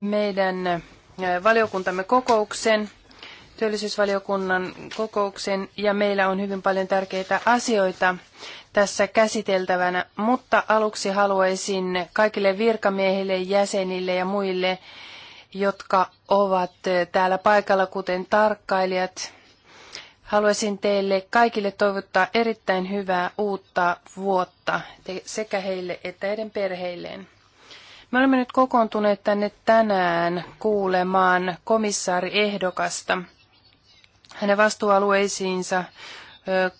meidän valiokuntamme kokouksen, työllisyysvaliokunnan kokouksen, ja meillä on hyvin paljon tärkeitä asioita tässä käsiteltävänä, mutta aluksi haluaisin kaikille virkamiehille, jäsenille ja muille, jotka ovat täällä paikalla, kuten tarkkailijat, haluaisin teille kaikille toivottaa erittäin hyvää uutta vuotta sekä heille että heidän perheilleen. Me olemme nyt kokoontuneet tänne tänään kuulemaan komissaariehdokasta. Hänen vastuualueisiinsa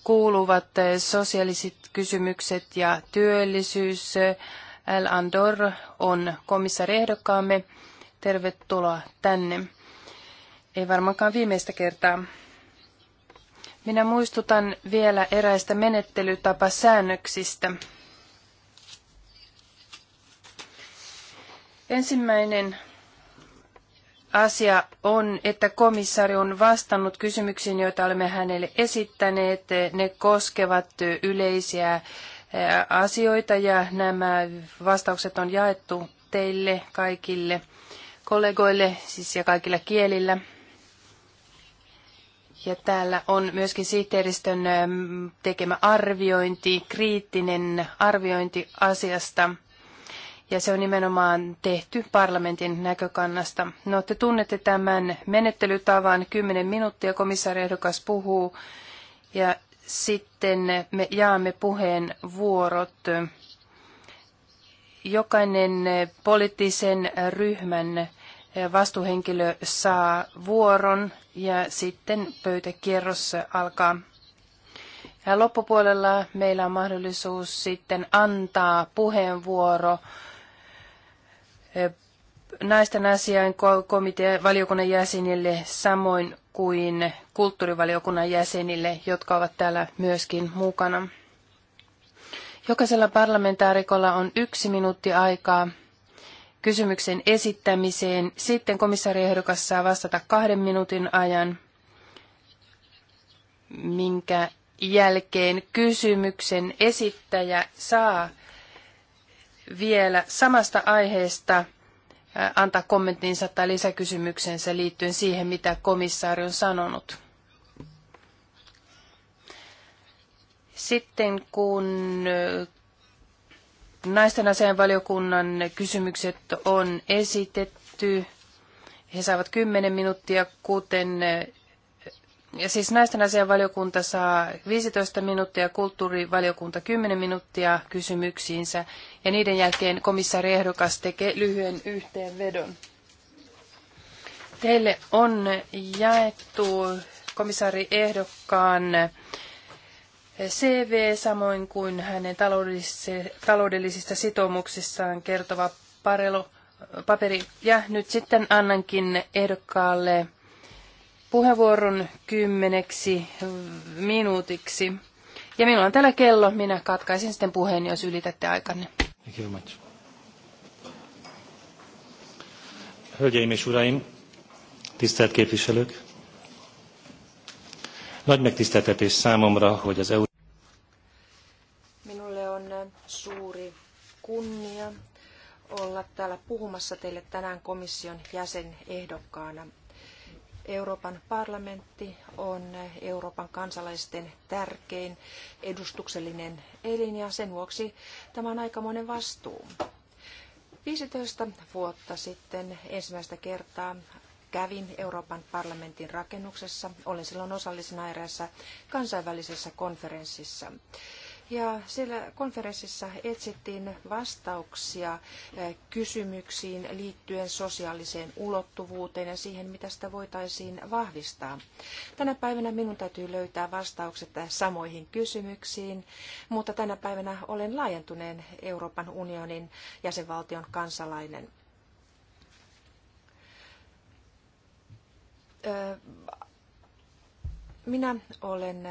kuuluvat sosiaaliset kysymykset ja työllisyys. L. Andor on komissaariehdokkaamme. Tervetuloa tänne. Ei varmaankaan viimeistä kertaa. Minä muistutan vielä eräistä menettelytapasäännöksistä. säännöksistä. Ensimmäinen asia on, että komissaari on vastannut kysymyksiin, joita olemme hänelle esittäneet. Ne koskevat yleisiä asioita ja nämä vastaukset on jaettu teille kaikille kollegoille siis ja kaikilla kielillä. Ja täällä on myöskin sihteeristön tekemä arviointi, kriittinen arviointi asiasta – ja se on nimenomaan tehty parlamentin näkökannasta. No, te tunnette tämän menettelytavan, 10 minuuttia komissaari ehdokas puhuu, ja sitten me jaamme puheen vuorot. Jokainen poliittisen ryhmän vastuuhenkilö saa vuoron ja sitten pöytäkierros alkaa. Ja loppupuolella meillä on mahdollisuus sitten antaa puheenvuoro naisten asiain komitean valiokunnan jäsenille samoin kuin kulttuurivaliokunnan jäsenille, jotka ovat täällä myöskin mukana. Jokaisella parlamentaarikolla on yksi minuutti aikaa kysymyksen esittämiseen. Sitten komissaariehdokas saa vastata kahden minuutin ajan, minkä jälkeen kysymyksen esittäjä saa vielä samasta aiheesta äh, antaa kommenttinsa tai lisäkysymyksensä liittyen siihen, mitä komissaari on sanonut. Sitten kun äh, naisten asianvaliokunnan kysymykset on esitetty, he saavat 10 minuuttia, kuten äh, ja siis naisten asianvaliokunta saa 15 minuuttia, kulttuurivaliokunta 10 minuuttia kysymyksiinsä ja niiden jälkeen komissaari ehdokas tekee lyhyen yhteenvedon. Teille on jaettu komissaari ehdokkaan CV samoin kuin hänen taloudellisista sitoumuksissaan kertova parelo, paperi. Ja nyt sitten annankin ehdokkaalle puheenvuoron kymmeneksi minuutiksi. Ja minulla on täällä kello, minä katkaisin sitten puheen, jos ylitätte aikanne. Hölgyeim és uraim, tisztelt képviselők! Nagy megtiszteltetés számomra, hogy az EU... Minulle on suuri kunnia olla täällä puhumassa teille tänään komission jäsenehdokkaana Euroopan parlamentti on Euroopan kansalaisten tärkein edustuksellinen elin ja sen vuoksi tämä on aikamoinen vastuu. 15 vuotta sitten ensimmäistä kertaa kävin Euroopan parlamentin rakennuksessa. Olin silloin osallisena eräässä kansainvälisessä konferenssissa. Ja siellä konferenssissa etsittiin vastauksia eh, kysymyksiin liittyen sosiaaliseen ulottuvuuteen ja siihen, mitä sitä voitaisiin vahvistaa. Tänä päivänä minun täytyy löytää vastaukset samoihin kysymyksiin, mutta tänä päivänä olen laajentuneen Euroopan unionin jäsenvaltion kansalainen eh, minä olen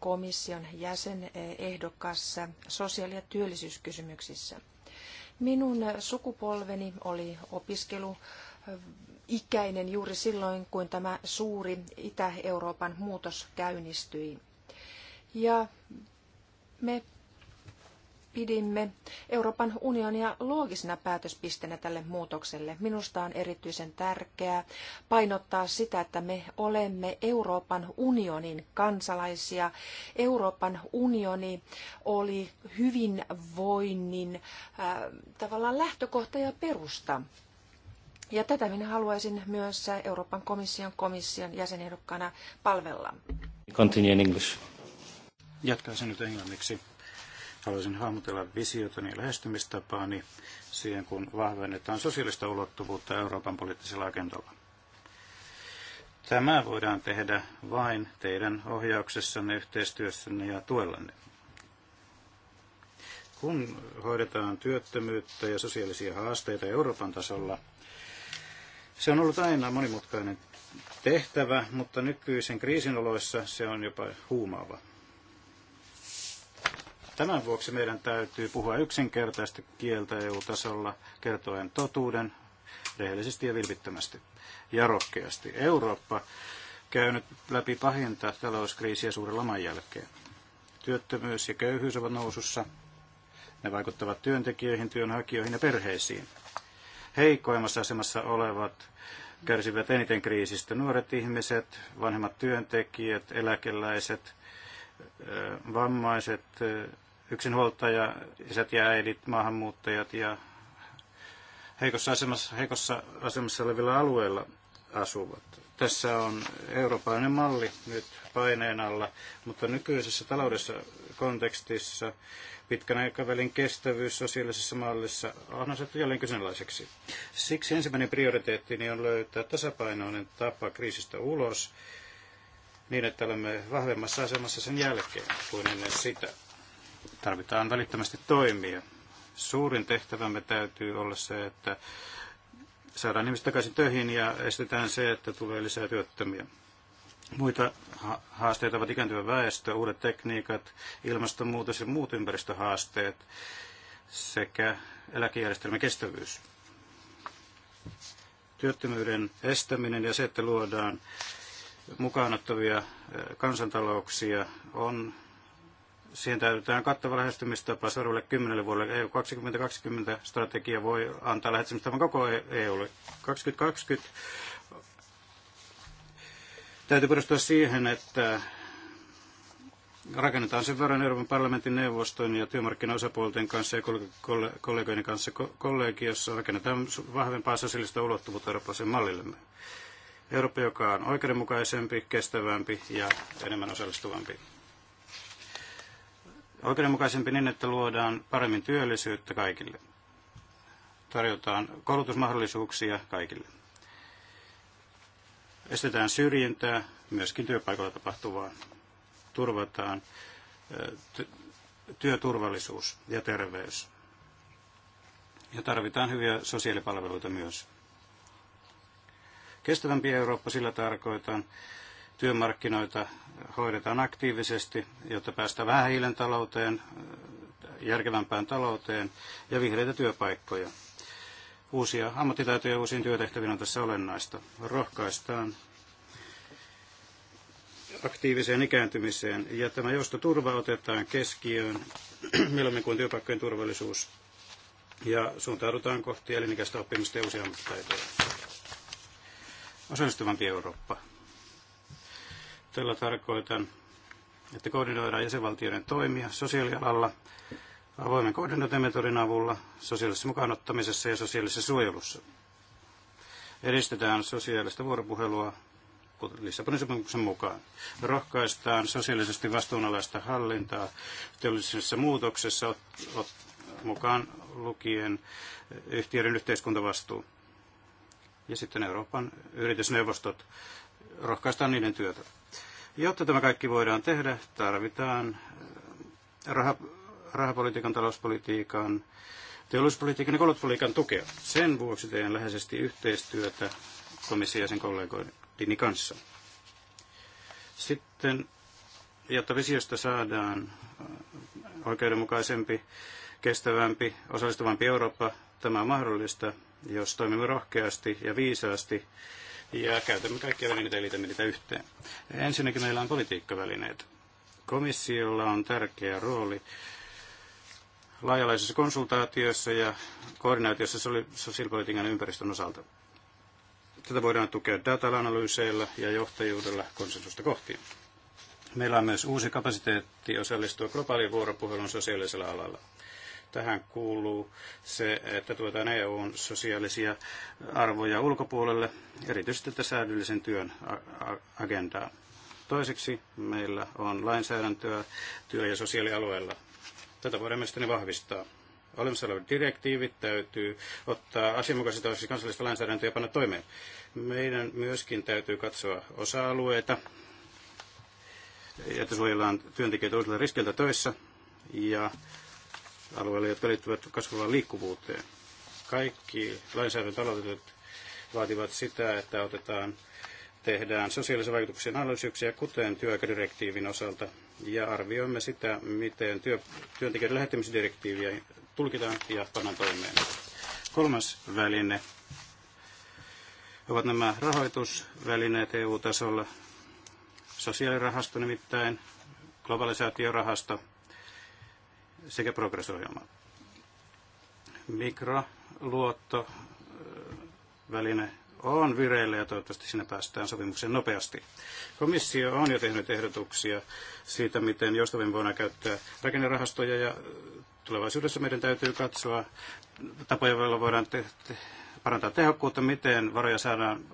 komission jäsen ehdokas sosiaali- ja työllisyyskysymyksissä. Minun sukupolveni oli opiskelu ikäinen juuri silloin, kun tämä suuri Itä-Euroopan muutos käynnistyi. Ja me pidimme Euroopan unionia loogisena päätöspisteenä tälle muutokselle. Minusta on erityisen tärkeää painottaa sitä, että me olemme Euroopan unionin kansalaisia. Euroopan unioni oli hyvinvoinnin äh, tavallaan lähtökohta ja perusta. Ja tätä minä haluaisin myös Euroopan komission komission jäsenehdokkaana palvella. Continue in English. Jatkaisin nyt englanniksi haluaisin hahmotella visiotani ja lähestymistapaani siihen, kun vahvennetaan sosiaalista ulottuvuutta Euroopan poliittisella agendalla. Tämä voidaan tehdä vain teidän ohjauksessanne, yhteistyössänne ja tuellanne. Kun hoidetaan työttömyyttä ja sosiaalisia haasteita Euroopan tasolla, se on ollut aina monimutkainen tehtävä, mutta nykyisen kriisin oloissa se on jopa huumaava. Tämän vuoksi meidän täytyy puhua yksinkertaista kieltä EU-tasolla, kertoen totuuden rehellisesti ja vilpittömästi ja rohkeasti. Eurooppa käy nyt läpi pahinta talouskriisiä suuren laman jälkeen. Työttömyys ja köyhyys ovat nousussa. Ne vaikuttavat työntekijöihin, työnhakijoihin ja perheisiin. Heikoimmassa asemassa olevat kärsivät eniten kriisistä. Nuoret ihmiset, vanhemmat työntekijät, eläkeläiset, vammaiset, yksinhuoltaja, isät ja äidit, maahanmuuttajat ja heikossa asemassa, heikossa asemassa olevilla alueilla asuvat. Tässä on eurooppalainen malli nyt paineen alla, mutta nykyisessä taloudessa kontekstissa pitkän aikavälin kestävyys sosiaalisessa mallissa on asettu jälleen kyseenalaiseksi. Siksi ensimmäinen prioriteetti niin on löytää tasapainoinen tapa kriisistä ulos niin, että olemme vahvemmassa asemassa sen jälkeen kuin ennen sitä. Tarvitaan välittömästi toimia. Suurin tehtävämme täytyy olla se, että saadaan ihmiset takaisin töihin ja estetään se, että tulee lisää työttömiä. Muita haasteita ovat ikääntyvä väestö, uudet tekniikat, ilmastonmuutos ja muut ympäristöhaasteet sekä eläkejärjestelmän kestävyys. Työttömyyden estäminen ja se, että luodaan mukaanottavia kansantalouksia on siihen täytetään kattava lähestymistapa seuraavalle kymmenelle vuodelle. EU 2020 strategia voi antaa lähestymistavan koko EUlle. E 2020 täytyy perustua siihen, että rakennetaan sen verran Euroopan parlamentin neuvoston ja työmarkkinaosapuolten kanssa ja kollegoiden kanssa kollegiossa rakennetaan vahvempaa sosiaalista ulottuvuutta eurooppalaisen mallillemme. Eurooppa, joka on oikeudenmukaisempi, kestävämpi ja enemmän osallistuvampi oikeudenmukaisempi niin, että luodaan paremmin työllisyyttä kaikille. Tarjotaan koulutusmahdollisuuksia kaikille. Estetään syrjintää, myöskin työpaikalla tapahtuvaa. Turvataan työturvallisuus ja terveys. Ja tarvitaan hyviä sosiaalipalveluita myös. Kestävämpi Eurooppa sillä tarkoitan työmarkkinoita hoidetaan aktiivisesti, jotta päästään vähän hiilen talouteen, järkevämpään talouteen ja vihreitä työpaikkoja. Uusia ammattitaitoja uusiin työtehtäviin on tässä olennaista. Rohkaistaan aktiiviseen ikääntymiseen ja tämä joustoturva otetaan keskiöön mieluummin kuin työpaikkojen turvallisuus ja suuntaudutaan kohti elinikäistä oppimista ja uusia ammattitaitoja. Osallistuvampi Eurooppa. Tällä tarkoitan, että koordinoidaan jäsenvaltioiden toimia sosiaalialalla avoimen koordinointimetodin avulla sosiaalisessa mukaanottamisessa ja sosiaalisessa suojelussa. Edistetään sosiaalista vuoropuhelua Lissabonin sopimuksen mukaan. Rohkaistaan sosiaalisesti vastuunalaista hallintaa teollisessa muutoksessa ot, ot, mukaan lukien yhtiöiden yhteiskuntavastuu. Ja sitten Euroopan yritysneuvostot rohkaistaan niiden työtä. Jotta tämä kaikki voidaan tehdä, tarvitaan äh, rah- rahapolitiikan, talouspolitiikan, teollisuuspolitiikan ja koulutuspolitiikan tukea. Sen vuoksi teen läheisesti yhteistyötä komission ja sen kollegoidini kanssa. Sitten, jotta visiosta saadaan äh, oikeudenmukaisempi, kestävämpi, osallistuvampi Eurooppa, tämä on mahdollista, jos toimimme rohkeasti ja viisaasti ja käytämme kaikkia välineitä ja liitämme niitä yhteen. Ensinnäkin meillä on politiikkavälineet. Komissiolla on tärkeä rooli laajalaisessa konsultaatiossa ja koordinaatiossa sosiaalipolitiikan ympäristön osalta. Tätä voidaan tukea data-analyyseillä ja johtajuudella konsensusta kohti. Meillä on myös uusi kapasiteetti osallistua globaaliin vuoropuhelun sosiaalisella alalla. Tähän kuuluu se, että tuotaan EUn sosiaalisia arvoja ulkopuolelle, erityisesti tätä säädöllisen työn agendaa. Toiseksi meillä on lainsäädäntöä työ- ja sosiaalialueella. Tätä voidaan mielestäni vahvistaa olemassa olevat direktiivit täytyy ottaa asianmukaisesti osaksi kansallista lainsäädäntöä ja panna toimeen. Meidän myöskin täytyy katsoa osa-alueita, että suojellaan työntekijöitä uusilta riskeiltä töissä ja alueelle, jotka liittyvät kasvavaan liikkuvuuteen. Kaikki lainsäädäntöaloitetut vaativat sitä, että otetaan, tehdään sosiaalisen vaikutuksen analyysiksiä, kuten työaikadirektiivin osalta, ja arvioimme sitä, miten työ, työntekijöiden lähettämisdirektiiviä tulkitaan ja pannaan toimeen. Kolmas väline ovat nämä rahoitusvälineet EU-tasolla. Sosiaalirahasto nimittäin, globalisaatiorahasto, sekä progressohjelma. Mikroluotto väline on vireillä ja toivottavasti sinne päästään sopimukseen nopeasti. Komissio on jo tehnyt ehdotuksia siitä, miten joustavimmin voidaan käyttää rakennerahastoja ja tulevaisuudessa meidän täytyy katsoa tapoja, joilla voidaan te- te- parantaa tehokkuutta, miten varoja saadaan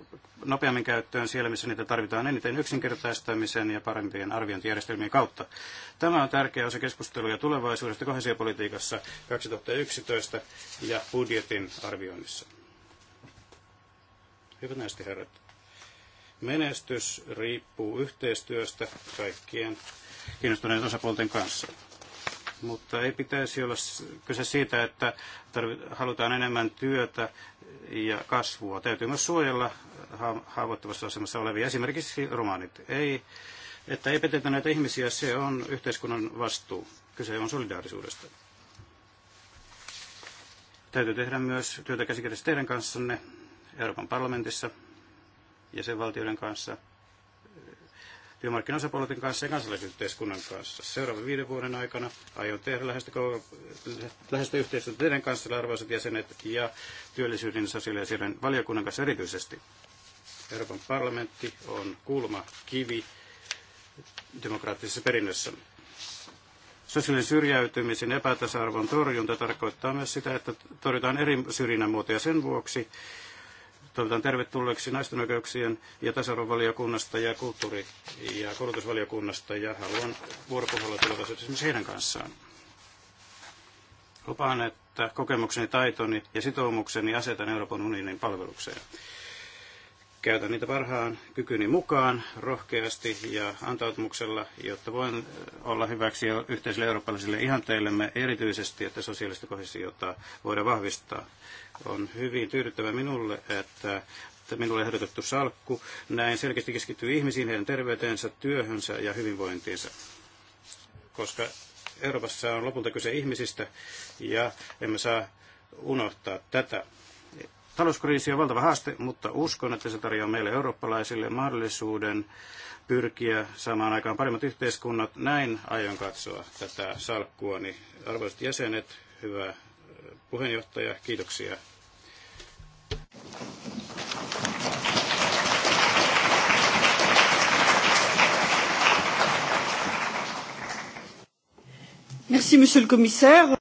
nopeammin käyttöön siellä, missä niitä tarvitaan eniten yksinkertaistamisen ja parempien arviointijärjestelmien kautta. Tämä on tärkeä osa keskusteluja tulevaisuudesta kohesiopolitiikassa 2011 ja budjetin arvioinnissa. Hyvät näistä herrat, menestys riippuu yhteistyöstä kaikkien kiinnostuneiden osapuolten kanssa. Mutta ei pitäisi olla kyse siitä, että halutaan enemmän työtä ja kasvua. Täytyy myös suojella haavoittuvassa asemassa olevia, esimerkiksi romaanit. Ei, että ei petetä näitä ihmisiä, se on yhteiskunnan vastuu. Kyse on solidaarisuudesta. Täytyy tehdä myös työtä käsikädessä teidän kanssanne Euroopan parlamentissa, valtioiden kanssa, työmarkkinaosapuolten kanssa ja kansalaisyhteiskunnan kanssa. Seuraavan viiden vuoden aikana aion tehdä lähestä, yhteistyötä teidän kanssa, arvoisat jäsenet, ja työllisyyden, sosiaali- ja valiokunnan kanssa erityisesti. Euroopan parlamentti on kulmakivi demokraattisessa perinnössä. Sosiaalisen syrjäytymisen epätasa-arvon torjunta tarkoittaa myös sitä, että torjutaan eri syrjinnän muotoja sen vuoksi. Toivotan tervetulleeksi naisten oikeuksien ja tasa-arvovaliokunnasta ja kulttuuri- ja koulutusvaliokunnasta ja haluan vuoropuhelua tulevaisuudessa myös heidän kanssaan. Lupaan, että kokemukseni, taitoni ja sitoumukseni asetan Euroopan unionin palvelukseen. Käytän niitä parhaan kykyni mukaan rohkeasti ja antautumuksella, jotta voin eh, olla hyväksi yhteisille eurooppalaisille ihanteillemme erityisesti, että sosiaalista kohdissiota voidaan vahvistaa. On hyvin tyydyttävä minulle, että minulle ehdotettu salkku näin selkeästi keskittyy ihmisiin, heidän terveyteensä, työhönsä ja hyvinvointiinsa. Koska Euroopassa on lopulta kyse ihmisistä ja emme saa unohtaa tätä. Talouskriisi on valtava haaste, mutta uskon, että se tarjoaa meille eurooppalaisille mahdollisuuden pyrkiä saamaan aikaan paremmat yhteiskunnat. Näin aion katsoa tätä salkkua. Niin arvoisat jäsenet, hyvä puheenjohtaja, kiitoksia. Merci, monsieur le commissaire.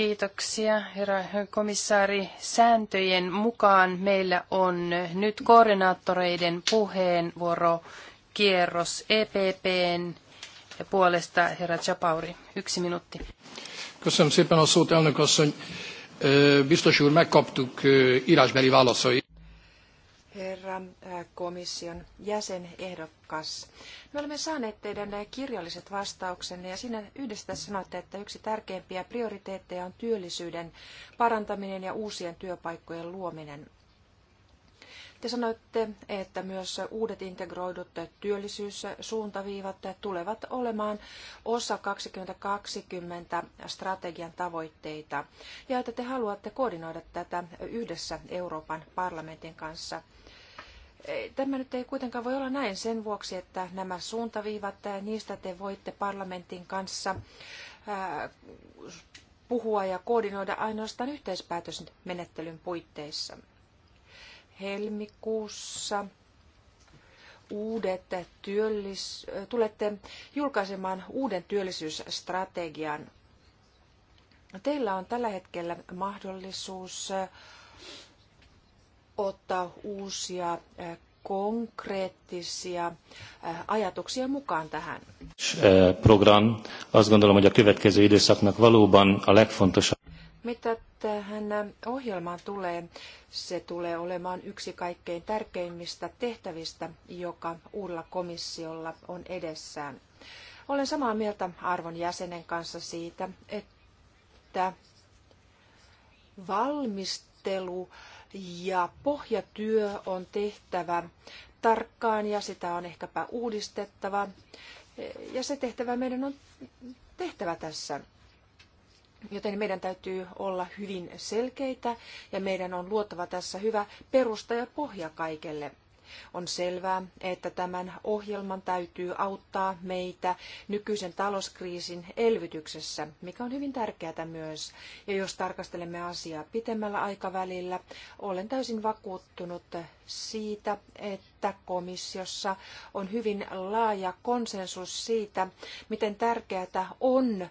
Kiitoksia, herra komissaari. Sääntöjen mukaan meillä on nyt koordinaattoreiden puheenvuoro kierros EPPn ja puolesta herra Chapauri. Yksi minuutti. Köszönöm szépen a szót, elnök asszony. Biztos úr, megkaptuk írásbeli válaszai herra komission jäsenehdokas. Me olemme saaneet teidän kirjalliset vastauksenne ja siinä yhdessä sanoitte, että yksi tärkeimpiä prioriteetteja on työllisyyden parantaminen ja uusien työpaikkojen luominen. Te sanoitte, että myös uudet integroidut työllisyyssuuntaviivat tulevat olemaan osa 2020 strategian tavoitteita ja että te haluatte koordinoida tätä yhdessä Euroopan parlamentin kanssa. Tämä nyt ei kuitenkaan voi olla näin sen vuoksi, että nämä suuntaviivat, niistä te voitte parlamentin kanssa puhua ja koordinoida ainoastaan yhteispäätösmenettelyn puitteissa. Helmikuussa uudet työllis, tulette julkaisemaan uuden työllisyysstrategian. Teillä on tällä hetkellä mahdollisuus äh, ottaa uusia äh, konkreettisia äh, ajatuksia mukaan tähän. Program, azt gondolom, hogy a következő időszaknak valóban a legfontosabb. Mitä tähän äh, ohjelmaan tulee, se tulee olemaan yksi kaikkein tärkeimmistä tehtävistä, joka uudella komissiolla on edessään. Olen samaa mieltä arvon jäsenen kanssa siitä, että valmistelu ja pohjatyö on tehtävä tarkkaan ja sitä on ehkäpä uudistettava. Ja se tehtävä meidän on tehtävä tässä. Joten meidän täytyy olla hyvin selkeitä ja meidän on luotava tässä hyvä perusta ja pohja kaikelle. On selvää, että tämän ohjelman täytyy auttaa meitä nykyisen talouskriisin elvytyksessä, mikä on hyvin tärkeää myös. Ja jos tarkastelemme asiaa pitemmällä aikavälillä, olen täysin vakuuttunut siitä, että komissiossa on hyvin laaja konsensus siitä, miten tärkeää on äh,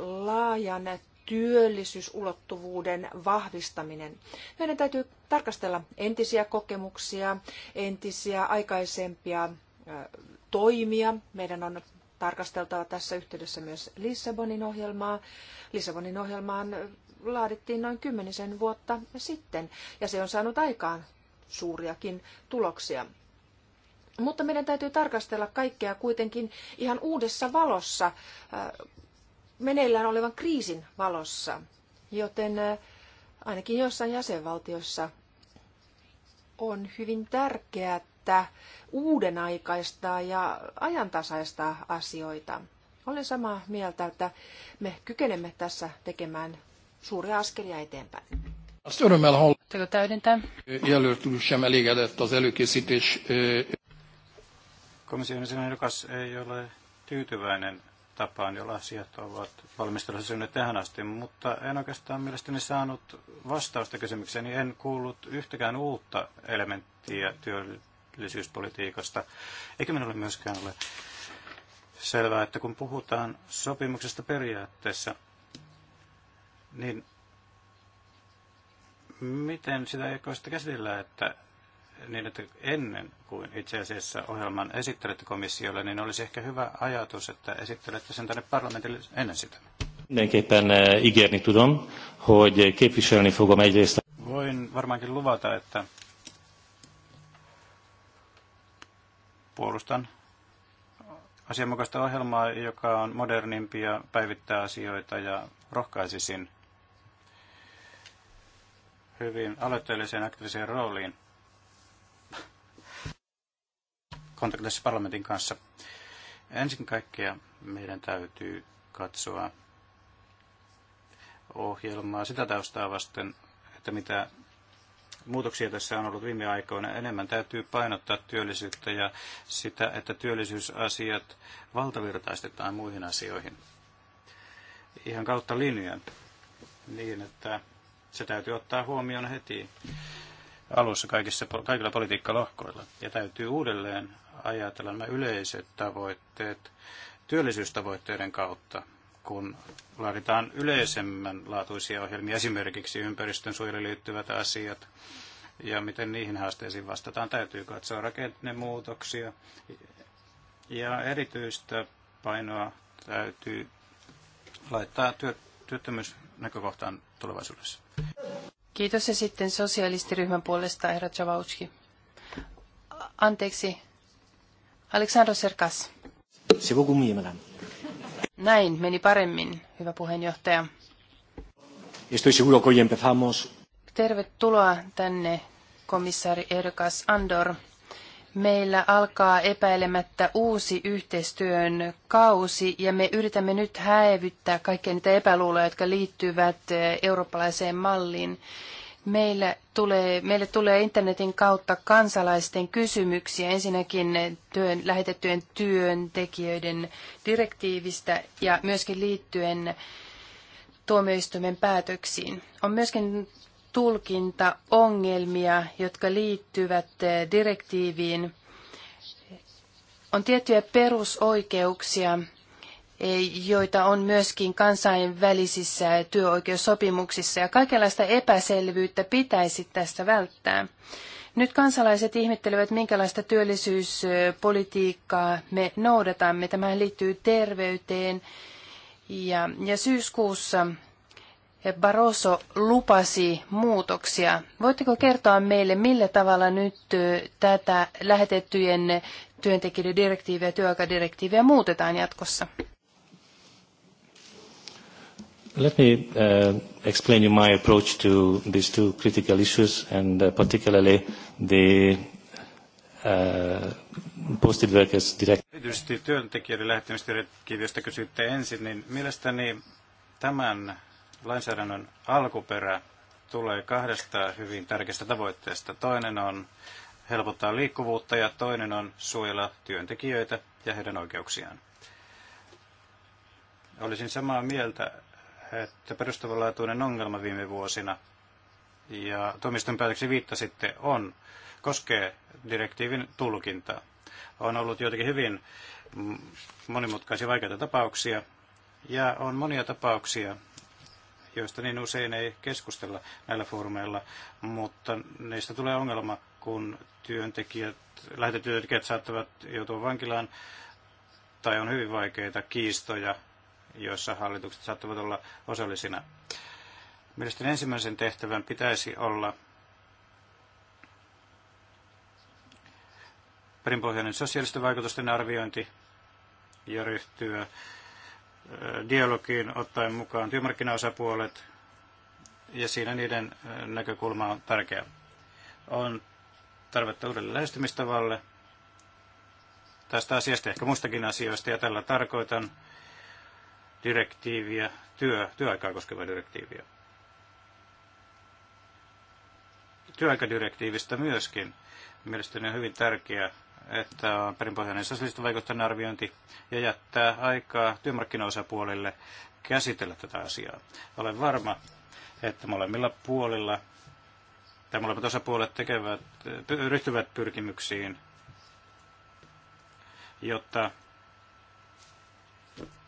laajan työllisyysulottuvuuden vahvistaminen. Meidän täytyy tarkastella entisiä kokemuksia, entisiä aikaisempia toimia. Meidän on tarkasteltava tässä yhteydessä myös Lissabonin ohjelmaa. Lissabonin ohjelmaan laadittiin noin kymmenisen vuotta sitten, ja se on saanut aikaan suuriakin tuloksia. Mutta meidän täytyy tarkastella kaikkea kuitenkin ihan uudessa valossa meneillään olevan kriisin valossa, joten äh, ainakin jossain jäsenvaltiossa on hyvin tärkeää, että uuden ja ajantasaistaa asioita. Olen samaa mieltä, että me kykenemme tässä tekemään suuria askelia eteenpäin. Azt täydentää? Komission ehdokas ei ole tyytyväinen tapaan, jolla asiat ovat valmistelussa synnyt tähän asti, mutta en oikeastaan mielestäni saanut vastausta kysymykseen, niin en kuullut yhtäkään uutta elementtiä työllisyyspolitiikasta, eikä minulle myöskään ole selvää, että kun puhutaan sopimuksesta periaatteessa, niin miten sitä ei käsitellä, että niin, että ennen kuin itse asiassa ohjelman esittelette komissiolle, niin olisi ehkä hyvä ajatus, että esittelette sen tänne parlamentille ennen sitä. Mindenképpen eh, ígérni tudom, hogy képviselni fogom egyrészt. Voin varmaankin luvata, että puolustan asianmukaista ohjelmaa, joka on modernimpi ja päivittää asioita ja rohkaisisin hyvin aloitteelliseen aktiiviseen rooliin kontaktissa parlamentin kanssa. Ensin kaikkea meidän täytyy katsoa ohjelmaa sitä taustaa vasten, että mitä muutoksia tässä on ollut viime aikoina. Enemmän täytyy painottaa työllisyyttä ja sitä, että työllisyysasiat valtavirtaistetaan muihin asioihin. Ihan kautta linjan niin, että se täytyy ottaa huomioon heti alussa kaikissa, kaikilla politiikkalohkoilla. Ja täytyy uudelleen ajatella nämä yleiset tavoitteet työllisyystavoitteiden kautta, kun laaditaan yleisemmän laatuisia ohjelmia, esimerkiksi ympäristön liittyvät asiat, ja miten niihin haasteisiin vastataan, täytyy katsoa rakennemuutoksia. Ja erityistä painoa täytyy laittaa työ, työttömyysnäkökohtaan tulevaisuudessa. Kiitos ja sitten sosialistiryhmän puolesta Herra Javauski. Anteeksi, Aleksandro Serkas. Se Näin meni paremmin, hyvä puheenjohtaja. Estoy seguro que hoy empezamos. Tervetuloa tänne, komissaari Erkas Andor. Meillä alkaa epäilemättä uusi yhteistyön kausi ja me yritämme nyt häivyttää kaikkia niitä epäluuloja, jotka liittyvät eh, eurooppalaiseen malliin. Meille tulee, meille tulee internetin kautta kansalaisten kysymyksiä ensinnäkin työn, lähetettyjen työntekijöiden direktiivistä ja myöskin liittyen tuomioistuimen päätöksiin. On myöskin tulkintaongelmia, jotka liittyvät eh, direktiiviin. On tiettyjä perusoikeuksia, joita on myöskin kansainvälisissä työoikeussopimuksissa. Ja kaikenlaista epäselvyyttä pitäisi tästä välttää. Nyt kansalaiset ihmettelevät, minkälaista työllisyyspolitiikkaa me noudatamme. Tämä liittyy terveyteen. Ja, ja syyskuussa Barroso lupasi muutoksia. Voitteko kertoa meille, millä tavalla nyt tätä lähetettyjen työntekijöiden direktiiviä ja työaikadirektiiviä muutetaan jatkossa? Let me uh, explain you my approach to these two critical issues and uh, particularly the uh, posted workers directive. Erityisesti työntekijöiden lähtemisdirektiivistä kysytte ensin, niin mielestäni tämän lainsäädännön alkuperä tulee kahdesta hyvin tärkeästä tavoitteesta. Toinen on helpottaa liikkuvuutta ja toinen on suojella työntekijöitä ja heidän oikeuksiaan. Olisin samaa mieltä että perustavanlaatuinen ongelma viime vuosina, ja tuomiston päätöksi viittasitte, on, koskee direktiivin tulkintaa. On ollut joitakin hyvin monimutkaisia vaikeita tapauksia, ja on monia tapauksia, joista niin usein ei keskustella näillä foorumeilla, mutta niistä tulee ongelma, kun työntekijät, lähetetyöntekijät saattavat joutua vankilaan tai on hyvin vaikeita kiistoja joissa hallitukset saattavat olla osallisina. Mielestäni ensimmäisen tehtävän pitäisi olla perinpohjainen sosiaalisten vaikutusten arviointi ja ryhtyä dialogiin ottaen mukaan työmarkkinaosapuolet, ja siinä niiden näkökulma on tärkeä. On tarvetta uudelle lähestymistavalle tästä asiasta, ehkä muistakin asioista, ja tällä tarkoitan direktiiviä, työ, työaikaa koskevaa direktiiviä. Työaikadirektiivistä myöskin. Mielestäni on hyvin tärkeää, että on perinpohjainen sosiaalisten vaikutusten arviointi ja jättää aikaa työmarkkinaosapuolille käsitellä tätä asiaa. Olen varma, että molemmilla puolilla tai molemmat osapuolet tekevät, ryhtyvät pyrkimyksiin, jotta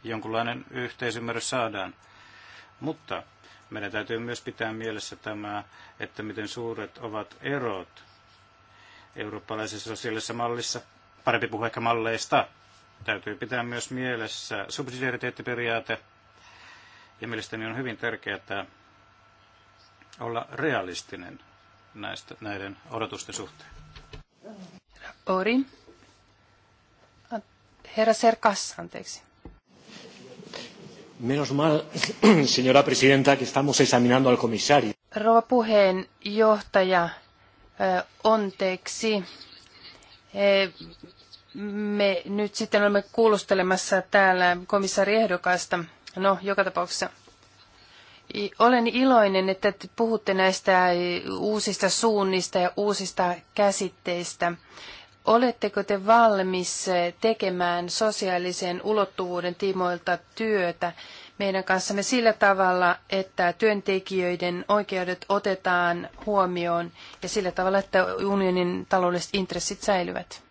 jonkunlainen yhteisymmärrys saadaan. Mutta meidän täytyy myös pitää mielessä tämä, että miten suuret ovat erot eurooppalaisessa sosiaalisessa mallissa, parempi puhua ehkä malleista. Täytyy pitää myös mielessä subsidiariteettiperiaate, ja mielestäni on hyvin tärkeää olla realistinen näistä, näiden odotusten suhteen. Ori. Herra Serkas, anteeksi. Menos mal, señora presidenta, que estamos examinando al comisario. Rouva puheenjohtaja, onteeksi. Me nyt sitten olemme kuulustelemassa täällä komissaariehdokasta. No, joka tapauksessa. I, Olen iloinen, että te puhutte näistä uusista suunnista ja uusista käsitteistä. Oletteko te valmis tekemään sosiaalisen ulottuvuuden tiimoilta työtä meidän kanssamme sillä tavalla, että työntekijöiden oikeudet otetaan huomioon ja sillä tavalla, että unionin taloudelliset intressit säilyvät?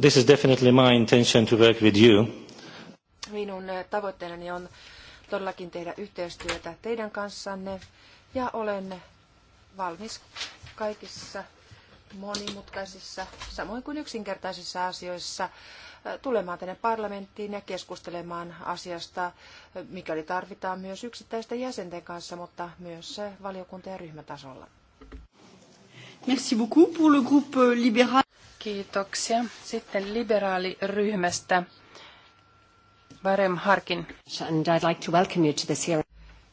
This is definitely my intention to work with you. Minun tavoitteeni on todellakin tehdä yhteistyötä teidän kanssanne ja olen valmis kaikissa monimutkaisissa, samoin kuin yksinkertaisissa asioissa äh, tulemaan tänne parlamenttiin ja keskustelemaan asiasta, äh, mikäli tarvitaan myös yksittäisten jäsenten kanssa, mutta myös äh, valiokunta- ja ryhmätasolla. Merci beaucoup pour le groupe euh, libéral. Kiitoksia. Sitten liberaaliryhmästä. Varem Harkin. And I'd like to welcome you to this hearing.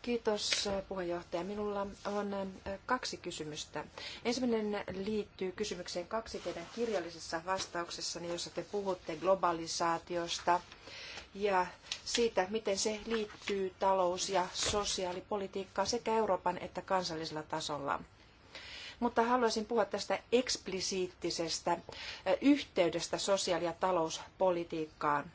Kiitos puheenjohtaja. Minulla on äh, kaksi kysymystä. Ensimmäinen liittyy kysymykseen kaksi teidän kirjallisessa vastauksessanne, jossa te puhutte globalisaatiosta ja siitä, miten se liittyy talous- ja sosiaalipolitiikkaan sekä Euroopan että kansallisella tasolla. Mutta haluaisin puhua tästä eksplisiittisestä äh, yhteydestä sosiaali- ja talouspolitiikkaan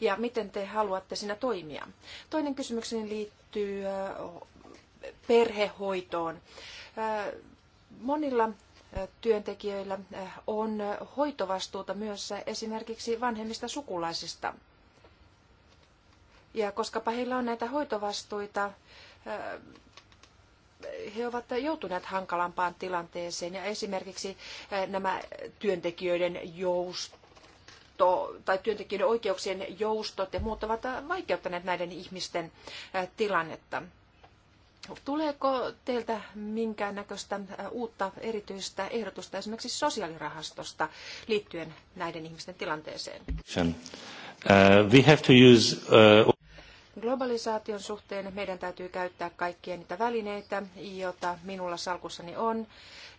ja miten te haluatte siinä toimia. Toinen kysymykseni liittyy perhehoitoon. Monilla työntekijöillä on hoitovastuuta myös esimerkiksi vanhemmista sukulaisista. Ja koskapa heillä on näitä hoitovastuita, he ovat joutuneet hankalampaan tilanteeseen ja esimerkiksi nämä työntekijöiden joustot joustot tai työntekijöiden oikeuksien joustot ja muut ovat äh, vaikeuttaneet näiden ihmisten äh, tilannetta. Tuleeko teiltä minkäännäköistä äh, uutta erityistä ehdotusta esimerkiksi sosiaalirahastosta liittyen näiden ihmisten tilanteeseen? Uh, uh, Globalisaation suhteen meidän täytyy käyttää kaikkia niitä välineitä, joita minulla salkussani on.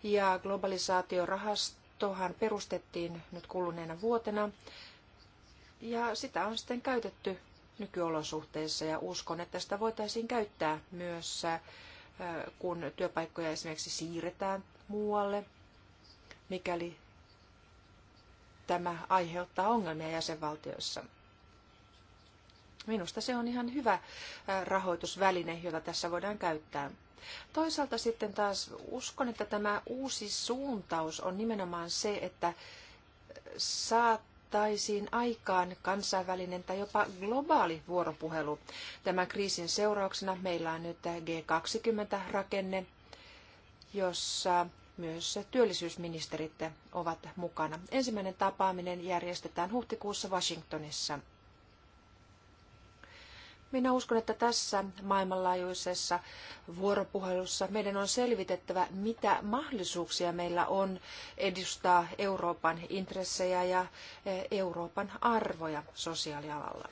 Ja globalisaatiorahasto rahastohan perustettiin nyt kuluneena vuotena ja sitä on sitten käytetty nykyolosuhteissa ja uskon, että sitä voitaisiin käyttää myös, äh, kun työpaikkoja esimerkiksi siirretään muualle, mikäli tämä aiheuttaa ongelmia jäsenvaltioissa. Minusta se on ihan hyvä äh, rahoitusväline, jota tässä voidaan käyttää. Toisaalta sitten taas uskon, että tämä uusi suuntaus on nimenomaan se, että saataisiin aikaan kansainvälinen tai jopa globaali vuoropuhelu. Tämän kriisin seurauksena meillä on nyt G20-rakenne, jossa myös työllisyysministerit ovat mukana. Ensimmäinen tapaaminen järjestetään huhtikuussa Washingtonissa – minä uskon, että tässä maailmanlaajuisessa vuoropuhelussa meidän on selvitettävä, mitä mahdollisuuksia meillä on edustaa Euroopan intressejä ja e, Euroopan arvoja sosiaalialalla.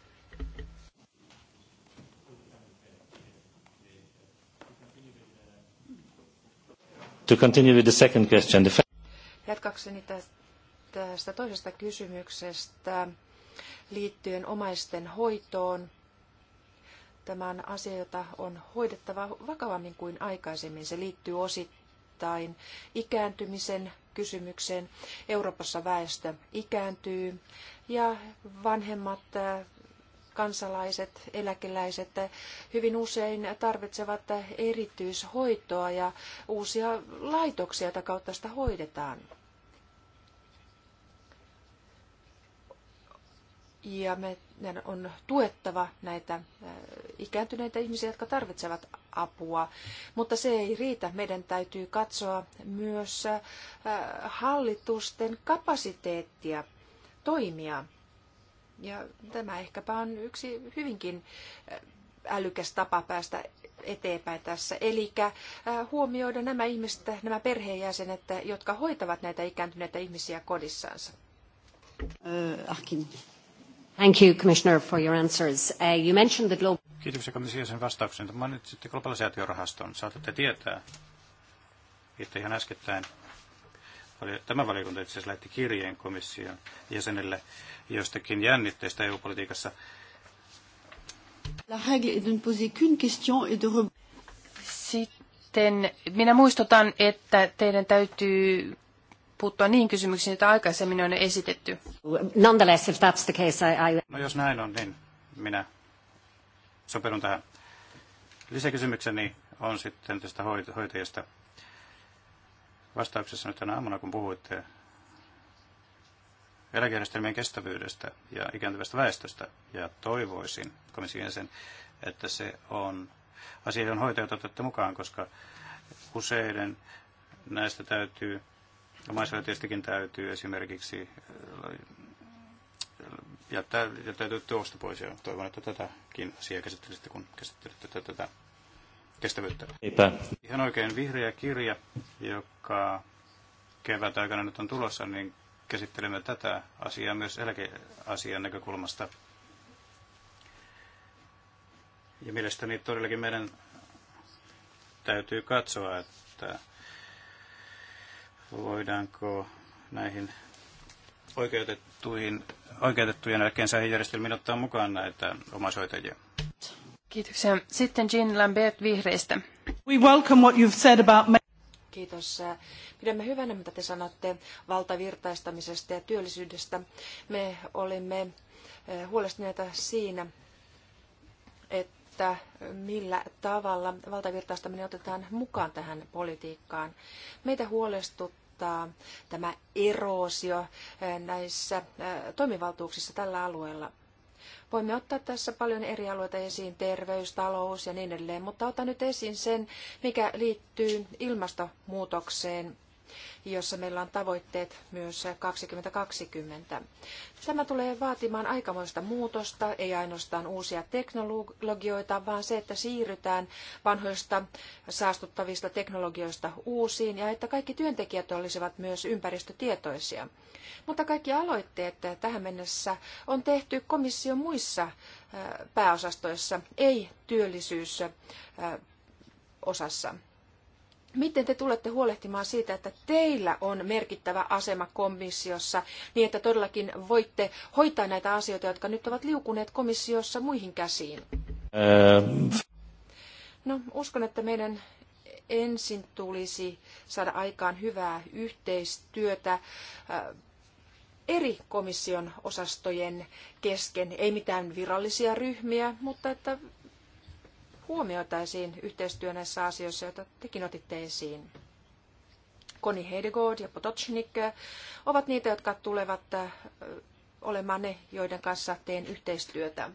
To continue with the second question. The... Jatkakseni tästä toisesta kysymyksestä liittyen omaisten hoitoon Tämä on asia, jota on hoidettava vakavammin kuin aikaisemmin. Se liittyy osittain ikääntymisen kysymykseen. Euroopassa väestö ikääntyy ja vanhemmat äh, kansalaiset, eläkeläiset hyvin usein tarvitsevat erityishoitoa ja uusia laitoksia, joita kautta sitä hoidetaan. ja meidän on tuettava näitä äh, ikääntyneitä ihmisiä, jotka tarvitsevat apua. Mutta se ei riitä. Meidän täytyy katsoa myös äh, hallitusten kapasiteettia toimia. Ja tämä ehkäpä on yksi hyvinkin äh, älykäs tapa päästä eteenpäin tässä. Eli huomioida nämä ihmiset, nämä perheenjäsenet, jotka hoitavat näitä ikääntyneitä ihmisiä kodissaansa. Äh, Thank you, Commissioner, for your answers. Uh, you mentioned the global... Kiitoksia komission sen vastauksen. Mainitsitte globalisaatiorahaston. Saatatte tietää, että ihan äskettäin tämä valiokunta itse asiassa lähetti kirjeen komission jäsenille jostakin jännitteistä EU-politiikassa. La règle est de ne poser qu'une question et de re... Sitten minä muistutan, että teidän täytyy puuttua niihin kysymyksiin, joita aikaisemmin on esitetty. Nonetheless, if that's the case, I, I... No jos näin on, niin minä sopeudun tähän. Lisäkysymykseni on sitten tästä hoitajasta. Vastauksessa nyt tänä aamuna, kun puhuitte eläkejärjestelmien kestävyydestä ja ikääntyvästä väestöstä, ja toivoisin komission sen, että se on asia, johon hoitajat otatte mukaan, koska useiden näistä täytyy tietystikin täytyy esimerkiksi äh, jättää, jättää tuosta pois ja toivon, että tätäkin asiaa käsittelisitte, kun käsittelette tätä kestävyyttä. Eipä. Ihan oikein vihreä kirja, joka kevät aikana nyt on tulossa, niin käsittelemme tätä asiaa myös eläkeasian näkökulmasta. Ja mielestäni todellakin meidän täytyy katsoa, että voidaanko näihin oikeutettuihin, oikeutettujen eläkkeensaajien järjestelmiin ottaa mukaan näitä omaishoitajia. Kiitoksia. Sitten Jean Lambert vihreistä. We welcome what you've said about me. Kiitos. Pidämme hyvänä, mitä te sanotte valtavirtaistamisesta ja työllisyydestä. Me olimme eh, huolestuneita siinä, että että millä tavalla valtavirtaistaminen otetaan mukaan tähän politiikkaan. Meitä huolestuttaa tämä eroosio eh, näissä eh, toimivaltuuksissa tällä alueella. Voimme ottaa tässä paljon eri alueita esiin, terveys, talous ja niin edelleen, mutta otan nyt esiin sen, mikä liittyy ilmastonmuutokseen jossa meillä on tavoitteet myös 2020. Tämä tulee vaatimaan aikamoista muutosta, ei ainoastaan uusia teknologioita, vaan se, että siirrytään vanhoista saastuttavista teknologioista uusiin ja että kaikki työntekijät olisivat myös ympäristötietoisia. Mutta kaikki aloitteet tähän mennessä on tehty komission muissa äh, pääosastoissa, ei työllisyysosassa. Äh, osassa. Miten te tulette huolehtimaan siitä, että teillä on merkittävä asema komissiossa, niin että todellakin voitte hoitaa näitä asioita, jotka nyt ovat liukuneet komissiossa muihin käsiin? Ähm. No, uskon, että meidän ensin tulisi saada aikaan hyvää yhteistyötä äh, eri komission osastojen kesken, ei mitään virallisia ryhmiä, mutta että huomioitaisiin yhteistyö näissä asioissa, joita tekin otitte esiin. Koni Hedegaard ja Potocnik ovat niitä, jotka tulevat äh, olemaan ne, joiden kanssa teen yhteistyötä.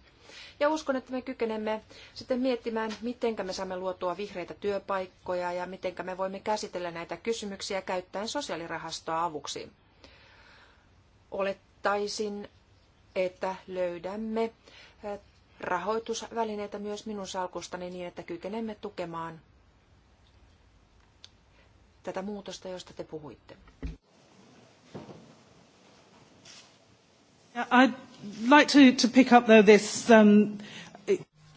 Ja uskon, että me kykenemme sitten miettimään, miten me saamme luotua vihreitä työpaikkoja ja miten me voimme käsitellä näitä kysymyksiä käyttäen sosiaalirahastoa avuksi. Olettaisin, että löydämme äh, rahoitusvälineitä myös minun salkustani niin, että kykenemme tukemaan tätä muutosta, josta te puhuitte. I'd like to, to pick up though this, um...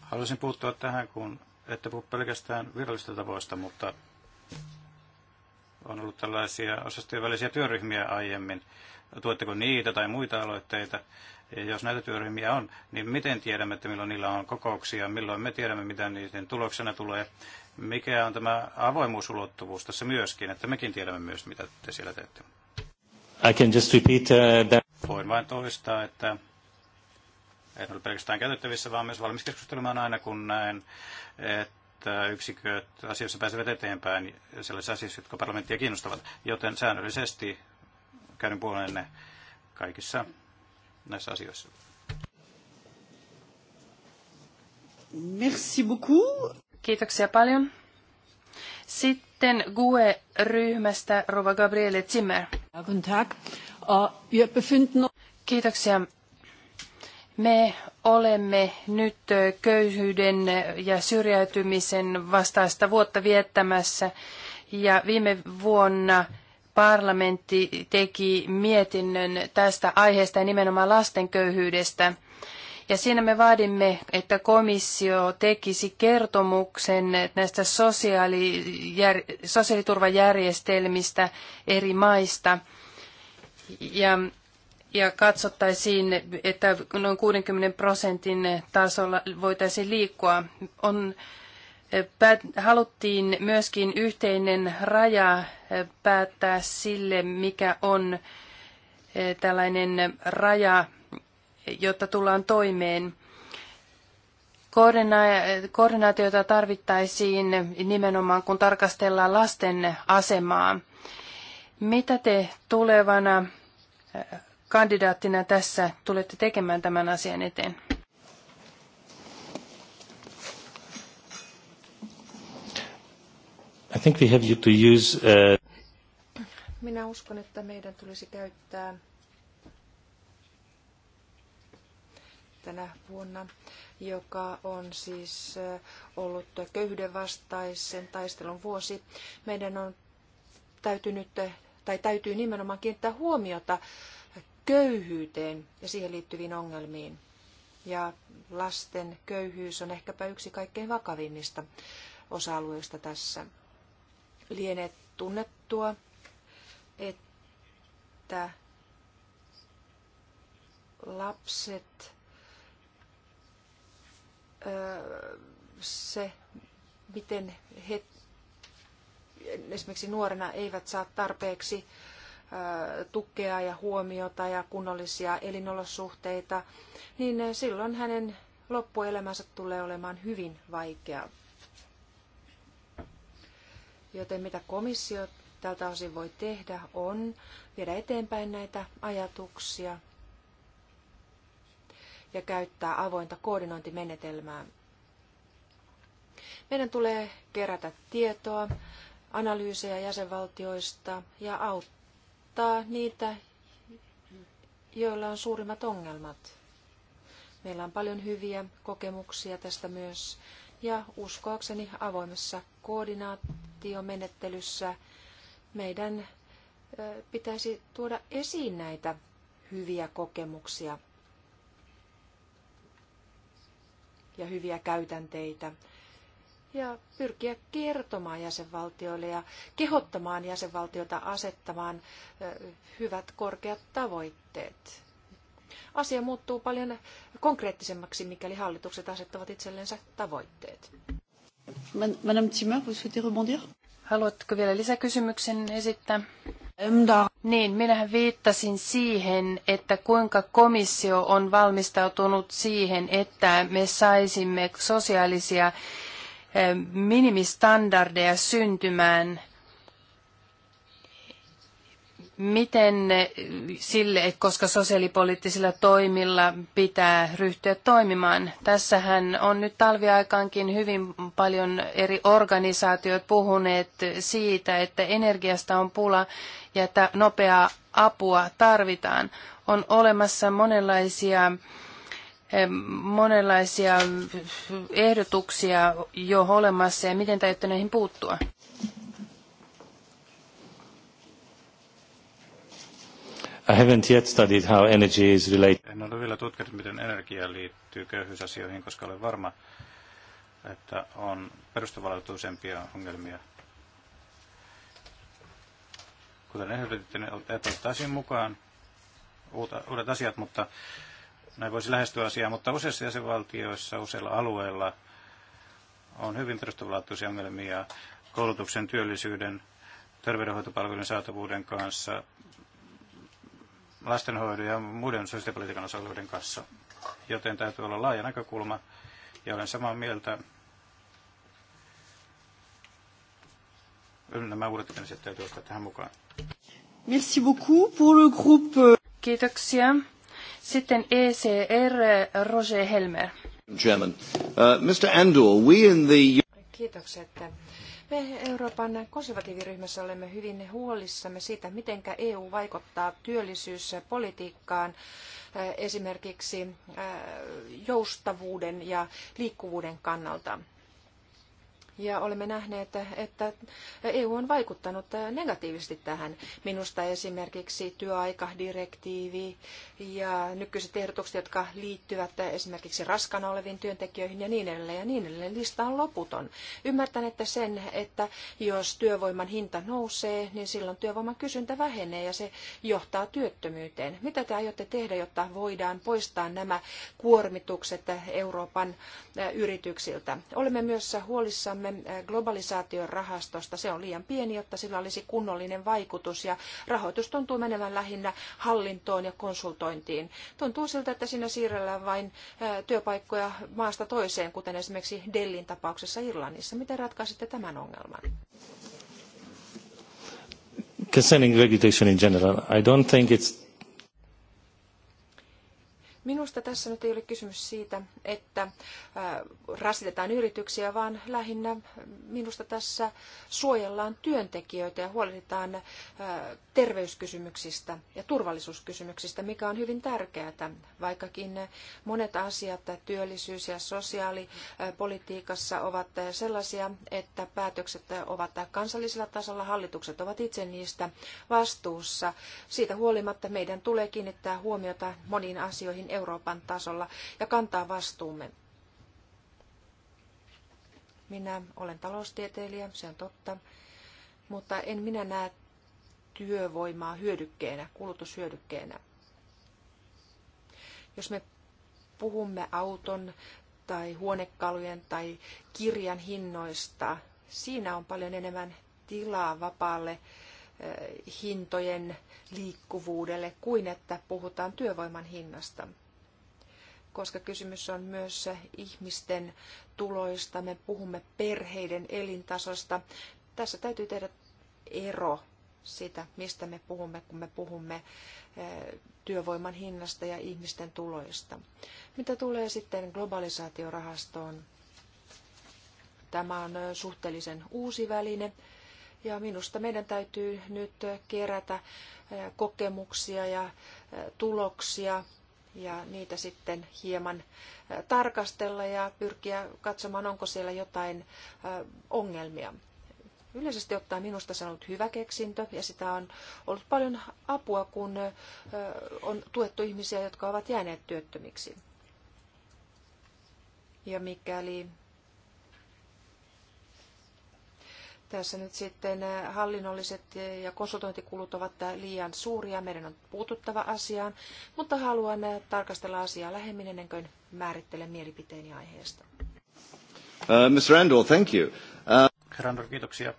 Haluaisin puuttua tähän, kun ette puhu pelkästään virallisista tavoista, mutta on ollut tällaisia osastojen välisiä työryhmiä aiemmin. Tuetteko niitä tai muita aloitteita? Ja jos näitä työryhmiä on, niin miten tiedämme, että milloin niillä on kokouksia, milloin me tiedämme, mitä niiden tuloksena tulee, mikä on tämä avoimuusulottuvuus tässä myöskin, että mekin tiedämme myös, mitä te siellä teette. I can just repeat, uh, that. Voin vain toistaa, että en ole pelkästään käytettävissä, vaan myös valmis keskustelemaan aina, kun näen, että yksiköt asioissa pääsevät eteenpäin sellaisissa asioissa, jotka parlamenttia kiinnostavat. Joten säännöllisesti käyn puolenne kaikissa näissä asioissa. Merci beaucoup. Kiitoksia paljon. Sitten GUE-ryhmästä Rova Gabriele Zimmer. Guten Tag. Äh, wir befinden... Kiitoksia. Me olemme nyt äh, köyhyyden ja syrjäytymisen vastaista vuotta viettämässä ja viime vuonna parlamentti teki mietinnön tästä aiheesta ja nimenomaan lasten köyhyydestä. Ja siinä me vaadimme, että komissio tekisi kertomuksen näistä sosiaalijär, sosiaaliturvajärjestelmistä eri maista. Ja, ja katsottaisiin, että noin 60 prosentin tasolla voitaisiin liikkua. On haluttiin myöskin yhteinen raja eh, päättää sille, mikä on eh, tällainen raja, jotta tullaan toimeen. Koordina- koordinaatiota tarvittaisiin nimenomaan, kun tarkastellaan lasten asemaa. Mitä te tulevana eh, kandidaattina tässä tulette tekemään tämän asian eteen? I think we have to use, uh... Minä uskon, että meidän tulisi käyttää tänä vuonna, joka on siis äh, ollut köyhyyden vastaisen taistelun vuosi. Meidän on täytynyt, tai täytyy nimenomaan kiinnittää huomiota köyhyyteen ja siihen liittyviin ongelmiin. Ja lasten köyhyys on ehkäpä yksi kaikkein vakavimmista osa-alueista tässä lienee tunnettua, että lapset se, miten he esimerkiksi nuorena eivät saa tarpeeksi tukea ja huomiota ja kunnollisia elinolosuhteita, niin silloin hänen loppuelämänsä tulee olemaan hyvin vaikeaa. Joten mitä komissio tältä osin voi tehdä on viedä eteenpäin näitä ajatuksia ja käyttää avointa koordinointimenetelmää. Meidän tulee kerätä tietoa, analyysejä jäsenvaltioista ja auttaa niitä, joilla on suurimmat ongelmat. Meillä on paljon hyviä kokemuksia tästä myös, ja uskoakseni avoimessa koordinaatio komitologiamenettelyssä meidän pitäisi tuoda esiin näitä hyviä kokemuksia ja hyviä käytänteitä ja pyrkiä kertomaan jäsenvaltioille ja kehottamaan jäsenvaltiota asettamaan hyvät korkeat tavoitteet. Asia muuttuu paljon konkreettisemmaksi, mikäli hallitukset asettavat itsellensä tavoitteet. Madame Timmer, vous souhaitez rebondir? Haluatko vielä lisäkysymyksen esittää? Ähm, niin, minähän viittasin siihen, että kuinka komissio on valmistautunut siihen, että me saisimme sosiaalisia äh, minimistandardeja syntymään – miten sille, koska sosiaalipoliittisilla toimilla pitää ryhtyä toimimaan. Tässähän on nyt talviaikaankin hyvin paljon eri organisaatiot puhuneet siitä, että energiasta on pula ja että nopeaa apua tarvitaan. On olemassa monenlaisia monenlaisia ehdotuksia jo olemassa ja miten täytyy näihin puuttua. I haven't yet studied how energy is related. En ole vielä tutkinut, miten energia liittyy köyhyysasioihin, koska olen varma, että on perustavanlaatuisempia ongelmia. Kuten ehdotitte, että ottaisiin mukaan uudet asiat, mutta näin voisi lähestyä asiaa, mutta useissa jäsenvaltioissa, useilla alueilla on hyvin perustavanlaatuisia ongelmia koulutuksen, työllisyyden, terveydenhoitopalvelujen saatavuuden kanssa, lastenhoidon ja muiden sosiaalipolitiikan osa-alueiden kanssa. Joten täytyy olla laaja näkökulma ja olen samaa mieltä. Nämä uudet ihmiset täytyy ottaa tähän mukaan. Merci beaucoup pour le groupe. Kiitoksia. Sitten ECR Roger Helmer. Uh, Mr. Andor, we in the... Kiitokset. Me Euroopan konservatiiviryhmässä olemme hyvin huolissamme siitä, miten EU vaikuttaa työllisyyspolitiikkaan eh, esimerkiksi eh, joustavuuden ja liikkuvuuden kannalta. Ja olemme nähneet, että EU on vaikuttanut negatiivisesti tähän. Minusta esimerkiksi työaikadirektiivi ja nykyiset ehdotukset, jotka liittyvät esimerkiksi raskana oleviin työntekijöihin ja niin edelleen ja niin edelleen. Lista on loputon. Ymmärtän, että sen, että jos työvoiman hinta nousee, niin silloin työvoiman kysyntä vähenee ja se johtaa työttömyyteen. Mitä te aiotte tehdä, jotta voidaan poistaa nämä kuormitukset Euroopan yrityksiltä? Olemme myös huolissamme puhumme globalisaation rahastosta, se on liian pieni, jotta sillä olisi kunnollinen vaikutus ja rahoitus tuntuu menevän lähinnä hallintoon ja konsultointiin. Tuntuu siltä, että siinä siirrellään vain työpaikkoja maasta toiseen, kuten esimerkiksi Dellin tapauksessa Irlannissa. Miten ratkaisitte tämän ongelman? Concerning regulation in general, I don't think it's Minusta tässä nyt ei ole kysymys siitä, että rasitetaan yrityksiä, vaan lähinnä minusta tässä suojellaan työntekijöitä ja huolehditaan terveyskysymyksistä ja turvallisuuskysymyksistä, mikä on hyvin tärkeää, vaikkakin monet asiat työllisyys- ja sosiaalipolitiikassa ovat sellaisia, että päätökset ovat kansallisella tasolla, hallitukset ovat itse niistä vastuussa. Siitä huolimatta meidän tulee kiinnittää huomiota moniin asioihin Euroopan tasolla ja kantaa vastuumme. Minä olen taloustieteilijä, se on totta, mutta en minä näe työvoimaa hyödykkeenä, kulutushyödykkeenä. Jos me puhumme auton tai huonekalujen tai kirjan hinnoista, siinä on paljon enemmän tilaa vapaalle eh, hintojen liikkuvuudelle kuin että puhutaan työvoiman hinnasta koska kysymys on myös ihmisten tuloista, me puhumme perheiden elintasosta. Tässä täytyy tehdä ero sitä, mistä me puhumme, kun me puhumme eh, työvoiman hinnasta ja ihmisten tuloista. Mitä tulee sitten globalisaatiorahastoon? Tämä on eh, suhteellisen uusi väline ja minusta meidän täytyy nyt kerätä eh, kokemuksia ja tuloksia ja niitä sitten hieman tarkastella ja pyrkiä katsomaan, onko siellä jotain ongelmia. Yleisesti ottaen minusta se on ollut hyvä keksintö ja sitä on ollut paljon apua, kun on tuettu ihmisiä, jotka ovat jääneet työttömiksi. Ja mikäli tässä nyt sitten äh, hallinnolliset äh, ja konsultointikulut ovat äh, liian suuria. Meidän on puututtava asiaan, mutta haluan tarkastella asiaa lähemmin ennen kuin määrittelen mielipiteeni aiheesta. Uh, Ms. Randall, thank you. Uh... Randall, kiitoksia,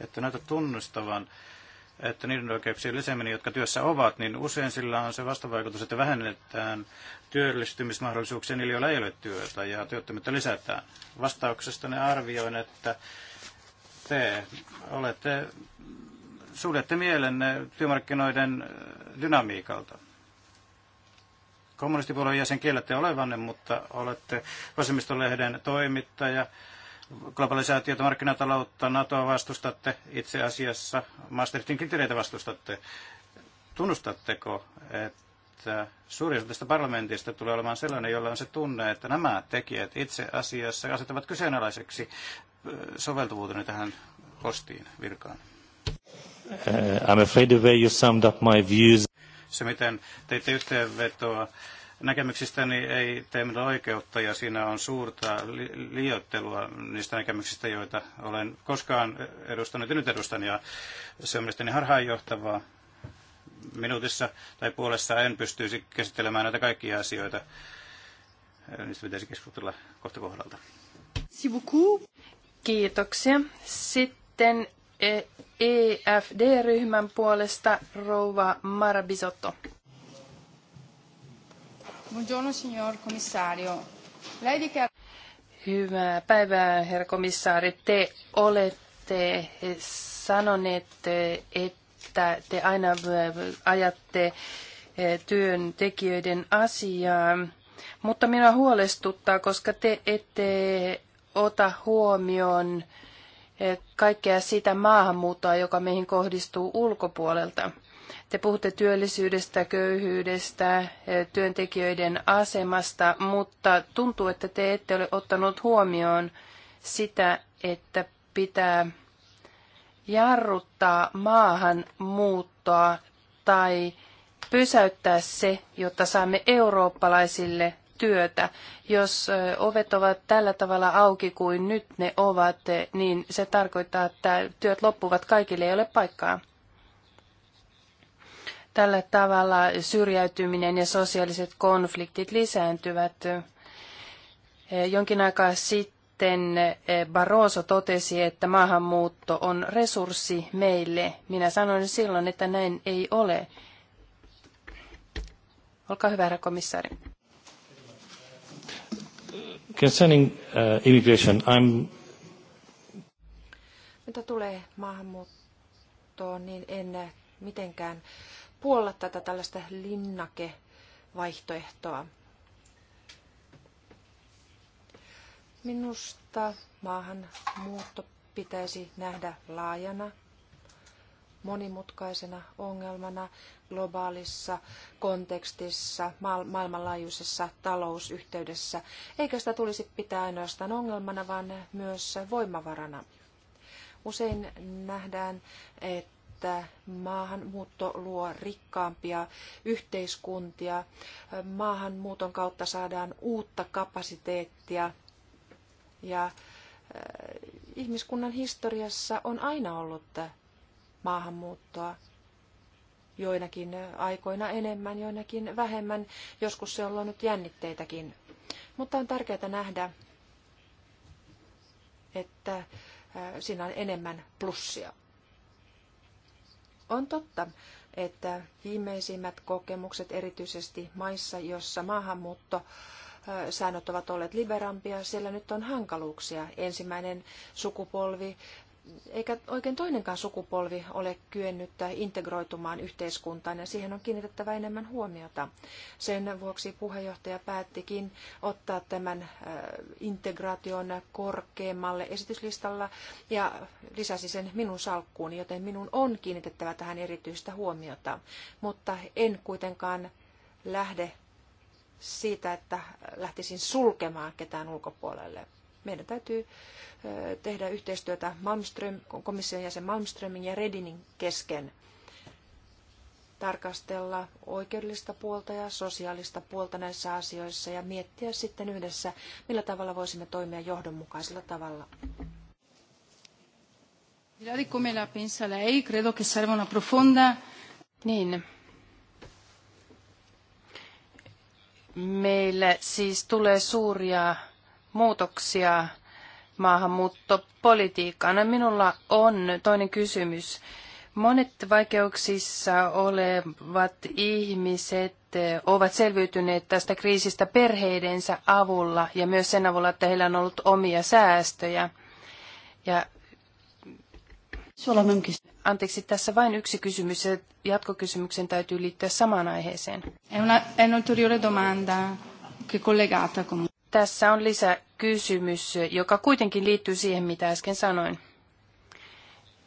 että näitä tunnustavan että niiden oikeuksien lisääminen, jotka työssä ovat, niin usein sillä on se vastavaikutus, että vähennetään työllistymismahdollisuuksia niille, joilla ei ole työtä, ja työttömyyttä lisätään. Vastauksesta ne arvioin, että te Olette, suljette mielenne työmarkkinoiden äh, dynamiikalta. Kommunistipuolueen jäsen kiellätte olevanne, mutta olette vasemmistolehden toimittaja globalisaatiota, markkinataloutta, NATOa vastustatte, itse asiassa Maastrichtin kriteereitä vastustatte. Tunnustatteko, että että suuri osa tästä parlamentista tulee olemaan sellainen, jolla on se tunne, että nämä tekijät itse asiassa asettavat kyseenalaiseksi äh, soveltuvuuteni tähän postiin virkaan. Uh, I'm afraid the way you summed up my views. Se, miten teitte yhteenvetoa näkemyksistäni ei tee minulle oikeutta ja siinä on suurta li- liioittelua niistä näkemyksistä, joita olen koskaan edustanut ja nyt edustan ja se on mielestäni harhaanjohtavaa minuutissa tai puolessa en pystyisi käsittelemään näitä kaikkia asioita. Niistä pitäisi keskustella kohta kohdalta. Kiitoksia. Sitten EFD-ryhmän e puolesta rouva Mara Bisotto. Buongiorno, signor commissario. Lei Hyvää päivää, herra komissaari. Te olette sanoneet, että että te aina äh, ajatte äh, työntekijöiden asiaa, mutta minua huolestuttaa, koska te ette ota huomioon äh, kaikkea sitä maahanmuuttoa, joka meihin kohdistuu ulkopuolelta. Te puhutte työllisyydestä, köyhyydestä, työntekijöiden asemasta, mutta tuntuu, että te ette ole ottanut huomioon sitä, että pitää jarruttaa maahan muuttoa tai pysäyttää se, jotta saamme eurooppalaisille työtä. Jos ovet ovat tällä tavalla auki kuin nyt ne ovat, niin se tarkoittaa, että työt loppuvat kaikille, ei ole paikkaa. Tällä tavalla syrjäytyminen ja sosiaaliset konfliktit lisääntyvät. Jonkin aikaa sitten sitten eh, Barroso totesi, että maahanmuutto on resurssi meille. Minä sanoin silloin, että näin ei ole. Olkaa hyvä, herra komissaari. Concerning uh, immigration, I'm... Mitä tulee maahanmuuttoon, niin en mitenkään puolla tätä tällaista linnakevaihtoehtoa. Minusta maahanmuutto pitäisi nähdä laajana, monimutkaisena ongelmana globaalissa kontekstissa, maailmanlaajuisessa talousyhteydessä, eikä sitä tulisi pitää ainoastaan ongelmana, vaan myös voimavarana. Usein nähdään, että että maahanmuutto luo rikkaampia yhteiskuntia. Maahanmuuton kautta saadaan uutta kapasiteettia ja äh, ihmiskunnan historiassa on aina ollut äh, maahanmuuttoa joinakin äh, aikoina enemmän, joinakin vähemmän. Joskus se on luonut jännitteitäkin. Mutta on tärkeää nähdä, että siinä on enemmän plussia. On totta, että viimeisimmät kokemukset erityisesti maissa, joissa maahanmuutto säännöt ovat olleet liberampia, siellä nyt on hankaluuksia. Ensimmäinen sukupolvi eikä oikein toinenkaan sukupolvi ole kyennyt integroitumaan yhteiskuntaan ja siihen on kiinnitettävä enemmän huomiota. Sen vuoksi puheenjohtaja päättikin ottaa tämän integraation korkeammalle esityslistalla ja lisäsi sen minun salkkuuni, joten minun on kiinnitettävä tähän erityistä huomiota, mutta en kuitenkaan lähde siitä, että lähtisin sulkemaan ketään ulkopuolelle. Meidän täytyy tehdä yhteistyötä Malmström, komission jäsen Malmströmin ja Redinin kesken tarkastella oikeudellista puolta ja sosiaalista puolta näissä asioissa ja miettiä sitten yhdessä, millä tavalla voisimme toimia johdonmukaisella tavalla. credo Niin, Meillä siis tulee suuria muutoksia maahanmuuttopolitiikkaan. No, minulla on toinen kysymys. Monet vaikeuksissa olevat ihmiset eh, ovat selviytyneet tästä kriisistä perheidensä avulla ja myös sen avulla, että heillä on ollut omia säästöjä. Ja Anteeksi, tässä vain yksi kysymys ja jatkokysymyksen täytyy liittyä samaan aiheeseen. È ulteriore domanda che collegata Tässä on lisäkysymys, joka kuitenkin liittyy siihen, mitä äsken sanoin.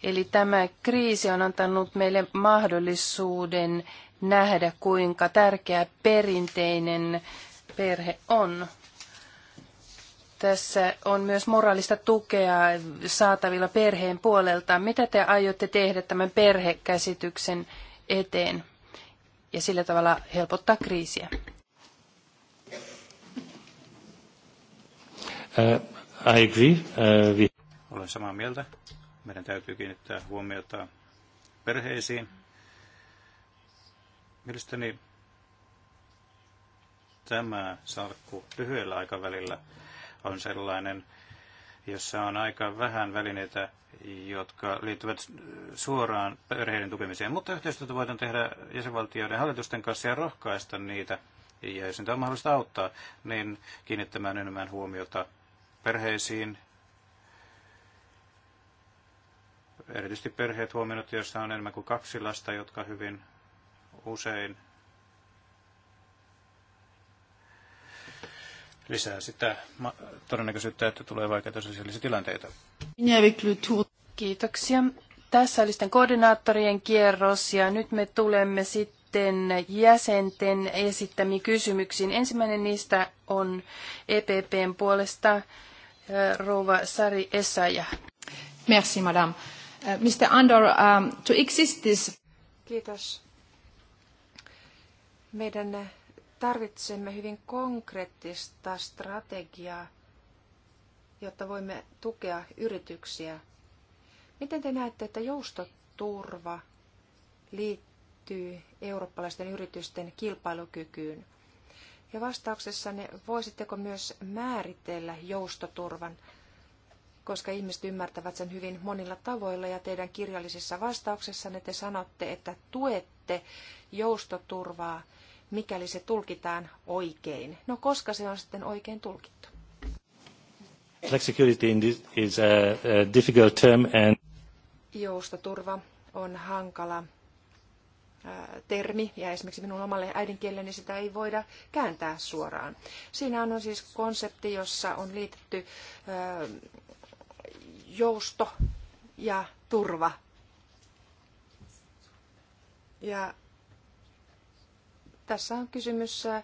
Eli tämä kriisi on antanut meille mahdollisuuden nähdä, kuinka tärkeä perinteinen perhe on tässä on myös moraalista tukea saatavilla perheen puolelta. Mitä te aiotte tehdä tämän perhekäsityksen eteen ja sillä tavalla helpottaa kriisiä? Uh, I agree. Uh, we... Olen samaa mieltä. Meidän täytyy kiinnittää huomiota perheisiin. Mielestäni tämä salkku lyhyellä aikavälillä – on sellainen, jossa on aika vähän välineitä, jotka liittyvät suoraan perheiden tukemiseen. Mutta yhteistyötä voidaan tehdä jäsenvaltioiden hallitusten kanssa ja rohkaista niitä, ja jos niitä on mahdollista auttaa, niin kiinnittämään enemmän huomiota perheisiin, erityisesti perheet huomioon, joissa on enemmän kuin kaksi lasta, jotka hyvin usein lisää sitä todennäköisyyttä, että tulee vaikeita sosiaalisia tilanteita. Kiitoksia. Tässä oli sitten koordinaattorien kierros ja nyt me tulemme sitten jäsenten esittämiin kysymyksiin. Ensimmäinen niistä on EPPn puolesta eh, rouva Sari Essaja. Merci, madame. Eh, Mr. Andor, um, to exist this... Kiitos. Meidän eh, tarvitsemme hyvin konkreettista strategiaa, jotta voimme tukea yrityksiä. Miten te näette, että joustoturva liittyy eurooppalaisten yritysten kilpailukykyyn? Ja vastauksessanne voisitteko myös määritellä joustoturvan, koska ihmiset ymmärtävät sen hyvin monilla tavoilla ja teidän kirjallisissa vastauksessanne te sanotte, että tuette joustoturvaa mikäli se tulkitaan oikein. No koska se on sitten oikein tulkittu? Flexicurity is a, difficult term and... Joustoturva on hankala termi, ja esimerkiksi minun omalle äidinkieleni sitä ei voida kääntää suoraan. Siinä on siis konsepti, jossa on liitetty jousto ja turva. Ja tässä on kysymys äh,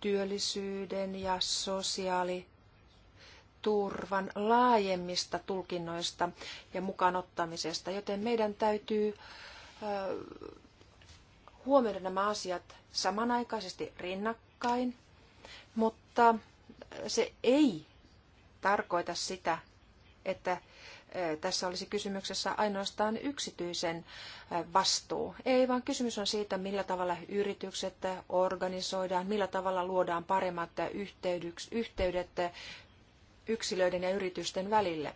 työllisyyden ja sosiaaliturvan laajemmista tulkinnoista ja mukaanottamisesta, joten meidän täytyy äh, huomioida nämä asiat samanaikaisesti rinnakkain, mutta se ei tarkoita sitä, että tässä olisi kysymyksessä ainoastaan yksityisen vastuu. Ei, vaan kysymys on siitä, millä tavalla yritykset organisoidaan, millä tavalla luodaan paremmat yhteydet yksilöiden ja yritysten välille.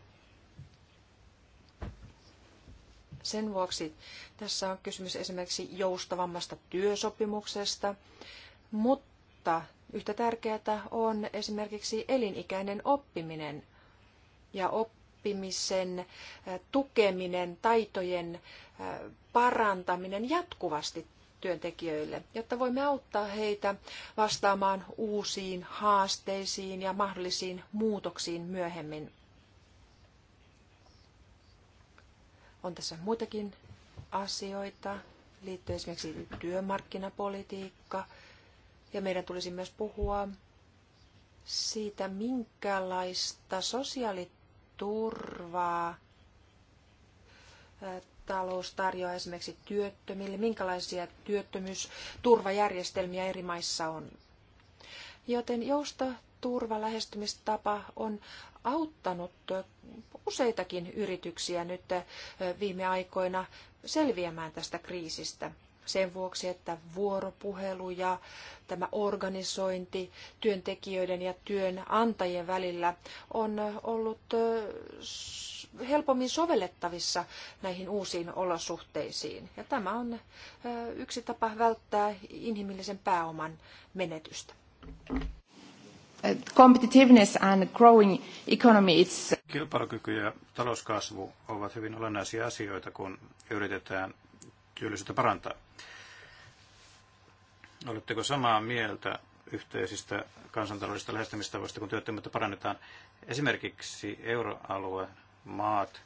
Sen vuoksi tässä on kysymys esimerkiksi joustavammasta työsopimuksesta, mutta yhtä tärkeää on esimerkiksi elinikäinen oppiminen ja oppiminen oppimisen äh, tukeminen, taitojen äh, parantaminen jatkuvasti työntekijöille, jotta voimme auttaa heitä vastaamaan uusiin haasteisiin ja mahdollisiin muutoksiin myöhemmin. On tässä muitakin asioita liittyen esimerkiksi työmarkkinapolitiikka. Ja meidän tulisi myös puhua siitä, minkälaista sosiaali- turvaa talous tarjoaa esimerkiksi työttömille, minkälaisia työttömyysturvajärjestelmiä eri maissa on. Joten turva lähestymistapa on auttanut useitakin yrityksiä nyt viime aikoina selviämään tästä kriisistä sen vuoksi, että vuoropuhelu ja tämä organisointi työntekijöiden ja työnantajien välillä on ollut helpommin sovellettavissa näihin uusiin olosuhteisiin. Ja tämä on yksi tapa välttää inhimillisen pääoman menetystä. Competitiveness and growing economy, it's... Kilpailukyky ja talouskasvu ovat hyvin olennaisia asioita, kun yritetään työllisyyttä parantaa. Oletteko samaa mieltä yhteisistä kansantaloudellisista lähestymistavoista, kun työttömyyttä parannetaan? Esimerkiksi euroalue, maat,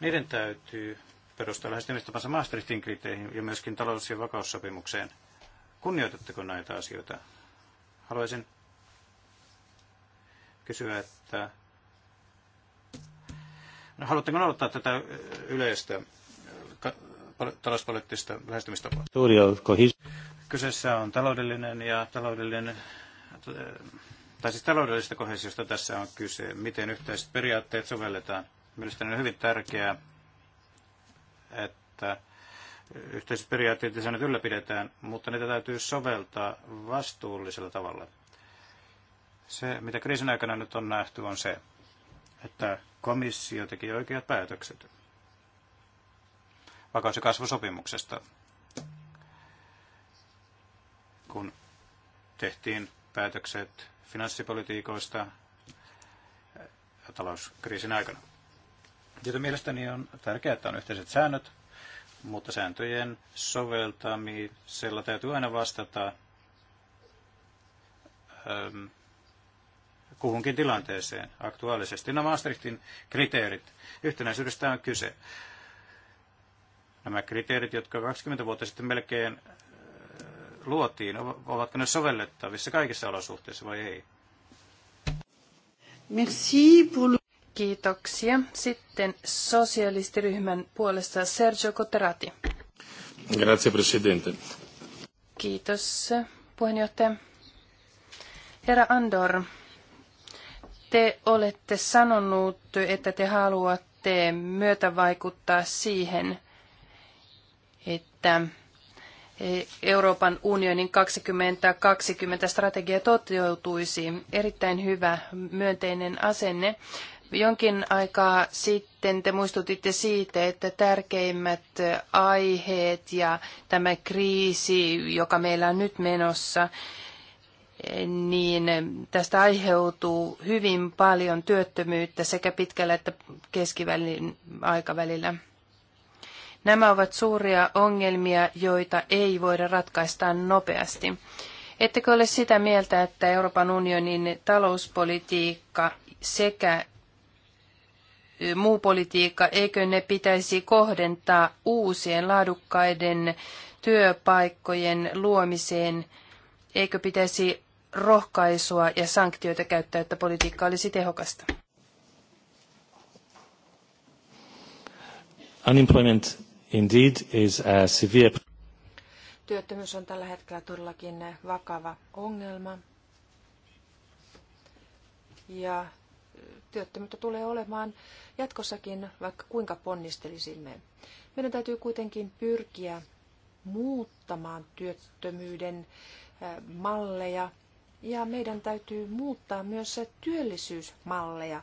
niiden täytyy perustaa lähestymistapansa Maastrichtin kriteihin ja myöskin talous- ja vakaussopimukseen. Kunnioitatteko näitä asioita? Haluaisin kysyä, että no, haluatteko aloittaa tätä yleistä talouspoliittista lähestymistapaa. Kyseessä on taloudellinen ja taloudellinen, eh, tai siis taloudellisesta kohesiosta tässä on kyse. Miten yhteiset periaatteet sovelletaan? Mielestäni on hyvin tärkeää, että yhteiset periaatteet ja säännöt ylläpidetään, mutta niitä täytyy soveltaa vastuullisella tavalla. Se, mitä kriisin aikana nyt on nähty, on se, että komissio teki oikeat päätökset vakaus- ja kasvusopimuksesta, kun tehtiin päätökset finanssipolitiikoista talouskriisin aikana. Joten mielestäni on tärkeää, että on yhteiset säännöt, mutta sääntöjen soveltamisella täytyy aina vastata äm, kuhunkin tilanteeseen aktuaalisesti. No Maastrichtin kriteerit, yhtenäisyydestä on kyse. Nämä kriteerit, jotka 20 vuotta sitten melkein äh, luotiin, ovatko ne sovellettavissa kaikissa olosuhteissa vai ei? Merci pour... Kiitoksia. Sitten sosialistiryhmän puolesta Sergio Cotterati. Grazie, Presidente. Kiitos, puheenjohtaja. Herra Andor, te olette sanonut, että te haluatte myötävaikuttaa siihen, että e, Euroopan unionin 2020 strategia toteutuisi. Erittäin hyvä myönteinen asenne. Jonkin aikaa sitten te muistutitte siitä, että tärkeimmät aiheet ja tämä kriisi, joka meillä on nyt menossa, niin tästä aiheutuu hyvin paljon työttömyyttä sekä pitkällä että keskivälin aikavälillä. Nämä ovat suuria ongelmia, joita ei voida ratkaista nopeasti. Ettekö ole sitä mieltä, että Euroopan unionin talouspolitiikka sekä muu politiikka, eikö ne pitäisi kohdentaa uusien laadukkaiden työpaikkojen luomiseen, eikö pitäisi rohkaisua ja sanktioita käyttää, että politiikka olisi tehokasta? Unemployment indeed is a severe... Työttömyys on tällä hetkellä todellakin vakava ongelma. Ja työttömyyttä tulee olemaan jatkossakin, vaikka kuinka ponnistelisimme. Meidän täytyy kuitenkin pyrkiä muuttamaan työttömyyden malleja ja meidän täytyy muuttaa myös työllisyysmalleja.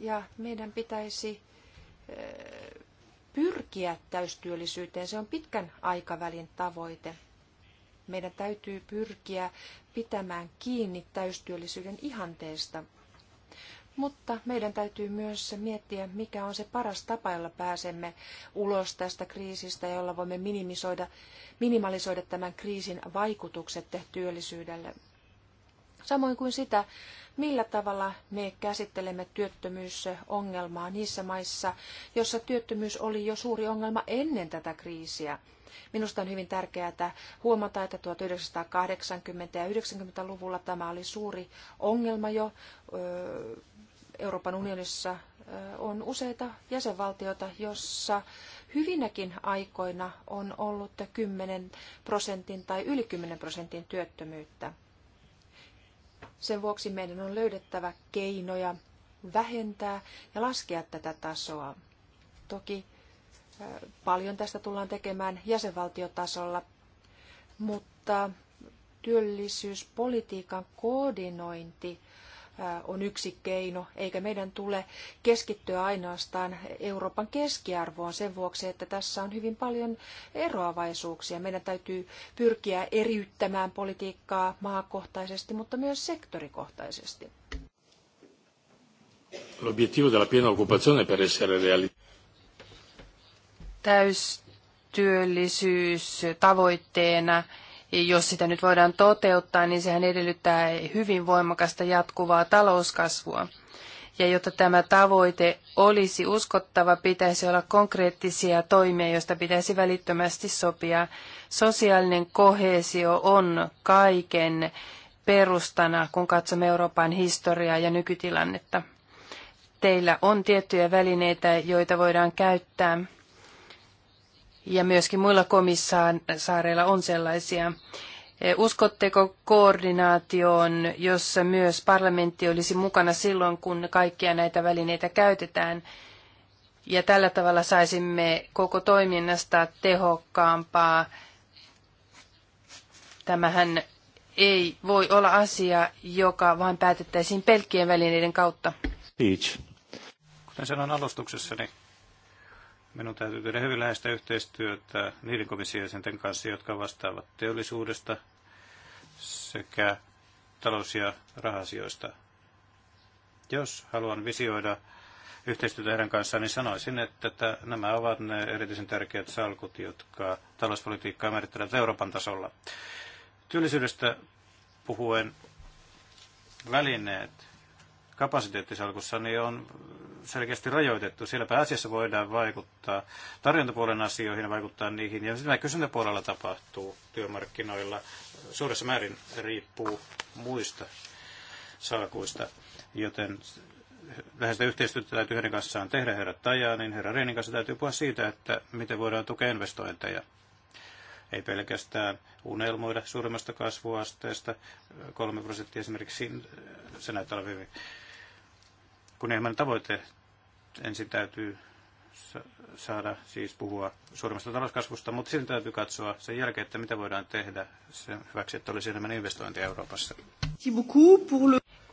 Ja meidän pitäisi pyrkiä täystyöllisyyteen. Se on pitkän aikavälin tavoite. Meidän täytyy pyrkiä pitämään kiinni täystyöllisyyden ihanteesta. Mutta meidän täytyy myös miettiä, mikä on se paras tapa, jolla pääsemme ulos tästä kriisistä, jolla voimme minimisoida, minimalisoida tämän kriisin vaikutukset työllisyydelle. Samoin kuin sitä, millä tavalla me käsittelemme työttömyysongelmaa niissä maissa, jossa työttömyys oli jo suuri ongelma ennen tätä kriisiä. Minusta on hyvin tärkeää huomata, että 1980- ja 90-luvulla tämä oli suuri ongelma jo. Euroopan unionissa on useita jäsenvaltioita, jossa hyvinäkin aikoina on ollut 10 prosentin tai yli 10 prosentin työttömyyttä. Sen vuoksi meidän on löydettävä keinoja vähentää ja laskea tätä tasoa. Toki paljon tästä tullaan tekemään jäsenvaltiotasolla, mutta työllisyyspolitiikan koordinointi on yksi keino, eikä meidän tule keskittyä ainoastaan Euroopan keskiarvoon sen vuoksi, että tässä on hyvin paljon eroavaisuuksia. Meidän täytyy pyrkiä eriyttämään politiikkaa maakohtaisesti, mutta myös sektorikohtaisesti. L'obiettivo Täystyöllisyys tavoitteena jos sitä nyt voidaan toteuttaa, niin sehän edellyttää hyvin voimakasta jatkuvaa talouskasvua. Ja jotta tämä tavoite olisi uskottava, pitäisi olla konkreettisia toimia, joista pitäisi välittömästi sopia. Sosiaalinen kohesio on kaiken perustana, kun katsomme Euroopan historiaa ja nykytilannetta. Teillä on tiettyjä välineitä, joita voidaan käyttää ja myöskin muilla komissaareilla on sellaisia. Eh, uskotteko koordinaatioon, jossa myös parlamentti olisi mukana silloin, kun kaikkia näitä välineitä käytetään? Ja tällä tavalla saisimme koko toiminnasta tehokkaampaa. Tämähän ei voi olla asia, joka vain päätettäisiin pelkkien välineiden kautta. Speech. Kuten sanoin alustuksessani, Minun täytyy tehdä hyvin läheistä yhteistyötä niiden komissiojäsenten kanssa, jotka vastaavat teollisuudesta sekä talous- ja rahasioista. Jos haluan visioida yhteistyötä heidän kanssaan, niin sanoisin, että nämä ovat ne erityisen tärkeät salkut, jotka talouspolitiikkaa määrittelevät Euroopan tasolla. Työllisyydestä puhuen välineet, kapasiteettisalkussa niin on selkeästi rajoitettu. Siellä pääasiassa voidaan vaikuttaa tarjontapuolen asioihin ja vaikuttaa niihin. Ja mitä kysyntäpuolella tapahtuu työmarkkinoilla, suuressa määrin riippuu muista salkuista. Joten läheistä yhteistyötä täytyy heidän kanssaan tehdä, herra Tajaa, niin herra Reinin kanssa täytyy puhua siitä, että miten voidaan tukea investointeja. Ei pelkästään unelmoida suuremmasta kasvuasteesta, kolme prosenttia esimerkiksi, se näyttää olevan hyvin kun kunnianhimoinen tavoite. Ensin täytyy saada siis puhua suuremmasta talouskasvusta, mutta silti täytyy katsoa sen jälkeen, että mitä voidaan tehdä sen hyväksi, että olisi enemmän investointeja Euroopassa.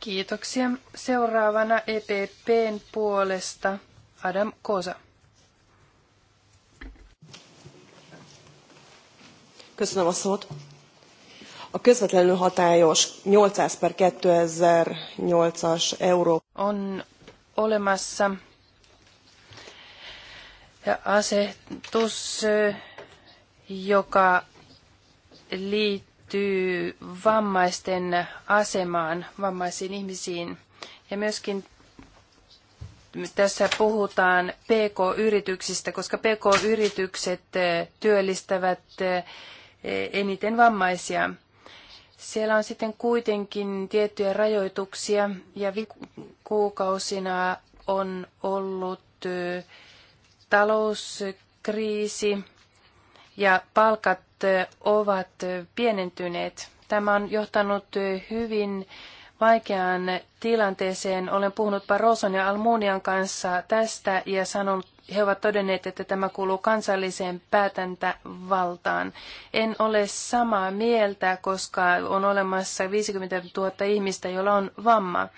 Kiitoksia. Seuraavana EPPn puolesta Adam Kosa. Köszönöm a szót. A közvetlenül hatályos 800 per 2008-as euró. On olemassa ja asetus, joka liittyy vammaisten asemaan, vammaisiin ihmisiin. Ja myöskin tässä puhutaan PK-yrityksistä, koska PK-yritykset työllistävät eniten vammaisia. Siellä on sitten kuitenkin tiettyjä rajoituksia ja kuukausina on ollut talouskriisi ja palkat ovat pienentyneet. Tämä on johtanut hyvin vaikeaan tilanteeseen. Olen puhunut Paroson ja Almunian kanssa tästä ja sanonut he ovat todenneet, että tämä kuuluu kansalliseen päätäntävaltaan. En ole samaa mieltä, koska on olemassa 50 000 ihmistä, joilla on vamma.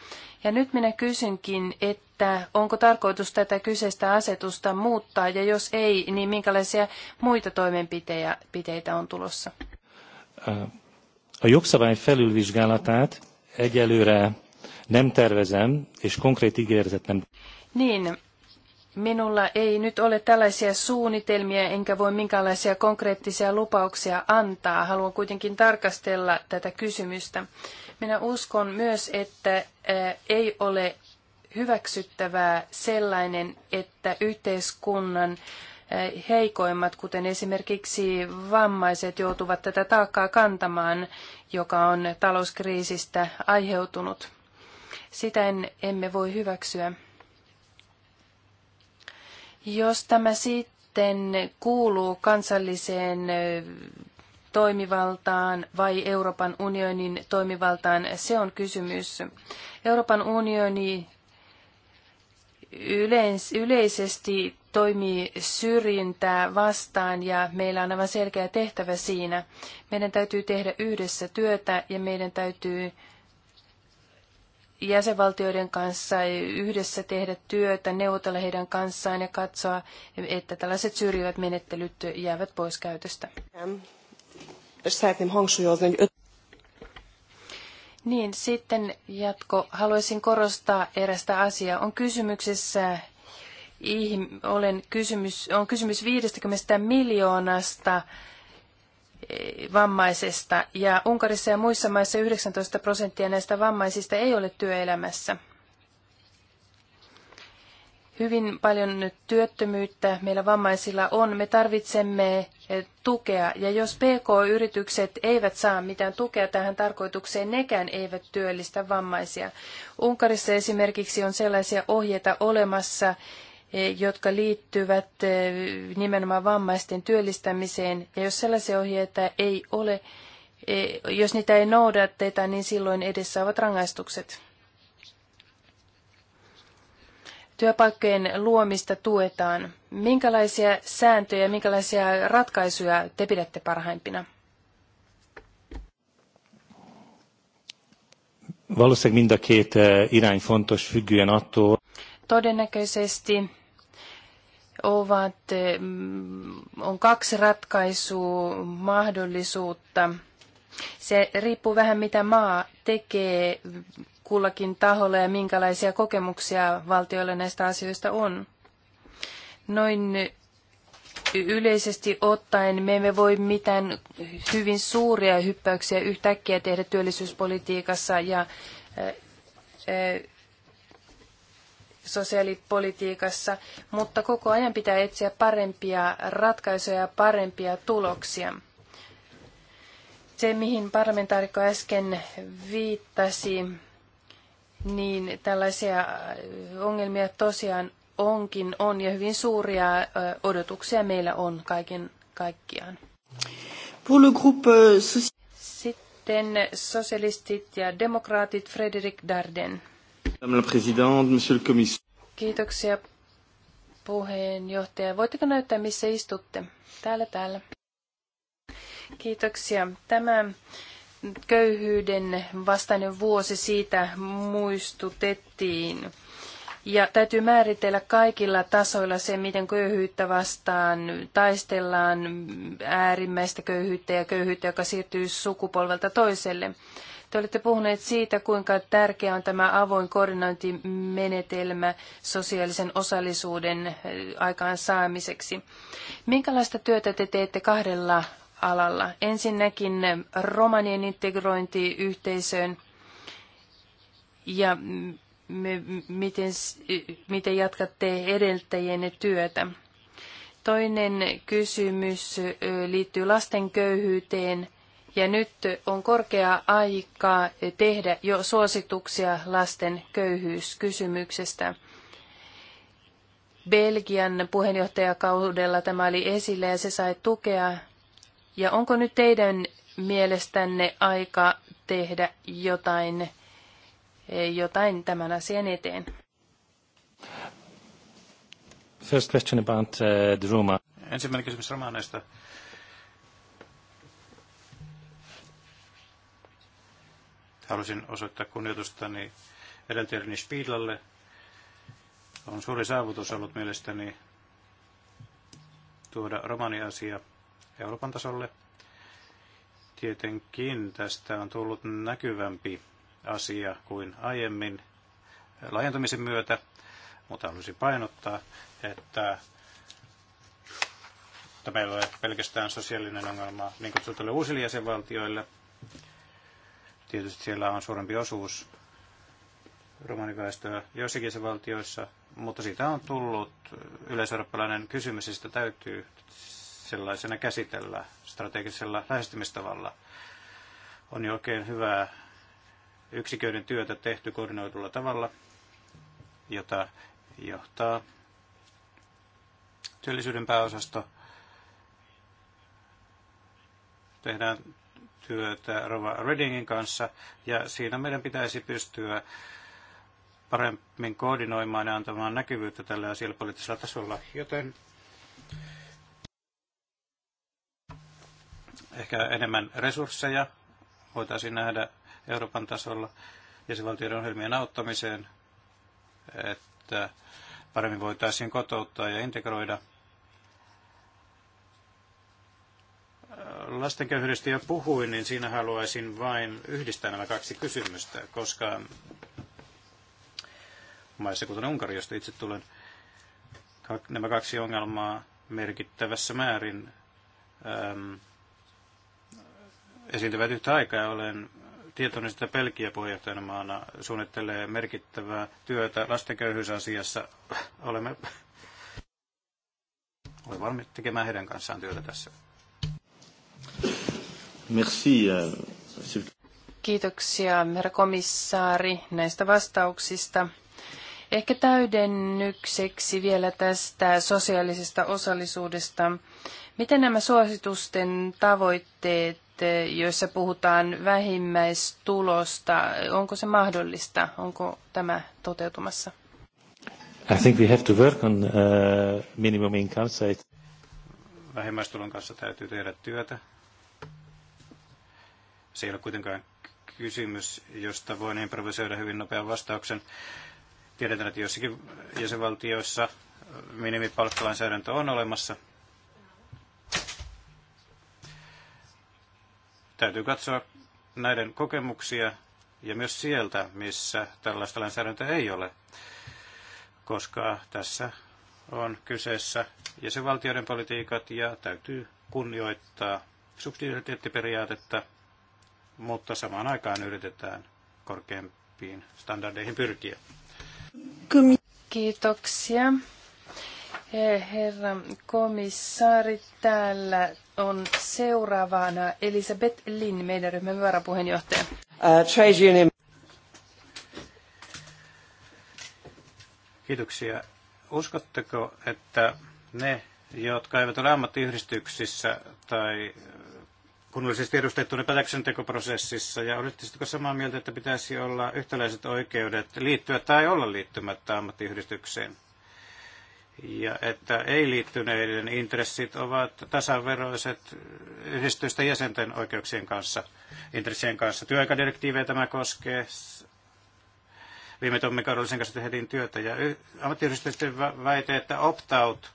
Ja nyt minä kysynkin, että onko tarkoitus tätä kyseistä asetusta muuttaa, ja jos ei, niin minkälaisia muita toimenpiteitä on tulossa? A jogszabály felülvizsgálatát egyelőre nem tervezem, és konkrét ígéretet nem... Niin, Minulla ei nyt ole tällaisia suunnitelmia, enkä voi minkäänlaisia konkreettisia lupauksia antaa. Haluan kuitenkin tarkastella tätä kysymystä. Minä uskon myös, että eh, ei ole hyväksyttävää sellainen, että yhteiskunnan eh, heikoimmat, kuten esimerkiksi vammaiset, joutuvat tätä taakkaa kantamaan, joka on talouskriisistä aiheutunut. Sitä en, emme voi hyväksyä. Jos tämä sitten kuuluu kansalliseen toimivaltaan vai Euroopan unionin toimivaltaan, se on kysymys. Euroopan unioni yleis- yleisesti toimii syrjintää vastaan ja meillä on aivan selkeä tehtävä siinä. Meidän täytyy tehdä yhdessä työtä ja meidän täytyy jäsenvaltioiden kanssa yhdessä tehdä työtä, neuvotella heidän kanssaan ja katsoa, että tällaiset syrjivät menettelyt jäävät pois käytöstä. Niin, sitten jatko. Haluaisin korostaa erästä asiaa. On kysymyksessä olen kysymys, on kysymys 50 miljoonasta vammaisesta ja Unkarissa ja muissa maissa 19 prosenttia näistä vammaisista ei ole työelämässä. Hyvin paljon nyt työttömyyttä meillä vammaisilla on. Me tarvitsemme eh, tukea ja jos PK-yritykset eivät saa mitään tukea tähän tarkoitukseen, nekään eivät työllistä vammaisia. Unkarissa esimerkiksi on sellaisia ohjeita olemassa, jotka liittyvät eh, nimenomaan vammaisten työllistämiseen. Ja jos sellaisia ohjeita ei ole, eh, jos niitä ei noudateta, niin silloin edessä ovat rangaistukset. Työpaikkojen luomista tuetaan. Minkälaisia sääntöjä, minkälaisia ratkaisuja te pidätte parhaimpina? Valószínűleg mind a két eh, irány fontos függően attól. Todennäköisesti ovat, mm, on kaksi ratkaisua mahdollisuutta. Se riippuu vähän mitä maa tekee kullakin taholla ja minkälaisia kokemuksia valtioilla näistä asioista on. Noin yleisesti ottaen me emme voi mitään hyvin suuria hyppäyksiä yhtäkkiä tehdä työllisyyspolitiikassa ja äh, äh, sosiaalipolitiikassa, mutta koko ajan pitää etsiä parempia ratkaisuja ja parempia tuloksia. Se, mihin parlamentaarikko äsken viittasi, niin tällaisia ongelmia tosiaan onkin on ja hyvin suuria odotuksia meillä on kaiken kaikkiaan. Euh, Sitten sosialistit ja demokraatit Frederik Darden. Kiitoksia puheenjohtaja. Voitteko näyttää, missä istutte? Täällä, täällä. Kiitoksia. Tämä köyhyyden vastainen vuosi siitä muistutettiin. Ja täytyy määritellä kaikilla tasoilla se, miten köyhyyttä vastaan taistellaan äärimmäistä köyhyyttä ja köyhyyttä, joka siirtyy sukupolvelta toiselle. Te olette puhuneet siitä, kuinka tärkeä on tämä avoin koordinointimenetelmä sosiaalisen osallisuuden eh, aikaansaamiseksi. Minkälaista työtä te teette kahdella alalla? Ensinnäkin eh, romanien integrointi yhteisöön ja me, miten, miten jatkatte edeltäjienne työtä. Toinen kysymys eh, liittyy lasten köyhyyteen – ja nyt on korkea aika tehdä jo suosituksia lasten köyhyyskysymyksestä. Belgian puheenjohtajakaudella tämä oli esillä ja se sai tukea. Ja onko nyt teidän mielestänne aika tehdä jotain, jotain tämän asian eteen? First question about, uh, the Ensimmäinen kysymys romaaneista. Haluaisin osoittaa kunnioitustani edeltäjäni Spiidlalle. On suuri saavutus ollut mielestäni tuoda romaniasia Euroopan tasolle. Tietenkin tästä on tullut näkyvämpi asia kuin aiemmin laajentumisen myötä, mutta haluaisin painottaa, että että meillä ei ole pelkästään sosiaalinen ongelma niin kutsutuille uusille jäsenvaltioille – Tietysti siellä on suurempi osuus romaniväestöä joissakin se valtioissa, mutta siitä on tullut yleiseurooppalainen kysymys, ja sitä täytyy sellaisena käsitellä strategisella lähestymistavalla. On jo oikein hyvää yksiköiden työtä tehty koordinoidulla tavalla, jota johtaa työllisyyden pääosasto. Tehdään yhteistyötä Rova Readingin kanssa, ja siinä meidän pitäisi pystyä paremmin koordinoimaan ja antamaan näkyvyyttä tällä asialla poliittisella tasolla, joten ehkä enemmän resursseja voitaisiin nähdä Euroopan tasolla jäsenvaltioiden ohjelmien auttamiseen, että paremmin voitaisiin kotouttaa ja integroida lastenköyhyydestä jo puhuin, niin siinä haluaisin vain yhdistää nämä kaksi kysymystä, koska maissa, kuten Unkari, josta itse tulen, nämä kaksi ongelmaa merkittävässä määrin äm, esiintyvät yhtä aikaa. Olen tietoinen, sitä Pelkiä maana, suunnittelee merkittävää työtä lastenköyhyysasiassa. Olemme olen valmis tekemään heidän kanssaan työtä tässä. Merci. Euh, Kiitoksia, herra komissaari, näistä vastauksista. Ehkä täydennykseksi vielä tästä sosiaalisesta osallisuudesta. Miten nämä suositusten tavoitteet, joissa puhutaan vähimmäistulosta, onko se mahdollista? Onko tämä toteutumassa? I think we have to work on uh, minimum income Vähimmäistulon kanssa täytyy tehdä työtä. Se ei ole kuitenkaan kysymys, josta voin improvisoida hyvin nopean vastauksen. Tiedetään, että joissakin jäsenvaltioissa minimipalkkalainsäädäntö on olemassa. Täytyy katsoa näiden kokemuksia ja myös sieltä, missä tällaista lainsäädäntöä ei ole, koska tässä on kyseessä jäsenvaltioiden politiikat ja täytyy kunnioittaa subsidiariteettiperiaatetta – mutta samaan aikaan yritetään korkeampiin standardeihin pyrkiä. Kiitoksia. Eh, herra komissaari, täällä on seuraavana Elisabeth Lin, meidän ryhmän varapuheenjohtaja. Uh, trade union. Kiitoksia. Uskotteko, että ne, jotka eivät ole ammattiyhdistyksissä tai kunnollisesti edustettuna päätöksentekoprosessissa ja olisitko samaa mieltä, että pitäisi olla yhtäläiset oikeudet liittyä tai olla liittymättä ammattiyhdistykseen? Ja että ei-liittyneiden intressit ovat tasaveroiset yhdistysten jäsenten oikeuksien kanssa, intressien kanssa. Työaikadirektiivejä tämä koskee. Viime Tommi Karolisen kanssa tehtiin työtä ja ammattiyhdistysten väite, että opt-out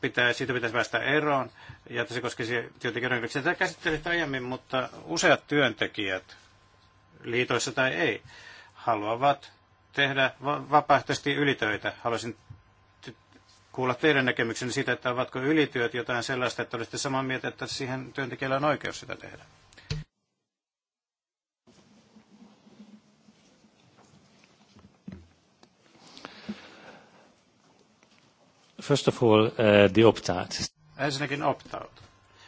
pitää, siitä pitäisi päästä eroon ja että se koskisi työntekijän oikeuksia. Tätä käsittelit aiemmin, mutta useat työntekijät, liitoissa tai ei, haluavat tehdä vapaaehtoisesti ylitöitä. Haluaisin kuulla teidän näkemyksenne siitä, että ovatko ylityöt jotain sellaista, että olisitte samaa mieltä, että siihen työntekijällä on oikeus sitä tehdä. First of all, uh, the opt-out. Ensinnäkin opt-out.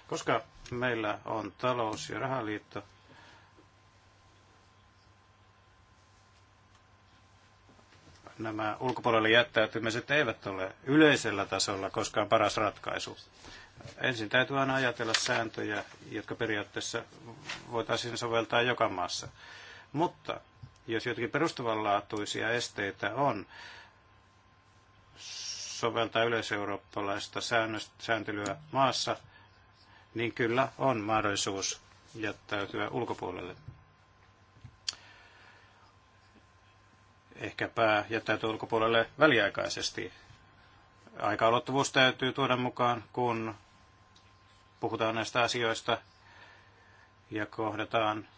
Koska meillä on talous- ja rahaliitto, nämä ulkopuolelle jättäytymiset eivät ole yleisellä tasolla koskaan paras ratkaisu. Ensin täytyy aina ajatella sääntöjä, jotka periaatteessa voitaisiin soveltaa joka maassa. Mutta jos jotakin perustavanlaatuisia esteitä on, soveltaa yleiseurooppalaista sääntelyä maassa, niin kyllä on mahdollisuus jättäytyä ulkopuolelle. Ehkäpä jättäytyä ulkopuolelle väliaikaisesti. Aikaulottuvuus täytyy tuoda mukaan, kun puhutaan näistä asioista ja kohdataan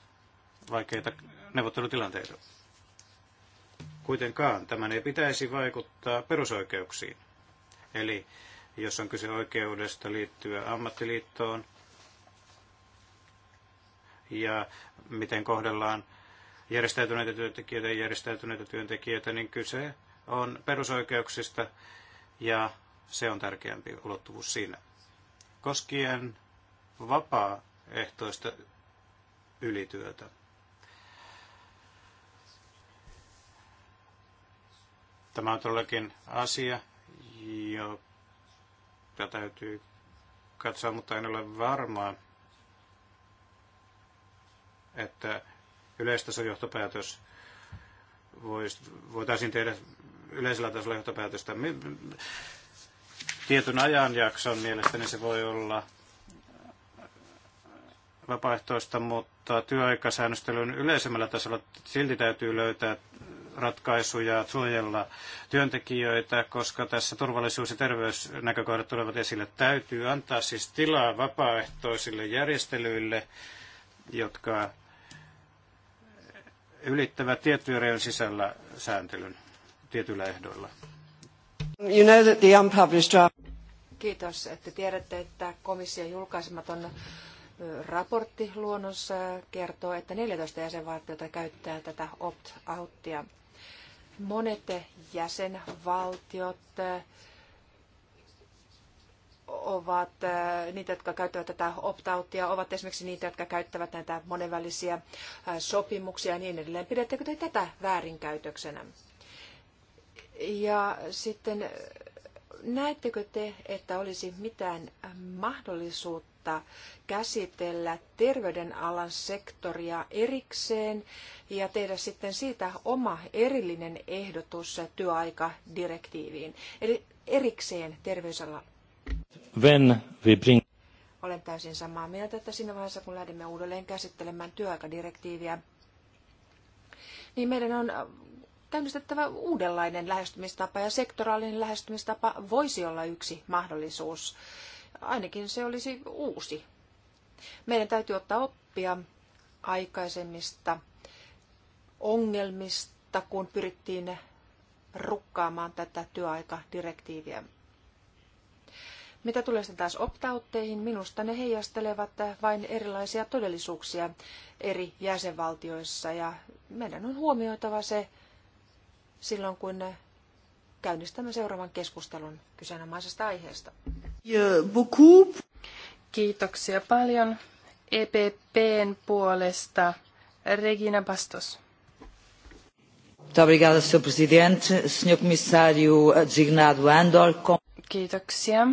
vaikeita neuvottelutilanteita. Kuitenkaan tämän ei pitäisi vaikuttaa perusoikeuksiin. Eli jos on kyse oikeudesta liittyä ammattiliittoon ja miten kohdellaan järjestäytyneitä työntekijöitä ja järjestäytyneitä työntekijöitä, niin kyse on perusoikeuksista ja se on tärkeämpi ulottuvuus siinä. Koskien vapaaehtoista ylityötä. Tämä on todellakin asia, tätä täytyy katsoa, mutta en ole varma, että yleistason johtopäätös vois, voitaisiin tehdä yleisellä tasolla johtopäätöstä. Tietyn ajanjakson mielestäni se voi olla vapaaehtoista, mutta työaikasäännöstelyn yleisemmällä tasolla silti täytyy löytää ratkaisuja suojella työntekijöitä, koska tässä turvallisuus- ja terveysnäkökohdat tulevat esille. Täytyy antaa siis tilaa vapaaehtoisille järjestelyille, jotka ylittävät tiettyjen rajojen sisällä sääntelyn tietyillä ehdoilla. You know that the unpublished draft... Kiitos, että tiedätte, että komission julkaisematon luonnossa kertoo, että 14 jäsenvaltiota käyttää tätä opt-outtia. Monet jäsenvaltiot ovat niitä, jotka käyttävät tätä opt-outia, ovat esimerkiksi niitä, jotka käyttävät näitä monenvälisiä sopimuksia ja niin edelleen. Pidättekö te tätä väärinkäytöksenä? Ja sitten näettekö te, että olisi mitään mahdollisuutta mahdollisuutta käsitellä terveydenalan sektoria erikseen ja tehdä sitten siitä oma erillinen ehdotus työaikadirektiiviin, eli erikseen terveysalan. When we bring... Olen täysin samaa mieltä, että siinä vaiheessa kun lähdemme uudelleen käsittelemään työaikadirektiiviä, niin meidän on käynnistettävä uudenlainen lähestymistapa ja sektoraalinen lähestymistapa voisi olla yksi mahdollisuus ainakin se olisi uusi. Meidän täytyy ottaa oppia aikaisemmista ongelmista, kun pyrittiin rukkaamaan tätä työaikadirektiiviä. Mitä tulee sitten taas optautteihin, minusta ne heijastelevat vain erilaisia todellisuuksia eri jäsenvaltioissa ja meidän on huomioitava se silloin, kun käynnistämme seuraavan keskustelun kyseenomaisesta aiheesta. Kiitoksia paljon EPPn puolesta. Regina Bastos. Kiitoksia.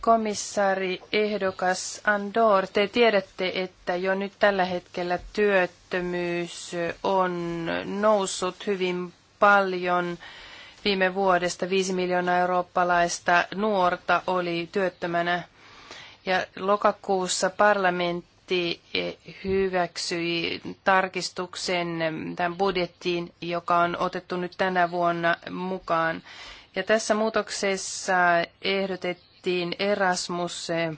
Komissaari ehdokas Andor, te tiedätte, että jo nyt tällä hetkellä työttömyys on noussut hyvin paljon Viime vuodesta 5 miljoonaa eurooppalaista nuorta oli työttömänä ja lokakuussa parlamentti eh, hyväksyi tarkistuksen mm, tämän budjettiin, joka on otettu nyt tänä vuonna mukaan. Ja tässä muutoksessa ehdotettiin Erasmus eh,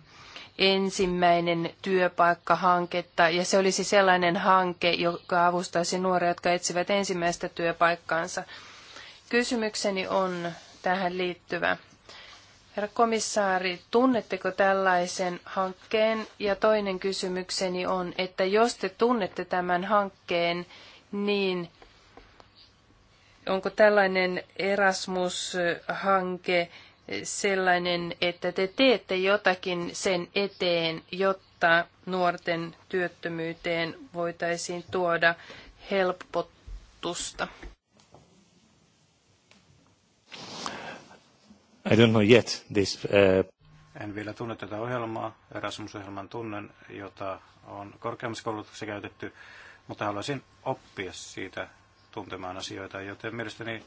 ensimmäinen työpaikkahanketta, ja se olisi sellainen hanke, joka avustaisi nuoria, jotka etsivät ensimmäistä työpaikkaansa. Kysymykseni on tähän liittyvä. Herra komissaari, tunnetteko tällaisen hankkeen? Ja toinen kysymykseni on, että jos te tunnette tämän hankkeen, niin onko tällainen Erasmus-hanke sellainen, että te teette jotakin sen eteen, jotta nuorten työttömyyteen voitaisiin tuoda helpotusta? I don't know yet this, uh... En vielä tunne tätä ohjelmaa, Erasmus-ohjelman tunnen, jota on korkeammassa koulutuksessa käytetty, mutta haluaisin oppia siitä tuntemaan asioita, joten mielestäni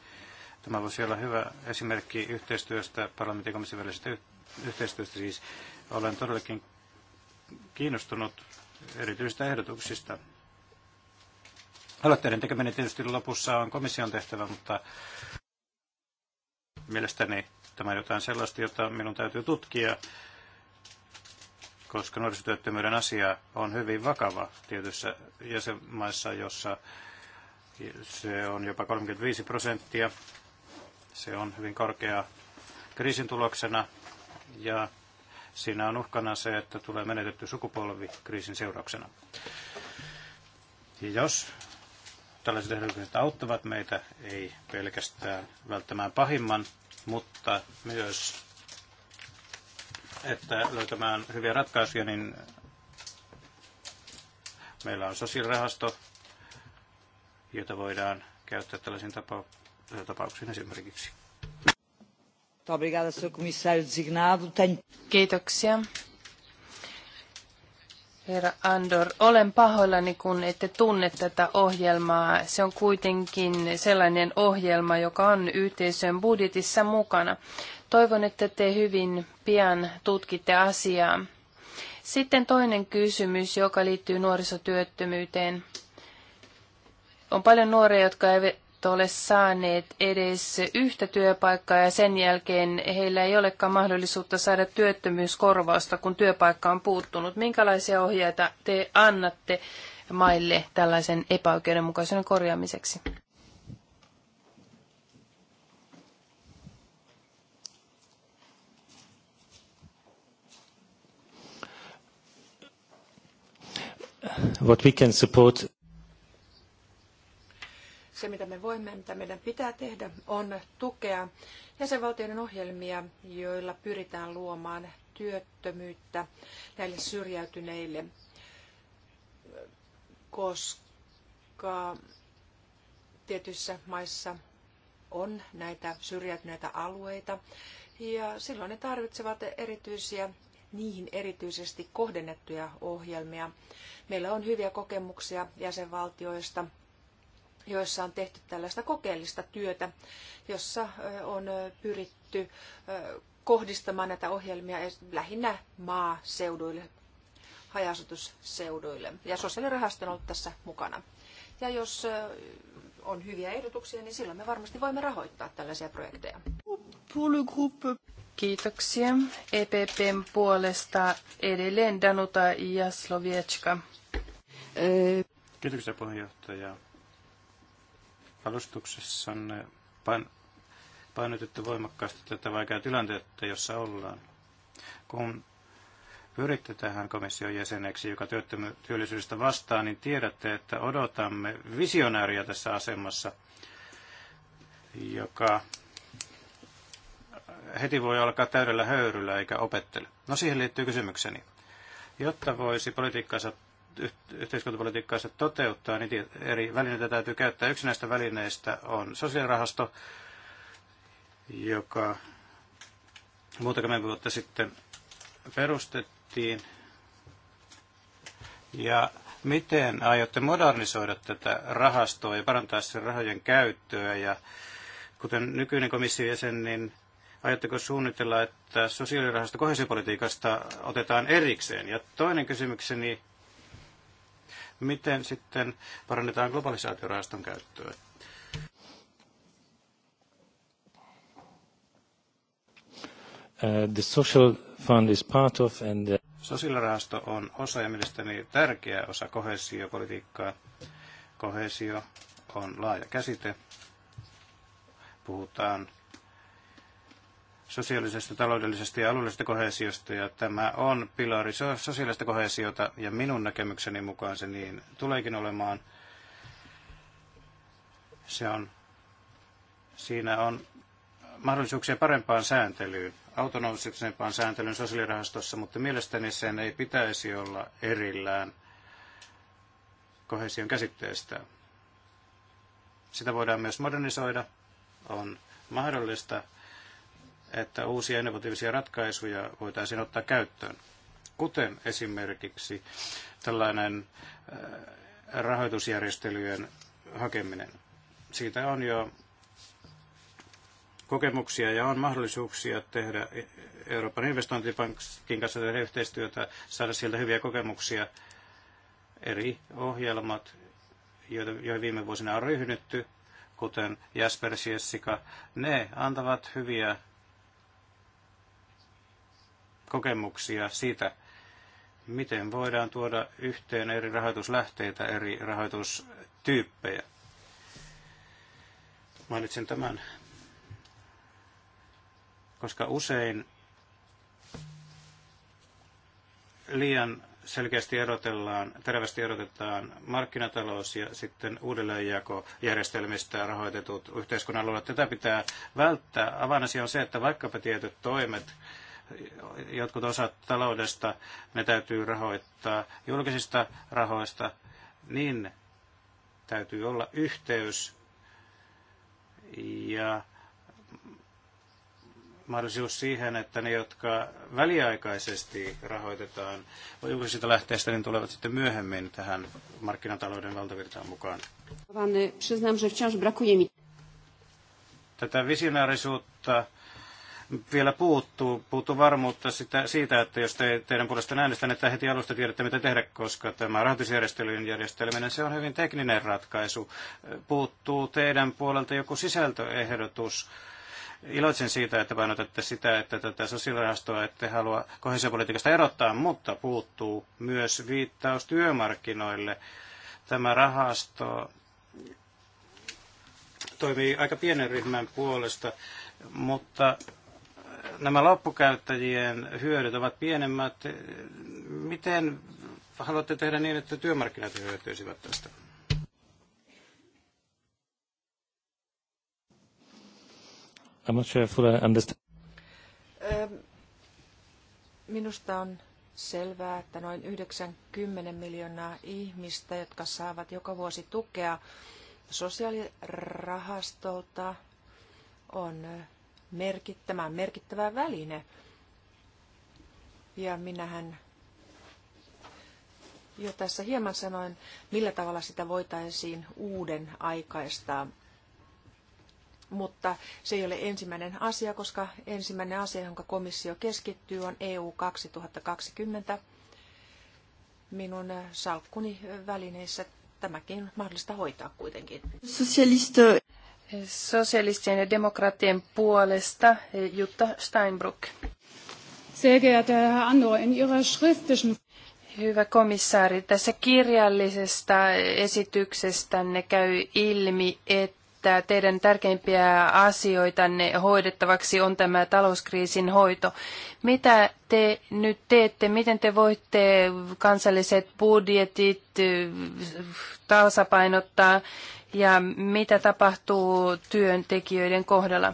tämä voisi olla hyvä esimerkki yhteistyöstä, parlamentin komission välisestä yhteistyöstä siis. Olen todellakin kiinnostunut erityisistä ehdotuksista. Aloitteiden tekeminen tietysti lopussa on komission tehtävä, mutta mielestäni Tämä on jotain sellaista, jota minun täytyy tutkia, koska nuorisotyöttömyyden asia on hyvin vakava tietyissä jäsenmaissa, jossa se on jopa 35 prosenttia. Se on hyvin korkea kriisin tuloksena ja siinä on uhkana se, että tulee menetetty sukupolvi kriisin seurauksena. Ja jos tällaiset ehdotukset auttavat meitä ei pelkästään välttämään pahimman, mutta myös että löytämään hyviä ratkaisuja, niin meillä on sosiaalirahasto, jota voidaan käyttää tällaisiin tapau- tapauksiin esimerkiksi. Kiitoksia Herra Andor, olen pahoillani, kun ette tunne tätä ohjelmaa. Se on kuitenkin sellainen ohjelma, joka on yhteisön budjetissa mukana. Toivon, että te hyvin pian tutkitte asiaa. Sitten toinen kysymys, joka liittyy nuorisotyöttömyyteen. On paljon nuoria, jotka ole saaneet edes yhtä työpaikkaa ja sen jälkeen heillä ei olekaan mahdollisuutta saada työttömyyskorvausta, kun työpaikka on puuttunut. Minkälaisia ohjeita te annatte maille tällaisen epäoikeudenmukaisuuden korjaamiseksi? What we can support se, mitä me voimme, mitä meidän pitää tehdä, on tukea jäsenvaltioiden ohjelmia, joilla pyritään luomaan työttömyyttä näille syrjäytyneille, koska tietyissä maissa on näitä syrjäytyneitä alueita ja silloin ne tarvitsevat erityisiä niihin erityisesti kohdennettuja ohjelmia. Meillä on hyviä kokemuksia jäsenvaltioista, joissa on tehty tällaista kokeellista työtä, jossa on pyritty kohdistamaan näitä ohjelmia lähinnä maaseuduille, hajasutusseuduille. Ja sosiaalirahasto on ollut tässä mukana. Ja jos on hyviä ehdotuksia, niin silloin me varmasti voimme rahoittaa tällaisia projekteja. Kiitoksia. EPPn puolesta edelleen Danuta Jaslovietska. Kiitoksia puheenjohtaja. Alustuksessanne pain, painotitte voimakkaasti tätä vaikeaa tilannetta, jossa ollaan. Kun pyritte tähän komission jäseneksi, joka työllisyydestä vastaa, niin tiedätte, että odotamme visionääriä tässä asemassa, joka heti voi alkaa täydellä höyryllä eikä opettele. No siihen liittyy kysymykseni. Jotta voisi politiikkansa yhteiskuntapolitiikkaansa toteuttaa, niin eri välineitä täytyy käyttää. Yksi näistä välineistä on sosiaalirahasto, joka muutakymmentä vuotta sitten perustettiin. Ja miten aiotte modernisoida tätä rahastoa ja parantaa sen rahojen käyttöä? Ja kuten nykyinen komission jäsen, niin aiotteko suunnitella, että sosiaalirahasto kohesiopolitiikasta otetaan erikseen? Ja toinen kysymykseni Miten sitten parannetaan globalisaatiorahaston käyttöä? Uh, the social fund is part of and the... Uh, Sosiaalirahasto on osa ja mielestäni tärkeä osa kohesiopolitiikkaa. Kohesio on laaja käsite. Puhutaan sosiaalisesta, taloudellisesta ja alueellisesta kohesiosta, ja tämä on pilari sosiaalista kohesiota, ja minun näkemykseni mukaan se niin tuleekin olemaan. Se on, siinä on mahdollisuuksia parempaan sääntelyyn, autonomisempaan sääntelyyn sosiaalirahastossa, mutta mielestäni sen ei pitäisi olla erillään kohesion käsitteestä. Sitä voidaan myös modernisoida, on mahdollista että uusia innovatiivisia ratkaisuja voitaisiin ottaa käyttöön, kuten esimerkiksi tällainen äh, rahoitusjärjestelyjen hakeminen. Siitä on jo kokemuksia ja on mahdollisuuksia tehdä e-, Euroopan investointipankin kanssa tehdä yhteistyötä, saada sieltä hyviä kokemuksia, eri ohjelmat, joita, joihin viime vuosina on ryhdytty, kuten Jasper Jessica, ne antavat hyviä kokemuksia siitä, miten voidaan tuoda yhteen eri rahoituslähteitä, eri rahoitustyyppejä. Mainitsen tämän, koska usein liian selkeästi erotellaan, terävästi erotetaan markkinatalous ja sitten uudelleenjakojärjestelmistä rahoitetut yhteiskunnan alueet. Tätä pitää välttää. Avainasia on se, että vaikkapa tietyt toimet jotkut osat taloudesta, ne täytyy rahoittaa julkisista rahoista, niin täytyy olla yhteys ja mahdollisuus siihen, että ne, jotka väliaikaisesti rahoitetaan julkisista lähteistä, niin tulevat sitten myöhemmin tähän markkinatalouden valtavirtaan mukaan. Tätä visionaarisuutta vielä puuttuu, puuttuu varmuutta sitä, siitä, että jos te, teidän puolesta äänestän, että heti alusta tiedätte, mitä tehdä, koska tämä rahoitusjärjestelyjen järjesteleminen, se on hyvin tekninen ratkaisu. Puuttuu teidän puolelta joku sisältöehdotus. Iloitsen siitä, että painotatte sitä, että tätä sosiaalirahastoa ette halua kohesiopolitiikasta erottaa, mutta puuttuu myös viittaus työmarkkinoille. Tämä rahasto toimii aika pienen ryhmän puolesta, mutta nämä loppukäyttäjien hyödyt ovat pienemmät. Miten haluatte tehdä niin, että työmarkkinat hyötyisivät tästä? I'm not sure if I understand. Ähm, minusta on selvää, että noin 90 miljoonaa ihmistä, jotka saavat joka vuosi tukea sosiaalirahastolta, on äh, merkittämään merkittävä väline. Ja minähän jo tässä hieman sanoin, millä tavalla sitä voitaisiin uuden aikaistaa. Mutta se ei ole ensimmäinen asia, koska ensimmäinen asia, jonka komissio keskittyy, on EU 2020. Minun salkkuni välineissä tämäkin mahdollista hoitaa kuitenkin. Sosialista. Sosialistien ja demokraattien puolesta Jutta Steinbrück. Sehr geehrter Herr Andor, in Ihrer schriftlichen Hyvä komissaari, tässä kirjallisesta esityksestänne käy ilmi, että että teidän tärkeimpiä asioitanne hoidettavaksi on tämä talouskriisin hoito. Mitä te nyt teette? Miten te voitte kansalliset budjetit eh, tasapainottaa ja mitä tapahtuu työntekijöiden kohdalla?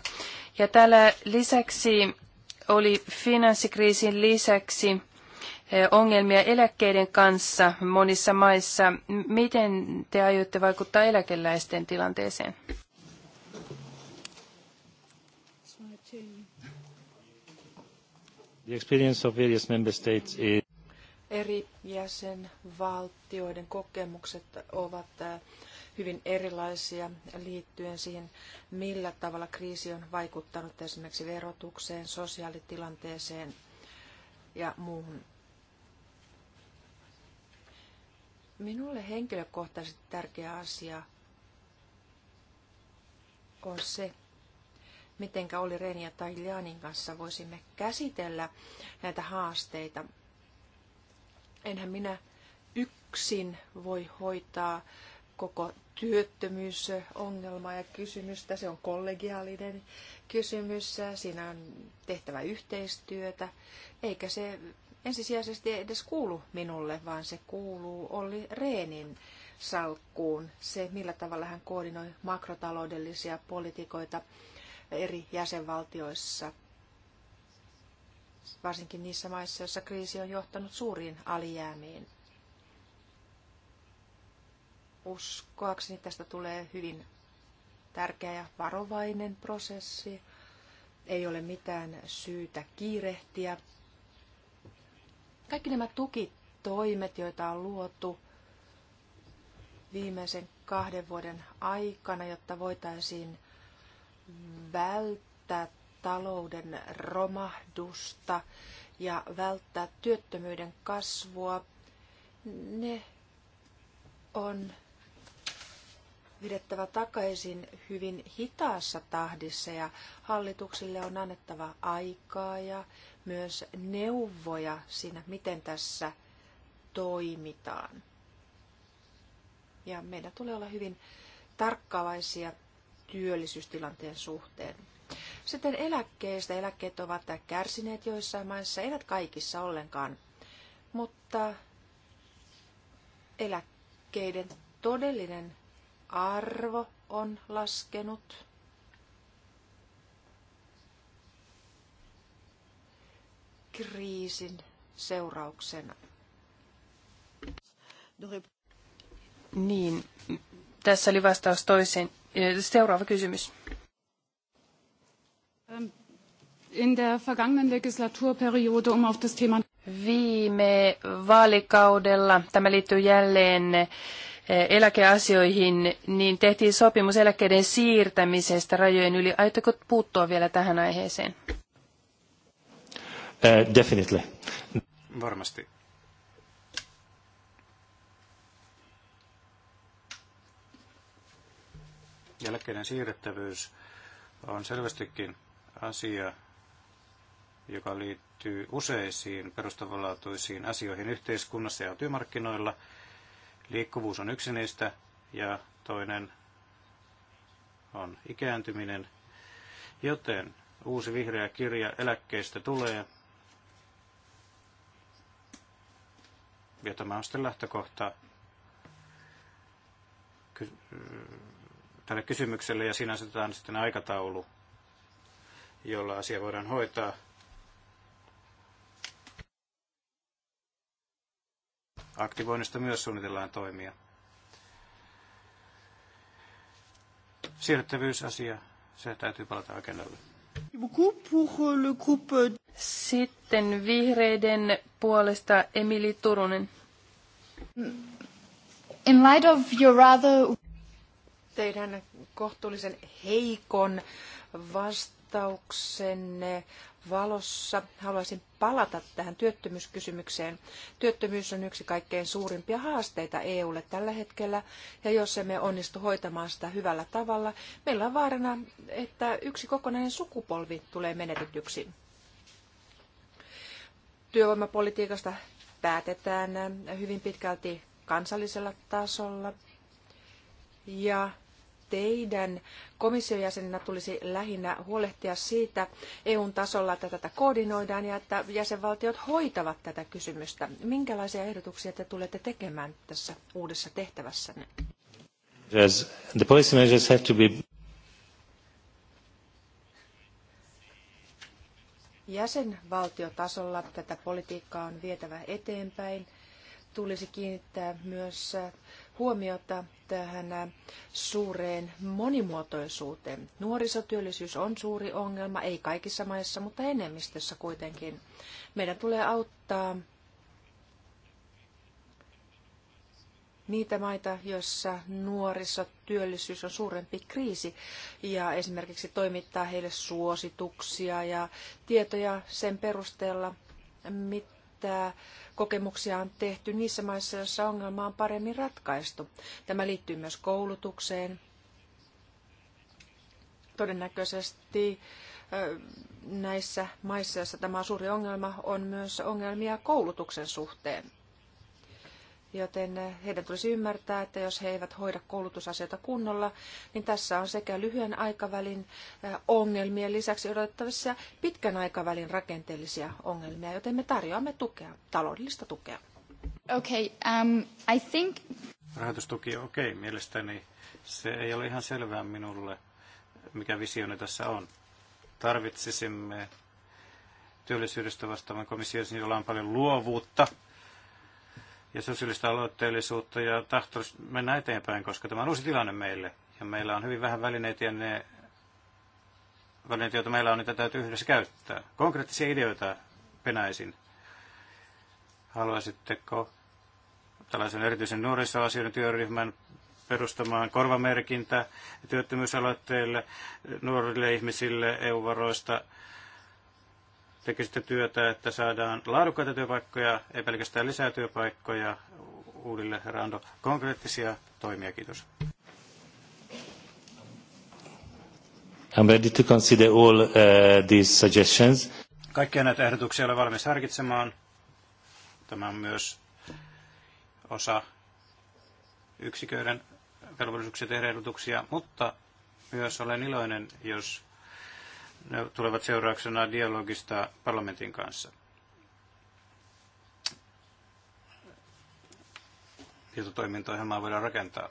Ja täällä lisäksi oli finanssikriisin lisäksi eh, ongelmia eläkkeiden kanssa monissa maissa. Miten te aiotte vaikuttaa eläkeläisten tilanteeseen? The experience of various member states is... Eri jäsenvaltioiden kokemukset ovat äh, hyvin erilaisia liittyen siihen, millä tavalla kriisi on vaikuttanut esimerkiksi verotukseen, sosiaalitilanteeseen ja muuhun. Minulle henkilökohtaisesti tärkeä asia on se, mitenkä oli Renia tai Taglianin kanssa voisimme käsitellä näitä haasteita. Enhän minä yksin voi hoitaa koko työttömyysongelmaa ja kysymystä. Se on kollegiaalinen kysymys. Siinä on tehtävä yhteistyötä, eikä se ensisijaisesti edes kuulu minulle, vaan se kuuluu oli Reenin salkkuun. Se, millä tavalla hän koordinoi makrotaloudellisia politikoita eri jäsenvaltioissa, varsinkin niissä maissa, joissa kriisi on johtanut suuriin alijäämiin. Uskoakseni tästä tulee hyvin tärkeä ja varovainen prosessi. Ei ole mitään syytä kiirehtiä. Kaikki nämä tukitoimet, joita on luotu viimeisen kahden vuoden aikana, jotta voitaisiin välttää talouden romahdusta ja välttää työttömyyden kasvua, ne on pidettävä takaisin hyvin hitaassa tahdissa ja hallituksille on annettava aikaa ja myös neuvoja siinä, miten tässä toimitaan. Ja meidän tulee olla hyvin tarkkaavaisia työllisyystilanteen suhteen. Sitten eläkkeestä. Eläkkeet ovat kärsineet joissain maissa, eivät kaikissa ollenkaan, mutta eläkkeiden todellinen arvo on laskenut. kriisin seurauksena. Niin, tässä oli vastaus toiseen Seuraava kysymys. Ähm, in der vergangenen Legislaturperiode, um auf das Thema... Viime vaalikaudella, tämä liittyy jälleen eh, eläkeasioihin, niin tehtiin sopimus eläkkeiden siirtämisestä rajojen yli. Aiotteko puuttua vielä tähän aiheeseen? Uh, definitely. Varmasti. Jälkeinen siirrettävyys on selvästikin asia, joka liittyy useisiin perustavanlaatuisiin asioihin yhteiskunnassa ja työmarkkinoilla. Liikkuvuus on yksi niistä ja toinen on ikääntyminen, joten uusi vihreä kirja eläkkeistä tulee. Ja tämä on sitten lähtökohta tälle kysymykselle ja siinä asetetaan sitten aikataulu, jolla asia voidaan hoitaa. Aktivoinnista myös suunnitellaan toimia. Siirrettävyysasia, se täytyy palata agendalle. Sitten vihreiden puolesta Emili Turunen. In light of your rather teidän kohtuullisen heikon vastauksenne valossa haluaisin palata tähän työttömyyskysymykseen. Työttömyys on yksi kaikkein suurimpia haasteita EUlle tällä hetkellä, ja jos emme onnistu hoitamaan sitä hyvällä tavalla, meillä on vaarana, että yksi kokonainen sukupolvi tulee menetetyksi. Työvoimapolitiikasta päätetään hyvin pitkälti kansallisella tasolla, ja teidän komission jäsenenä tulisi lähinnä huolehtia siitä EUn tasolla, että tätä koordinoidaan ja että jäsenvaltiot hoitavat tätä kysymystä. Minkälaisia ehdotuksia te tulette tekemään tässä uudessa tehtävässänne? The policy measures have to be... Jäsenvaltiotasolla tätä politiikkaa on vietävä eteenpäin. Tulisi kiinnittää myös huomiota tähän suureen monimuotoisuuteen. Nuorisotyöllisyys on suuri ongelma, ei kaikissa maissa, mutta enemmistössä kuitenkin. Meidän tulee auttaa niitä maita, joissa nuorisotyöllisyys on suurempi kriisi ja esimerkiksi toimittaa heille suosituksia ja tietoja sen perusteella, mit, kokemuksia on tehty niissä maissa, joissa ongelma on paremmin ratkaistu. Tämä liittyy myös koulutukseen. Todennäköisesti näissä maissa, joissa tämä on suuri ongelma, on myös ongelmia koulutuksen suhteen. Joten heidän tulisi ymmärtää, että jos he eivät hoida koulutusasioita kunnolla, niin tässä on sekä lyhyen aikavälin ongelmien lisäksi odotettavissa pitkän aikavälin rakenteellisia ongelmia, joten me tarjoamme tukea, taloudellista tukea. Okay, um, I think... Rahoitustuki, okei, okay, mielestäni se ei ole ihan selvää minulle, mikä visioni tässä on. Tarvitsisimme työllisyydestä vastaavan komission, jolla on paljon luovuutta, ja sosiaalista aloitteellisuutta ja tahto mennä eteenpäin, koska tämä on uusi tilanne meille. Ja meillä on hyvin vähän välineitä ja ne välineet, joita meillä on, niitä täytyy yhdessä käyttää. Konkreettisia ideoita penäisin. Haluaisitteko tällaisen erityisen nuorisoasioiden työryhmän perustamaan korvamerkintä työttömyysaloitteille nuorille ihmisille EU-varoista tekisitte työtä, että saadaan laadukkaita työpaikkoja, ei pelkästään lisää työpaikkoja uudille Rando. Konkreettisia toimia, kiitos. I'm ready to consider all uh, these suggestions. Kaikkia näitä ehdotuksia olen valmis harkitsemaan. Tämä on myös osa yksiköiden velvollisuuksia tehdä ehdotuksia, mutta myös olen iloinen, jos ne tulevat seurauksena dialogista parlamentin kanssa. Jota toimintaohjelmaa voidaan rakentaa.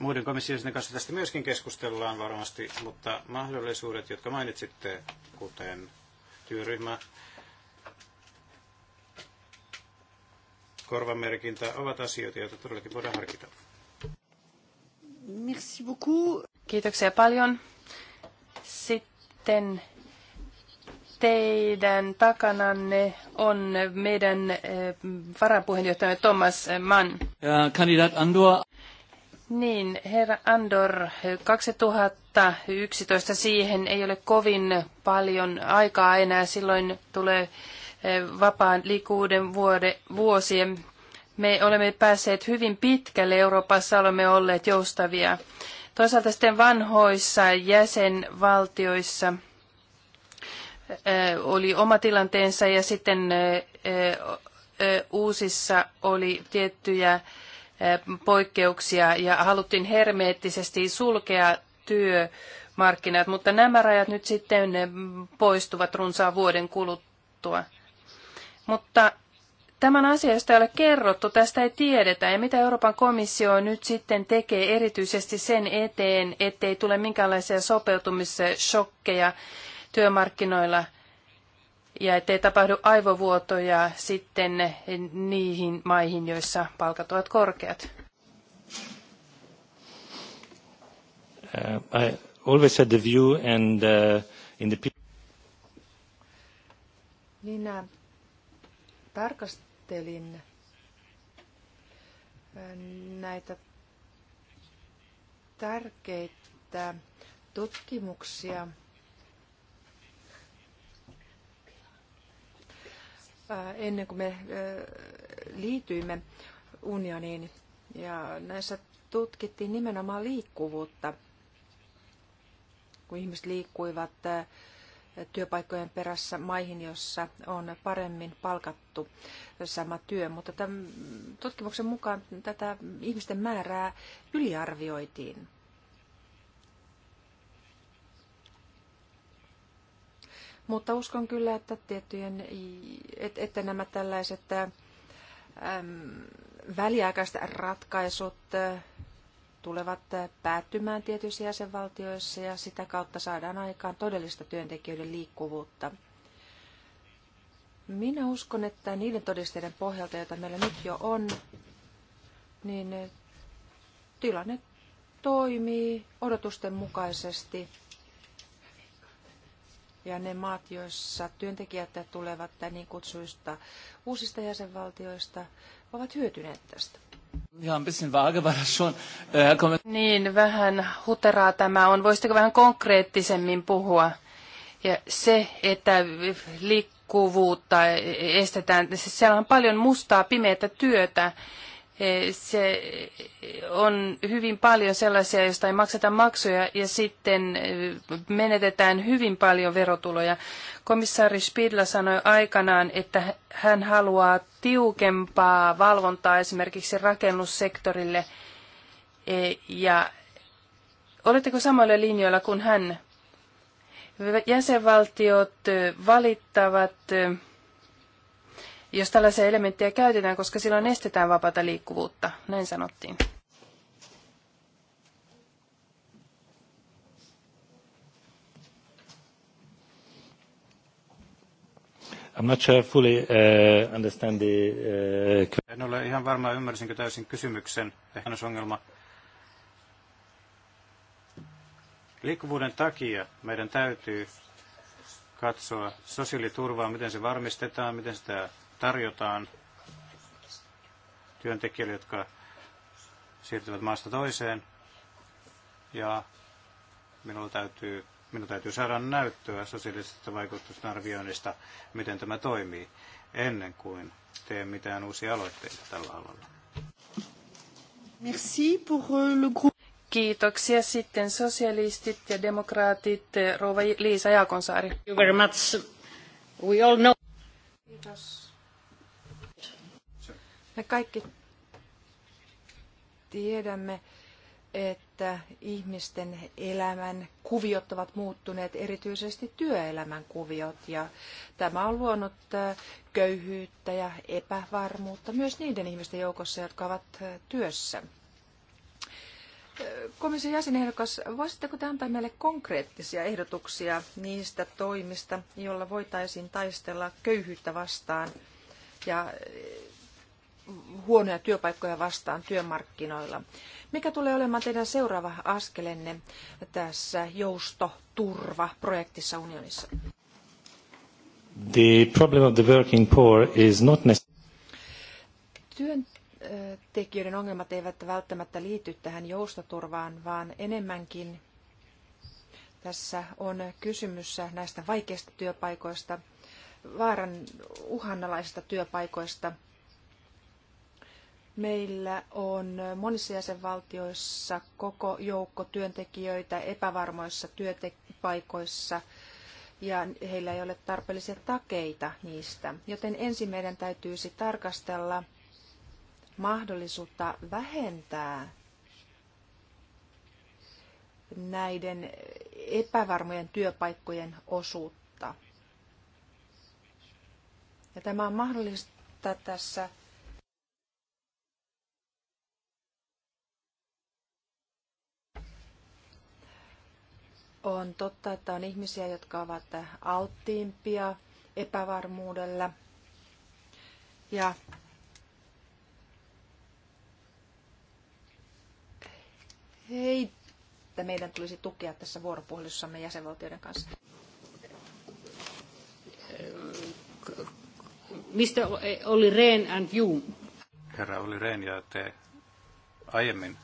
Muiden komissioiden kanssa tästä myöskin keskustellaan varmasti, mutta mahdollisuudet, jotka mainitsitte, kuten työryhmä, korvamerkintä, ovat asioita, joita todellakin voidaan harkita. Merci beaucoup. Kiitoksia paljon. Sitten teidän takananne on meidän eh, varapuheenjohtajamme Thomas Mann. Ja kandidaat Andor. Niin, herra Andor, 2011 siihen ei ole kovin paljon aikaa enää. Silloin tulee eh, vapaan liikkuuden vuosien me olemme päässeet hyvin pitkälle Euroopassa, olemme olleet joustavia. Toisaalta sitten vanhoissa jäsenvaltioissa eh, oli oma tilanteensa ja sitten eh, eh, uusissa oli tiettyjä poikkeuksia ja haluttiin hermeettisesti sulkea työmarkkinat, mutta nämä rajat nyt sitten poistuvat runsaan vuoden kuluttua. Mutta Tämän asiasta ei ole kerrottu, tästä ei tiedetä. Ja mitä Euroopan komissio nyt sitten tekee erityisesti sen eteen, ettei tule minkäänlaisia sopeutumisshokkeja työmarkkinoilla ja ettei tapahdu aivovuotoja sitten niihin maihin, joissa palkat ovat korkeat? Uh, I always had the view and uh, in the... Minä tarkast ajattelin näitä tärkeitä tutkimuksia, ennen kuin me liityimme unioniin. Ja näissä tutkittiin nimenomaan liikkuvuutta, kun ihmiset liikkuivat työpaikkojen perässä maihin, jossa on paremmin palkattu sama työ. Mutta tämän tutkimuksen mukaan tätä ihmisten määrää yliarvioitiin. Mutta uskon kyllä, että, tiettyjen, että nämä tällaiset väliaikaiset ratkaisut tulevat päättymään tietyissä jäsenvaltioissa ja sitä kautta saadaan aikaan todellista työntekijöiden liikkuvuutta. Minä uskon, että niiden todisteiden pohjalta, joita meillä nyt jo on, niin tilanne toimii odotusten mukaisesti. Ja ne maat, joissa työntekijät tulevat niin kutsuista uusista jäsenvaltioista, ovat hyötyneet tästä. Ja, ein bisschen vage war das schon. Äh, niin, vähän huteraa tämä on. Voisitteko vähän konkreettisemmin puhua? Ja se, että liikkuvuutta estetään, siellä on paljon mustaa, pimeätä työtä se on hyvin paljon sellaisia, joista ei makseta maksuja ja sitten e, menetetään hyvin paljon verotuloja. Komissaari Spidla sanoi aikanaan, että hän haluaa tiukempaa valvontaa esimerkiksi rakennussektorille. E, ja oletteko samoilla linjoilla kuin hän? Jäsenvaltiot valittavat e, jos tällaisia elementtejä käytetään, koska silloin estetään vapaata liikkuvuutta. Näin sanottiin. I'm not sure fully uh, understand the, uh... En ole ihan varma, ymmärsinkö täysin kysymyksen. Ehkä ongelma. Liikkuvuuden takia meidän täytyy katsoa sosiaaliturvaa, miten se varmistetaan, miten sitä tarjotaan työntekijöille, jotka siirtyvät maasta toiseen. Ja minulla täytyy, minun täytyy saada näyttöä sosiaalisesta vaikutusten arvioinnista, miten tämä toimii, ennen kuin teen mitään uusia aloitteita tällä alalla. Merci pour euh, le groupe. Kiitoksia sitten sosialistit ja demokraatit, rouva Liisa Jaakonsaari. Thank you very much. We all know. Kiitos. Me kaikki tiedämme, että ihmisten elämän kuviot ovat muuttuneet, erityisesti työelämän kuviot, ja tämä on luonut äh, köyhyyttä ja epävarmuutta myös niiden ihmisten joukossa, jotka ovat äh, työssä. Äh, komission jäsenehdokas, voisitteko te antaa meille konkreettisia ehdotuksia niistä toimista, joilla voitaisiin taistella köyhyyttä vastaan ja huonoja työpaikkoja vastaan työmarkkinoilla. Mikä tulee olemaan teidän seuraava askelenne tässä joustoturva-projektissa unionissa? The problem of the working poor is not Työntekijöiden ongelmat eivät välttämättä liity tähän joustoturvaan, vaan enemmänkin tässä on kysymys näistä vaikeista työpaikoista, vaaran uhanalaisista työpaikoista – Meillä on monissa jäsenvaltioissa koko joukko työntekijöitä epävarmoissa työpaikoissa ja heillä ei ole tarpeellisia takeita niistä. Joten ensin meidän täytyisi tarkastella mahdollisuutta vähentää näiden epävarmojen työpaikkojen osuutta. Ja tämä on mahdollista tässä On totta, että on ihmisiä, jotka ovat alttiimpia epävarmuudella. Ja hei, että meidän tulisi tukea tässä vuoropuhelussamme jäsenvaltioiden kanssa. Mistä oli Rehn and you? Herra oli Rehn ja te aiemmin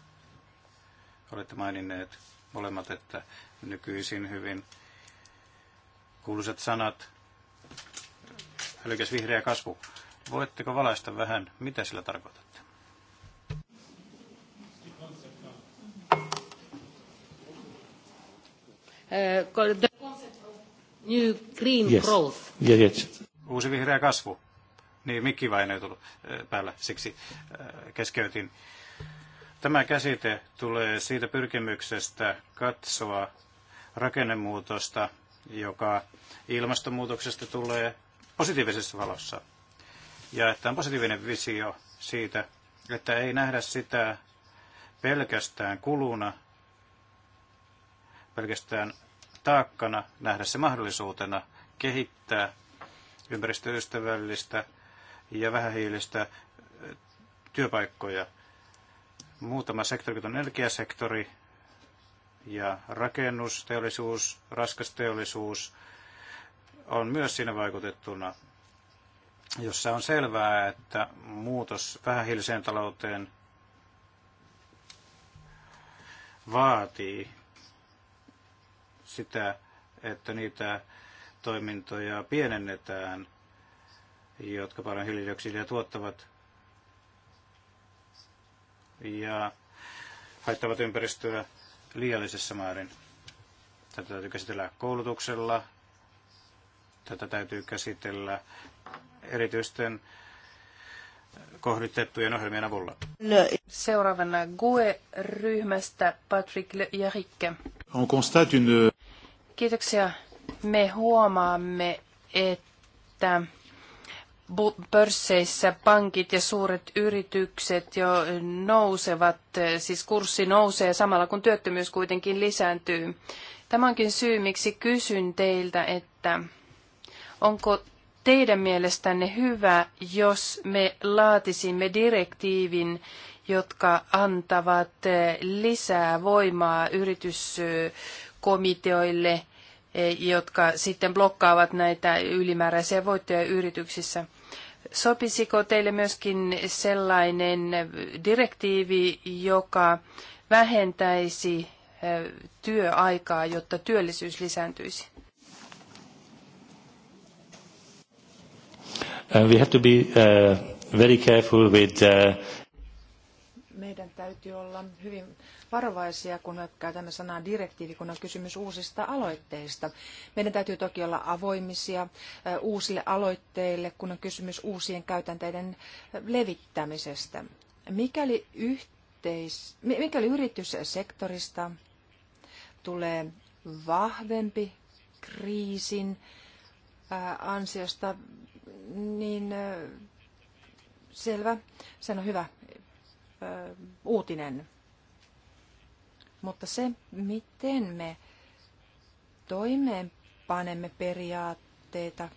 olette maininneet molemmat, että nykyisin hyvin kuuluisat sanat, älykäs vihreä kasvu. Voitteko valaista vähän, mitä sillä tarkoitatte? Uh, new green yes. growth. Yes, yes. Uusi vihreä kasvu. Niin, mikki vain ei tullut eh, päällä, siksi eh, keskeytin. Tämä käsite tulee siitä pyrkimyksestä katsoa rakennemuutosta, joka ilmastonmuutoksesta tulee positiivisessa valossa. Ja että on positiivinen visio siitä, että ei nähdä sitä pelkästään kuluna, pelkästään taakkana, nähdä se mahdollisuutena kehittää ympäristöystävällistä ja vähähiilistä työpaikkoja. Muutama sektori, kuten energiasektori, ja rakennusteollisuus, raskas teollisuus on myös siinä vaikutettuna, jossa on selvää, että muutos vähähiiliseen talouteen vaatii sitä, että niitä toimintoja pienennetään, jotka paljon hiilidioksidia tuottavat ja haittavat ympäristöä liiallisessa määrin. Tätä täytyy käsitellä koulutuksella, tätä täytyy käsitellä erityisten kohdistettujen ohjelmien avulla. Seuraavana GUE-ryhmästä Patrick Järikke. On constate une... Kiitoksia. Me huomaamme, että pörsseissä pankit ja suuret yritykset jo nousevat, siis kurssi nousee samalla kun työttömyys kuitenkin lisääntyy. Tämä onkin syy, miksi kysyn teiltä, että onko teidän mielestänne hyvä, jos me laatisimme direktiivin, jotka antavat eh, lisää voimaa yrityskomiteoille, eh, jotka sitten blokkaavat näitä ylimääräisiä voittoja yrityksissä. Sopisiko teille myöskin sellainen direktiivi, joka vähentäisi työaikaa, jotta työllisyys lisääntyisi? Uh, we have to be uh, very careful with, uh, Meidän täytyy olla hyvin varovaisia, kun käytämme sanaa direktiivi, kun on kysymys uusista aloitteista. Meidän täytyy toki olla avoimisia uusille aloitteille, kun on kysymys uusien käytänteiden levittämisestä. Mikäli, yhteis, mikäli yrityssektorista tulee vahvempi kriisin ansiosta, niin selvä, se on hyvä uutinen mutta se, miten me toimeenpanemme periaatteita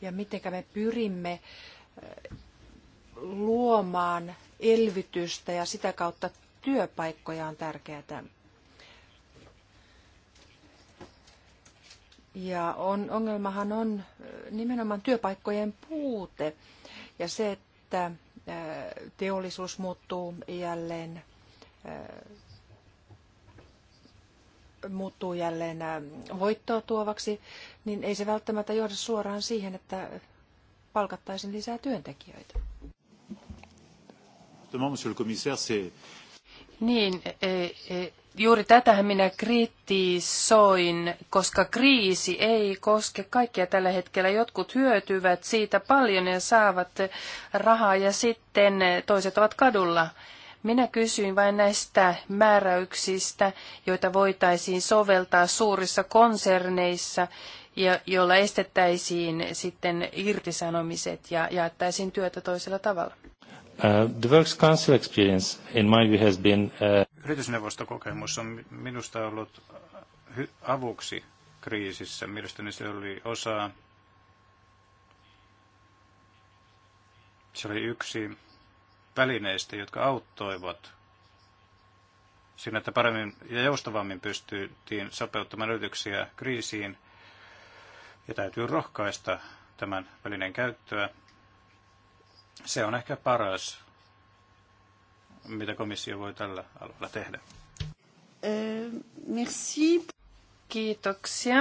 ja miten me pyrimme luomaan elvytystä ja sitä kautta työpaikkoja on tärkeää. Ja on, ongelmahan on nimenomaan työpaikkojen puute ja se, että teollisuus muuttuu jälleen muuttuu jälleen voittoa tuovaksi, niin ei se välttämättä johda suoraan siihen, että palkattaisiin lisää työntekijöitä. Niin, e, e, juuri tätähän minä kritisoin, koska kriisi ei koske kaikkia tällä hetkellä. Jotkut hyötyvät siitä paljon ja saavat rahaa ja sitten toiset ovat kadulla. Minä kysyin vain näistä määräyksistä, joita voitaisiin soveltaa suurissa konserneissa, ja joilla estettäisiin sitten irtisanomiset ja jaettaisiin työtä toisella tavalla. Uh, the Works Council experience in my view has been... Uh... Yritysneuvostokokemus on minusta ollut uh, avuksi kriisissä. Mielestäni se oli osa... Se oli yksi välineistä, jotka auttoivat siinä, että paremmin ja joustavammin pystyttiin sopeuttamaan yrityksiä kriisiin. Ja täytyy rohkaista tämän välineen käyttöä. Se on ehkä paras, mitä komissio voi tällä alueella tehdä. Merci. Kiitoksia.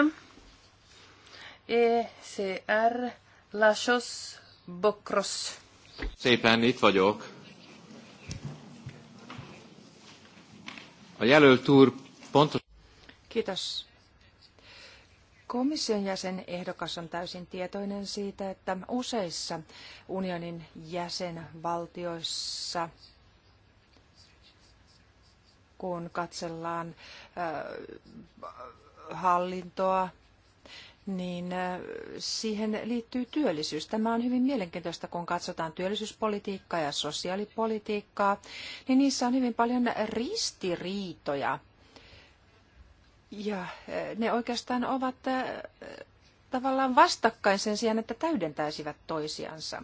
ECR Lachos Bokros. Szépen itt vagyok. Kiitos. Komission jäsen ehdokas on täysin tietoinen siitä, että useissa unionin jäsenvaltioissa kun katsellaan hallintoa niin äh, siihen liittyy työllisyys. Tämä on hyvin mielenkiintoista, kun katsotaan työllisyyspolitiikkaa ja sosiaalipolitiikkaa, niin niissä on hyvin paljon ristiriitoja. Ja äh, ne oikeastaan ovat äh, tavallaan vastakkain sen sijaan, että täydentäisivät toisiansa.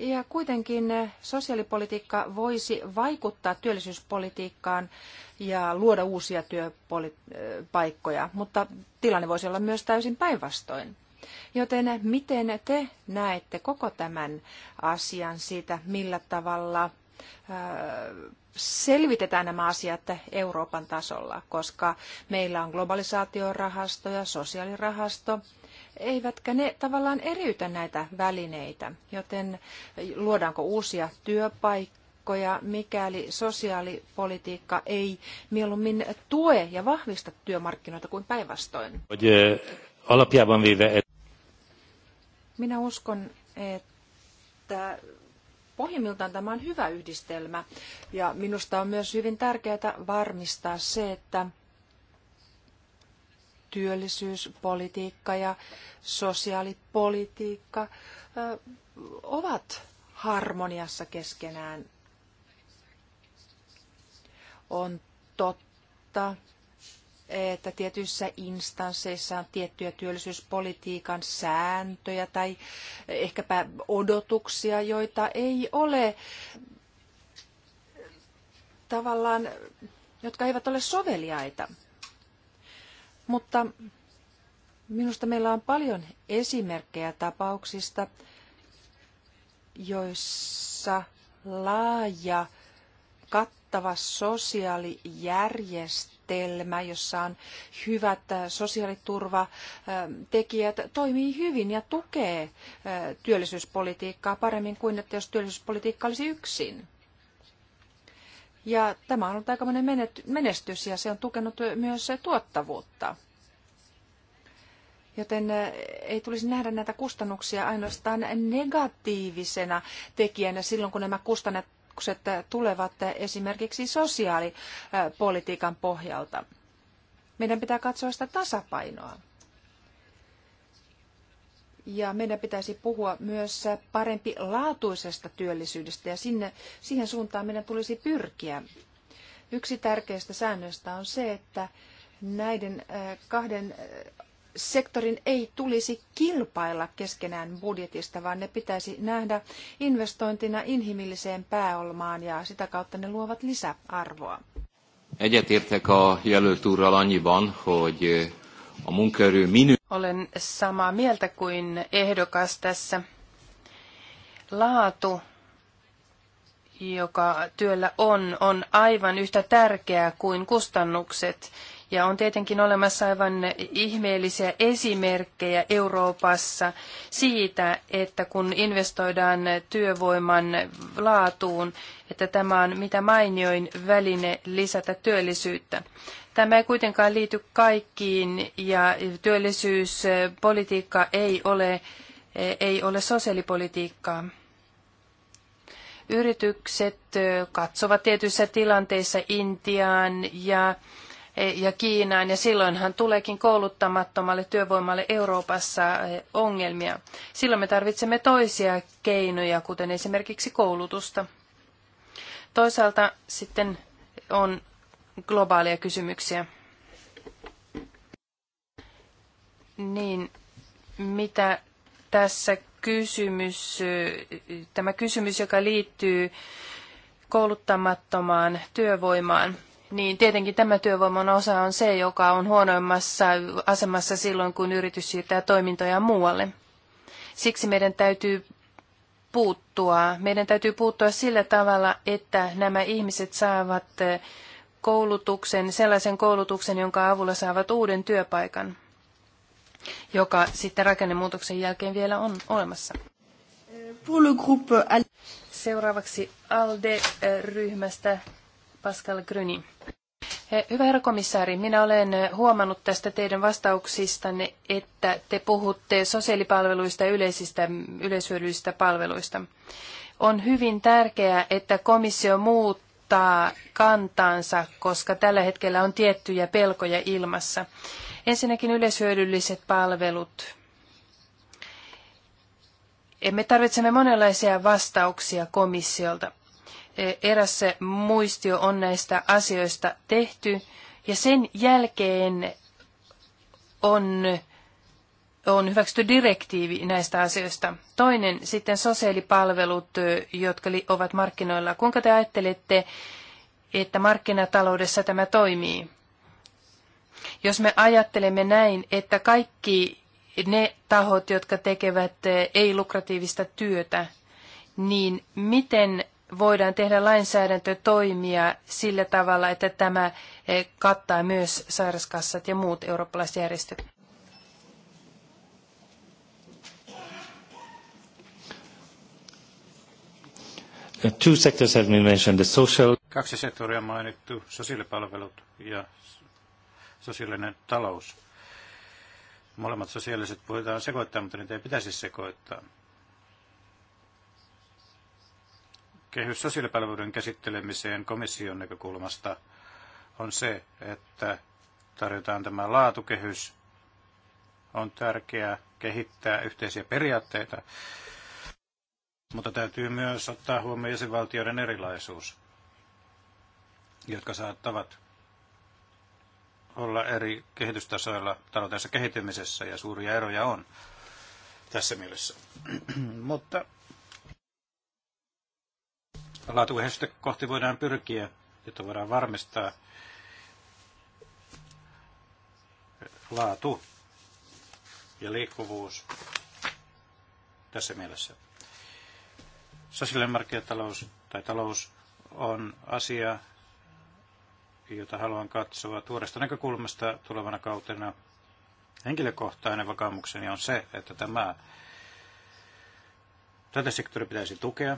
Ja kuitenkin eh, sosiaalipolitiikka voisi vaikuttaa työllisyyspolitiikkaan ja luoda uusia työpaikkoja, mutta tilanne voisi olla myös täysin päinvastoin. Joten miten te näette koko tämän asian siitä, millä tavalla selvitetään nämä asiat Euroopan tasolla, koska meillä on globalisaatiorahasto ja sosiaalirahasto, eivätkä ne tavallaan eriytä näitä välineitä, joten luodaanko uusia työpaikkoja, mikäli sosiaalipolitiikka ei mieluummin tue ja vahvista työmarkkinoita kuin päinvastoin? Minä uskon, että pohjimmiltaan tämä on hyvä yhdistelmä ja minusta on myös hyvin tärkeää varmistaa se, että työllisyyspolitiikka ja sosiaalipolitiikka ovat harmoniassa keskenään. On totta, että tietyissä instansseissa on tiettyjä työllisyyspolitiikan sääntöjä tai ehkäpä odotuksia, joita ei ole tavallaan, jotka eivät ole soveliaita. Mutta minusta meillä on paljon esimerkkejä tapauksista, joissa laaja, kattava sosiaalijärjestelmä, jossa on hyvät äh, sosiaaliturvatekijät, äh, toimii hyvin ja tukee äh, työllisyyspolitiikkaa paremmin kuin että jos työllisyyspolitiikka olisi yksin. Ja tämä on ollut aikamoinen menestys ja se on tukenut myös tuottavuutta. Joten ei tulisi nähdä näitä kustannuksia ainoastaan negatiivisena tekijänä silloin, kun nämä kustannukset tulevat esimerkiksi sosiaalipolitiikan pohjalta. Meidän pitää katsoa sitä tasapainoa. Ja meidän pitäisi puhua myös parempi laatuisesta työllisyydestä ja sinne, siihen suuntaan meidän tulisi pyrkiä. Yksi tärkeistä säännöistä on se, että näiden äh, kahden äh, sektorin ei tulisi kilpailla keskenään budjetista, vaan ne pitäisi nähdä investointina inhimilliseen pääolmaan ja sitä kautta ne luovat lisäarvoa. Egyetértek a jelölt annyiban, hogy a munkaerő minő... Olen samaa mieltä kuin ehdokas tässä. Laatu, joka työllä on, on aivan yhtä tärkeää kuin kustannukset. Ja on tietenkin olemassa aivan ihmeellisiä esimerkkejä Euroopassa siitä, että kun investoidaan työvoiman laatuun, että tämä on mitä mainioin väline lisätä työllisyyttä. Tämä ei kuitenkaan liity kaikkiin ja työllisyyspolitiikka ei ole, ei ole sosiaalipolitiikkaa. Yritykset katsovat tietyissä tilanteissa Intiaan ja, ja Kiinaan ja silloinhan tuleekin kouluttamattomalle työvoimalle Euroopassa ongelmia. Silloin me tarvitsemme toisia keinoja, kuten esimerkiksi koulutusta. Toisaalta sitten on globaaleja kysymyksiä. Niin, mitä tässä kysymys, tämä kysymys, joka liittyy kouluttamattomaan työvoimaan, niin tietenkin tämä työvoiman osa on se, joka on huonoimmassa asemassa silloin, kun yritys siirtää toimintoja muualle. Siksi meidän täytyy puuttua. Meidän täytyy puuttua sillä tavalla, että nämä ihmiset saavat koulutuksen, sellaisen koulutuksen, jonka avulla saavat uuden työpaikan, joka sitten rakennemuutoksen jälkeen vielä on olemassa. Seuraavaksi ALDE-ryhmästä Pascal Gruny. Hyvä herra komissaari, minä olen huomannut tästä teidän vastauksistanne, että te puhutte sosiaalipalveluista ja yleisistä, yleishyödyllisistä palveluista. On hyvin tärkeää, että komissio muut muuttaa kantaansa, koska tällä hetkellä on tiettyjä pelkoja ilmassa. Ensinnäkin yleishyödylliset palvelut. Me tarvitsemme monenlaisia vastauksia komissiolta. E, eräs muistio on näistä asioista tehty ja sen jälkeen on on hyväksytty direktiivi näistä asioista. Toinen sitten sosiaalipalvelut, jotka ovat markkinoilla. Kuinka te ajattelette, että markkinataloudessa tämä toimii? Jos me ajattelemme näin, että kaikki ne tahot, jotka tekevät ei-lukratiivista työtä, niin miten voidaan tehdä toimia sillä tavalla, että tämä kattaa myös sairaskassat ja muut eurooppalaiset järjestöt? Two sectors have been mentioned, the social... Kaksi sektoria mainittu, sosiaalipalvelut ja sosiaalinen talous. Molemmat sosiaaliset voidaan sekoittaa, mutta niitä ei pitäisi sekoittaa. Kehys sosiaalipalveluiden käsittelemiseen komission näkökulmasta on se, että tarjotaan tämä laatukehys. On tärkeää kehittää yhteisiä periaatteita mutta täytyy myös ottaa huomioon jäsenvaltioiden erilaisuus, jotka saattavat olla eri kehitystasoilla taloutensa kehittymisessä ja suuria eroja on tässä mielessä. Mutta laatukehitystä kohti voidaan pyrkiä, jotta voidaan varmistaa laatu ja liikkuvuus tässä mielessä. Sosiaalinen markkinatalous tai talous on asia, jota haluan katsoa tuoresta näkökulmasta tulevana kautena. Henkilökohtainen vakaumukseni on se, että tämä, tätä sektoria pitäisi tukea.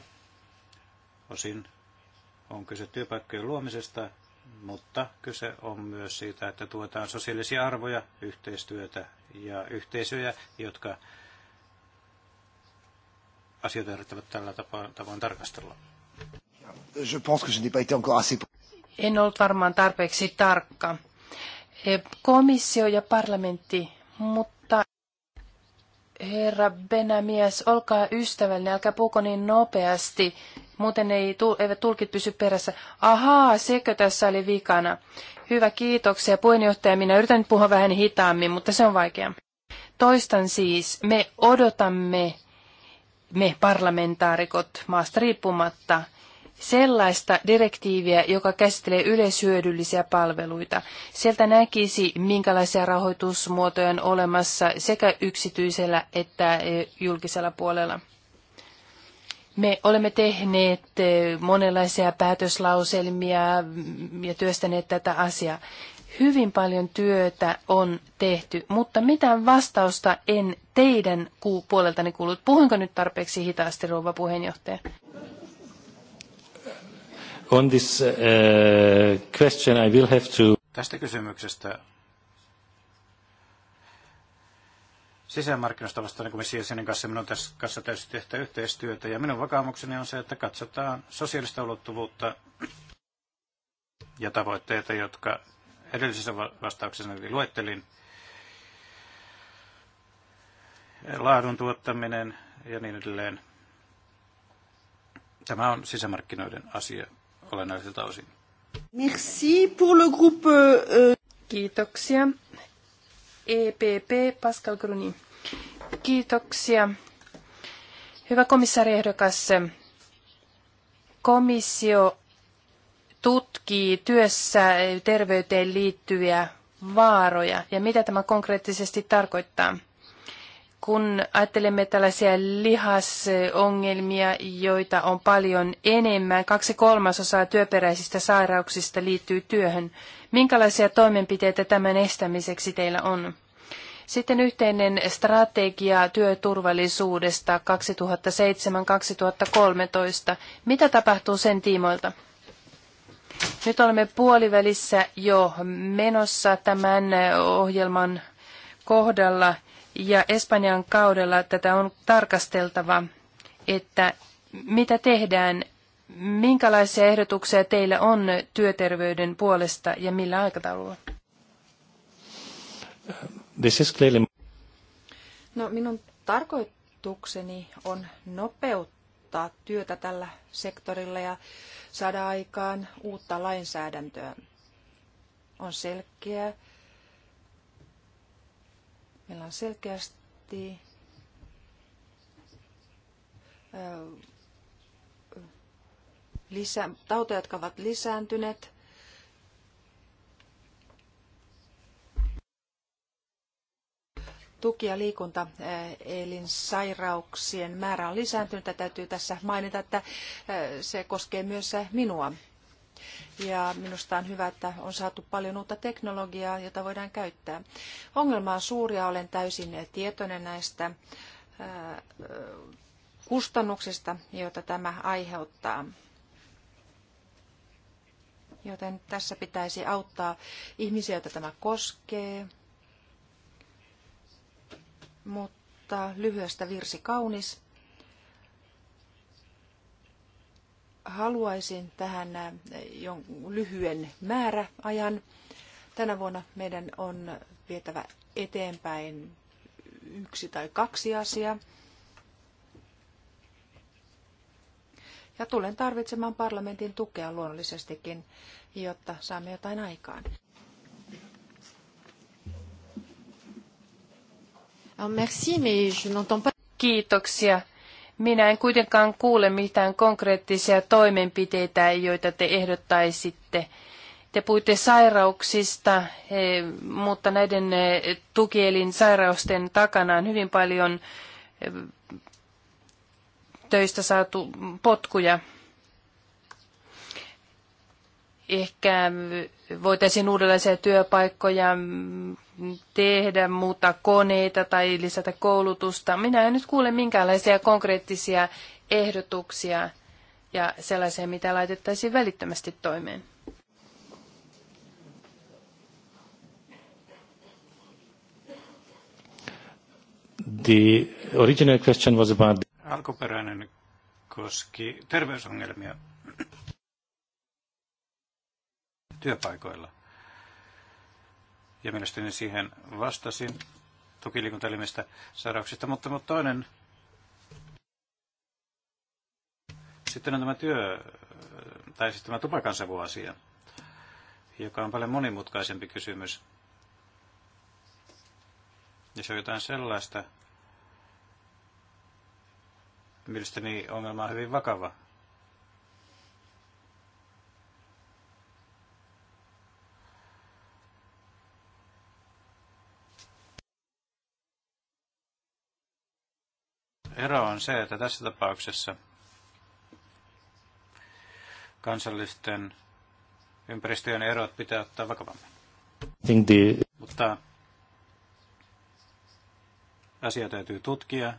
Osin on kyse työpaikkojen luomisesta, mutta kyse on myös siitä, että tuetaan sosiaalisia arvoja, yhteistyötä ja yhteisöjä, jotka asioita yrittävät tällä tavoin, tavoin tarkastella. En ollut varmaan tarpeeksi tarkka. E, komissio ja parlamentti, mutta herra Benamies, olkaa ystävällinen, älkää puhuko niin nopeasti, muuten ei, eivät tulkit pysy perässä. Ahaa, sekö tässä oli vikana? Hyvä, kiitoksia puheenjohtaja. Minä yritän puhua vähän hitaammin, mutta se on vaikea. Toistan siis, me odotamme me parlamentaarikot maasta riippumatta sellaista direktiiviä, joka käsittelee yleishyödyllisiä palveluita. Sieltä näkisi, minkälaisia rahoitusmuotoja on olemassa sekä yksityisellä että e, julkisella puolella. Me olemme tehneet e, monenlaisia päätöslauselmia ja työstäneet tätä asiaa. Hyvin paljon työtä on tehty, mutta mitään vastausta en teidän puoleltani kuullut. Puhuinko nyt tarpeeksi hitaasti, rouva puheenjohtaja? On this uh, question I will have to... Tästä kysymyksestä sisämarkkinoista vastaan komissiosinen kanssa. Minun tässä kanssa täytyy tehdä yhteistyötä ja minun vakaumukseni on se, että katsotaan sosiaalista ulottuvuutta ja tavoitteita, jotka edellisessä vastauksessa eli luettelin. Laadun tuottaminen ja niin edelleen. Tämä on sisämarkkinoiden asia olennaisilta osin. Merci pour le groupe, euh... Kiitoksia. EPP Pascal Gruni. Kiitoksia. Hyvä komissaari komissio tutkii työssä terveyteen liittyviä vaaroja ja mitä tämä konkreettisesti tarkoittaa. Kun ajattelemme tällaisia lihasongelmia, joita on paljon enemmän, kaksi kolmasosaa työperäisistä sairauksista liittyy työhön. Minkälaisia toimenpiteitä tämän estämiseksi teillä on? Sitten yhteinen strategia työturvallisuudesta 2007-2013. Mitä tapahtuu sen tiimoilta? Nyt olemme puolivälissä jo menossa tämän ohjelman kohdalla ja Espanjan kaudella tätä on tarkasteltava, että mitä tehdään, minkälaisia ehdotuksia teillä on työterveyden puolesta ja millä aikataululla? This is clearly... No, minun tarkoitukseni on nopeuttaa työtä tällä sektorilla ja saada aikaan uutta lainsäädäntöä. On selkeä. Meillä on selkeästi lisä, tauteja, jotka ovat lisääntyneet tuki- ja liikuntaelinsairauksien määrä on lisääntynyt. Ja täytyy tässä mainita, että äh, se koskee myös äh, minua. Ja minusta on hyvä, että on saatu paljon uutta teknologiaa, jota voidaan käyttää. Ongelma on suuri ja olen täysin tietoinen näistä äh, kustannuksista, joita tämä aiheuttaa. Joten tässä pitäisi auttaa ihmisiä, joita tämä koskee, mutta lyhyestä virsi kaunis. Haluaisin tähän äh, lyhyen määräajan. Tänä vuonna meidän on vietävä eteenpäin yksi tai kaksi asiaa. Ja tulen tarvitsemaan parlamentin tukea luonnollisestikin, jotta saamme jotain aikaan. Ah, Kiitoksia. Minä en kuitenkaan kuule mitään konkreettisia toimenpiteitä, joita te ehdottaisitte. Te puhutte sairauksista, eh, mutta näiden eh, tukielin sairausten takana on hyvin paljon eh, töistä saatu potkuja ehkä voitaisiin uudenlaisia työpaikkoja tehdä, muuttaa koneita tai lisätä koulutusta. Minä en nyt kuule minkäänlaisia konkreettisia ehdotuksia ja sellaisia, mitä laitettaisiin välittömästi toimeen. The original question was about... Alkuperäinen koski terveysongelmia työpaikoilla. Ja mielestäni siihen vastasin tukiliikuntaelimistä sairauksista, mutta, mutta toinen sitten on tämä työ, tai siis tämä tupakansavuasia, joka on paljon monimutkaisempi kysymys. Ja se on jotain sellaista, mielestäni ongelma on hyvin vakava. Ero on se, että tässä tapauksessa kansallisten ympäristöjen erot pitää ottaa vakavammin. The... Mutta asia täytyy tutkia.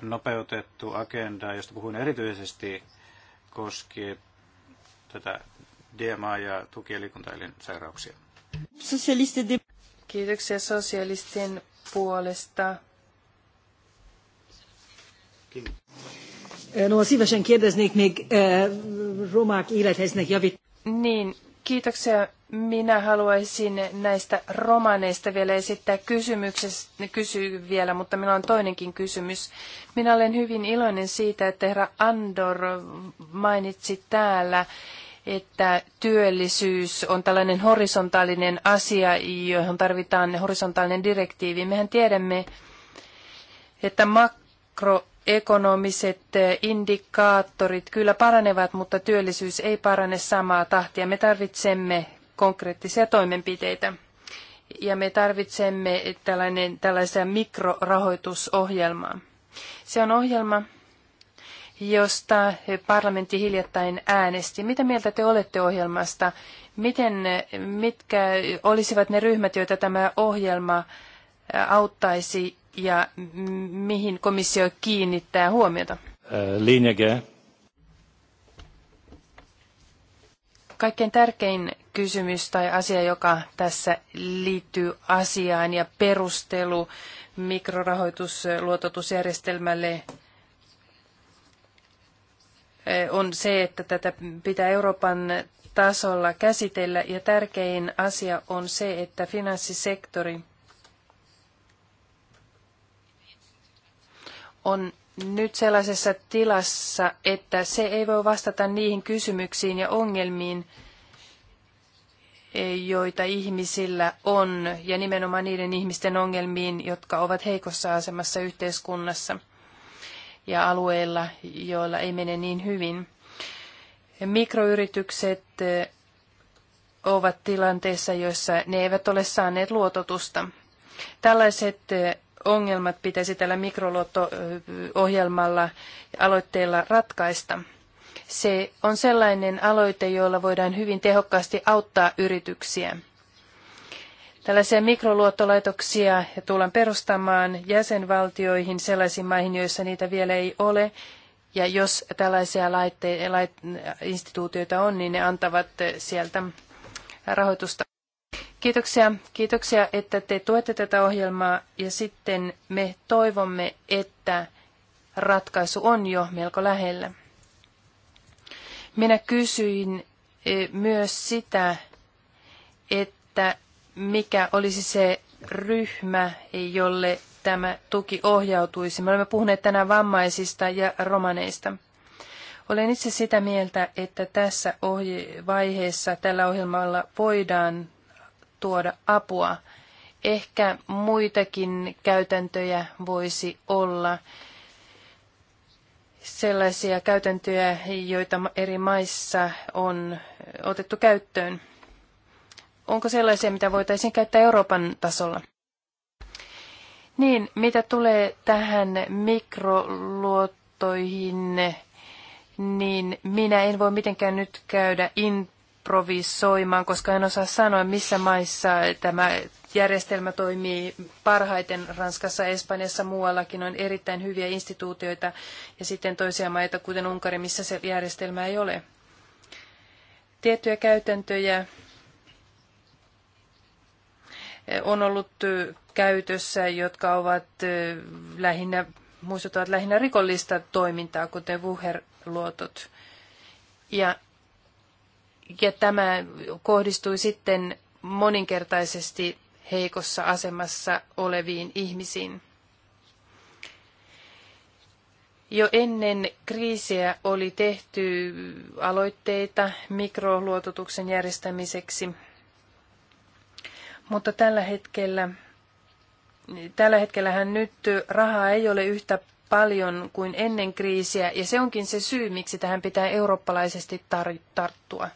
Nopeutettu agenda, josta puhuin erityisesti, koskee tätä DMA ja tukielikuntaelin sairauksia. Kiitoksia sosialistien puolesta. Eh, no, szívesen kérdeznék még eh, romák élethelyzetnek javít. Niin, kiitoksia. Minä haluaisin näistä romaneista vielä esittää kysymyksen kysy vielä, mutta minulla on toinenkin kysymys. Minä olen hyvin iloinen siitä, että herra Andor mainitsi täällä, että työllisyys on tällainen horisontaalinen asia, johon tarvitaan horisontaalinen direktiivi. Mehän tiedämme, että makro ekonomiset eh, indikaattorit kyllä paranevat, mutta työllisyys ei parane samaa tahtia. Me tarvitsemme konkreettisia toimenpiteitä ja me tarvitsemme tällainen, tällaisia mikrorahoitusohjelmaa. Se on ohjelma, josta parlamentti hiljattain äänesti. Mitä mieltä te olette ohjelmasta? Miten, mitkä olisivat ne ryhmät, joita tämä ohjelma auttaisi ja mihin komissio kiinnittää huomiota? Äh, Linjake. Kaikkein tärkein kysymys tai asia, joka tässä liittyy asiaan ja perustelu mikrorahoitusluototusjärjestelmälle äh, on se, että tätä pitää Euroopan tasolla käsitellä. Ja tärkein asia on se, että finanssisektori – on nyt sellaisessa tilassa, että se ei voi vastata niihin kysymyksiin ja ongelmiin, joita ihmisillä on, ja nimenomaan niiden ihmisten ongelmiin, jotka ovat heikossa asemassa yhteiskunnassa ja alueilla, joilla ei mene niin hyvin. Mikroyritykset eh, ovat tilanteessa, joissa ne eivät ole saaneet luototusta. Tällaiset eh, ongelmat pitäisi tällä mikroluotto-ohjelmalla aloitteella ratkaista. Se on sellainen aloite, jolla voidaan hyvin tehokkaasti auttaa yrityksiä. Tällaisia mikroluottolaitoksia tullaan perustamaan jäsenvaltioihin, sellaisiin maihin, joissa niitä vielä ei ole. Ja jos tällaisia laitte- lait- instituutioita on, niin ne antavat sieltä rahoitusta. Kiitoksia. Kiitoksia, että te tuette tätä ohjelmaa ja sitten me toivomme, että ratkaisu on jo melko lähellä. Minä kysyin eh, myös sitä, että mikä olisi se ryhmä, jolle tämä tuki ohjautuisi. Me olemme puhuneet tänään vammaisista ja romaneista. Olen itse sitä mieltä, että tässä vaiheessa tällä ohjelmalla voidaan tuoda apua. Ehkä muitakin käytäntöjä voisi olla, sellaisia käytäntöjä, joita eri maissa on otettu käyttöön. Onko sellaisia, mitä voitaisiin käyttää Euroopan tasolla? Niin, mitä tulee tähän mikroluottoihin, niin minä en voi mitenkään nyt käydä in, improvisoimaan, koska en osaa sanoa, missä maissa tämä järjestelmä toimii parhaiten. Ranskassa, Espanjassa, muuallakin on erittäin hyviä instituutioita ja sitten toisia maita, kuten Unkari, missä se järjestelmä ei ole. Tiettyjä käytäntöjä on ollut käytössä, jotka ovat lähinnä, muistuttavat lähinnä rikollista toimintaa, kuten vuherluotot. Ja ja tämä kohdistui sitten moninkertaisesti heikossa asemassa oleviin ihmisiin. Jo ennen kriisiä oli tehty aloitteita mikroluototuksen järjestämiseksi, mutta tällä hetkellä tällä hetkellähän nyt rahaa ei ole yhtä paljon kuin ennen kriisiä, ja se onkin se syy, miksi tähän pitää eurooppalaisesti tar- tarttua.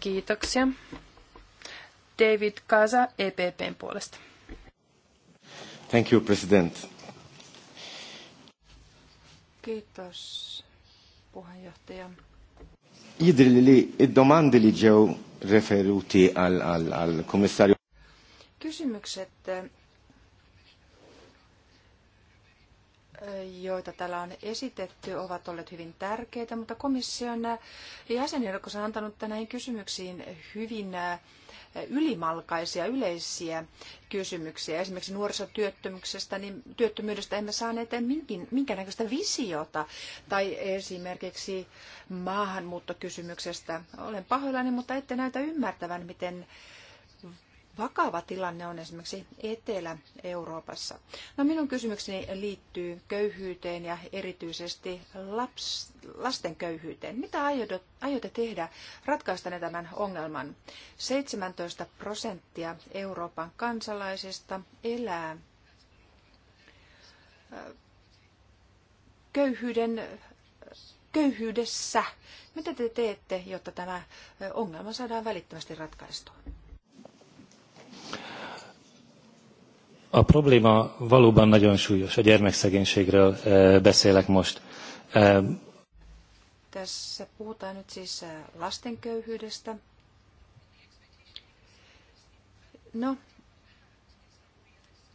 Kiitoksia. David Kaza EPPn puolesta. Thank you, President. Kiitos, puheenjohtaja. Idrilli, domande li ġew referuti al komissarju. Kysymykset, joita täällä on esitetty, ovat olleet hyvin tärkeitä, mutta komission jäsenjoukossa on antanut näihin kysymyksiin hyvin ylimalkaisia, yleisiä kysymyksiä. Esimerkiksi nuorisotyöttömyydestä niin työttömyydestä emme saaneet minkin, minkäännäköistä visiota. Tai esimerkiksi maahanmuuttokysymyksestä. Olen pahoillani, mutta ette näytä ymmärtävän, miten vakava tilanne on esimerkiksi Etelä-Euroopassa. No, minun kysymykseni liittyy köyhyyteen ja erityisesti laps, lasten köyhyyteen. Mitä aiotte tehdä ratkaistanne tämän ongelman? 17 prosenttia Euroopan kansalaisista elää köyhyyden, köyhyydessä. Mitä te teette, jotta tämä ongelma saadaan välittömästi ratkaistua? A probléma valóban nagyon súlyos. A gyermekszegénységről eh, beszélek most. Eh, Tässä puhutaan nyt siis eh, lastenköyhyydestä. No,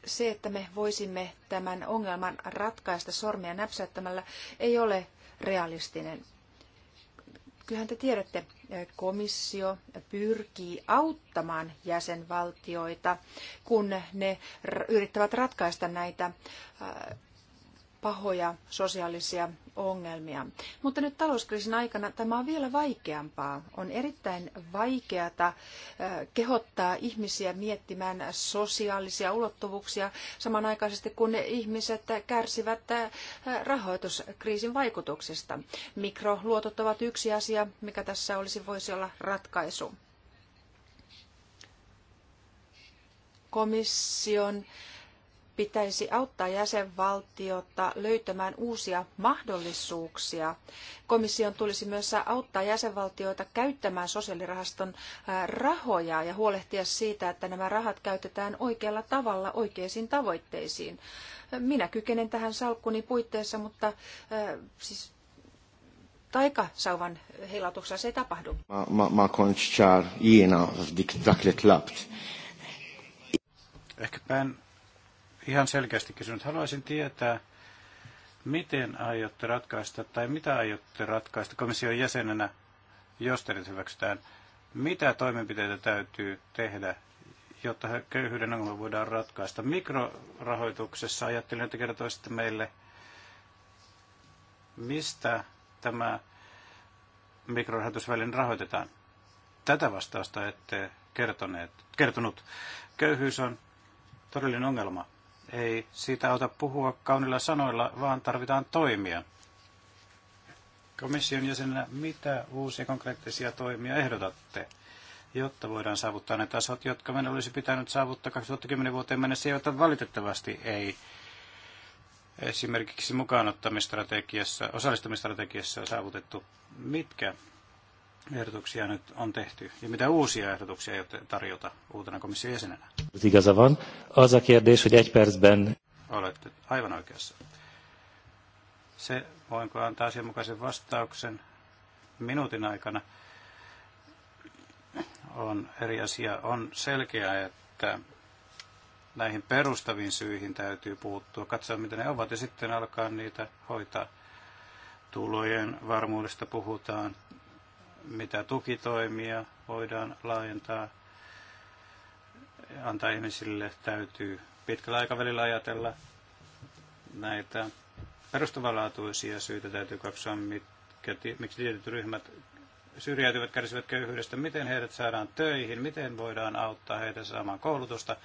se, että me voisimme tämän ongelman ratkaista sormia näpsäyttämällä, ei ole realistinen. Kyllähän te tiedätte, komissio pyrkii auttamaan jäsenvaltioita, kun ne yrittävät ratkaista näitä äh, pahoja sosiaalisia ongelmia. Mutta nyt talouskriisin aikana tämä on vielä vaikeampaa. On erittäin vaikeata kehottaa ihmisiä miettimään sosiaalisia ulottuvuuksia samanaikaisesti, kun ihmiset kärsivät rahoituskriisin vaikutuksista. Mikroluotot ovat yksi asia, mikä tässä olisi voisi olla ratkaisu. Komission pitäisi auttaa jäsenvaltiota löytämään uusia mahdollisuuksia. Komission tulisi myös auttaa jäsenvaltioita käyttämään sosiaalirahaston äh, rahoja ja huolehtia siitä, että nämä rahat käytetään oikealla tavalla oikeisiin tavoitteisiin. Minä kykenen tähän salkkuni puitteissa, mutta äh, siis taikasauvan heilautuksella se ei tapahdu. Ma, ma, ma Ehkäpä en ihan selkeästi kysynyt. Haluaisin tietää, miten aiotte ratkaista tai mitä aiotte ratkaista komission jäsenenä, jos teidät hyväksytään. Mitä toimenpiteitä täytyy tehdä, jotta köyhyyden ongelma voidaan ratkaista? Mikrorahoituksessa ajattelin, että kertoisitte meille, mistä tämä mikrorahoitusvälin rahoitetaan. Tätä vastausta ette kertoneet, kertonut. Köyhyys on todellinen ongelma. Ei siitä auta puhua kaunilla sanoilla, vaan tarvitaan toimia. Komission jäsenenä, mitä uusia konkreettisia toimia ehdotatte, jotta voidaan saavuttaa ne tasot, jotka meidän olisi pitänyt saavuttaa 2010 vuoteen mennessä, joita valitettavasti ei esimerkiksi mukaanottamistrategiassa, osallistumistrategiassa on saavutettu. Mitkä ehdotuksia nyt on tehty ja mitä uusia ehdotuksia ei tarjota uutena komission jäsenenä? Igaza van. Az a kérdés, hogy egy percben... Olette aivan oikeassa. Se, voinko antaa asianmukaisen vastauksen minuutin aikana, on eri asia. On selkeää, että näihin perustaviin syihin täytyy puuttua, katsoa mitä ne ovat ja sitten alkaa niitä hoitaa. Tulojen varmuudesta puhutaan, mitä tukitoimia voidaan laajentaa, antaa ihmisille, täytyy pitkällä aikavälillä ajatella näitä perustavanlaatuisia syitä täytyy katsoa, mitkä, miksi tietyt ryhmät syrjäytyvät, kärsivät köyhyydestä, miten heidät saadaan töihin, miten voidaan auttaa heitä saamaan koulutusta,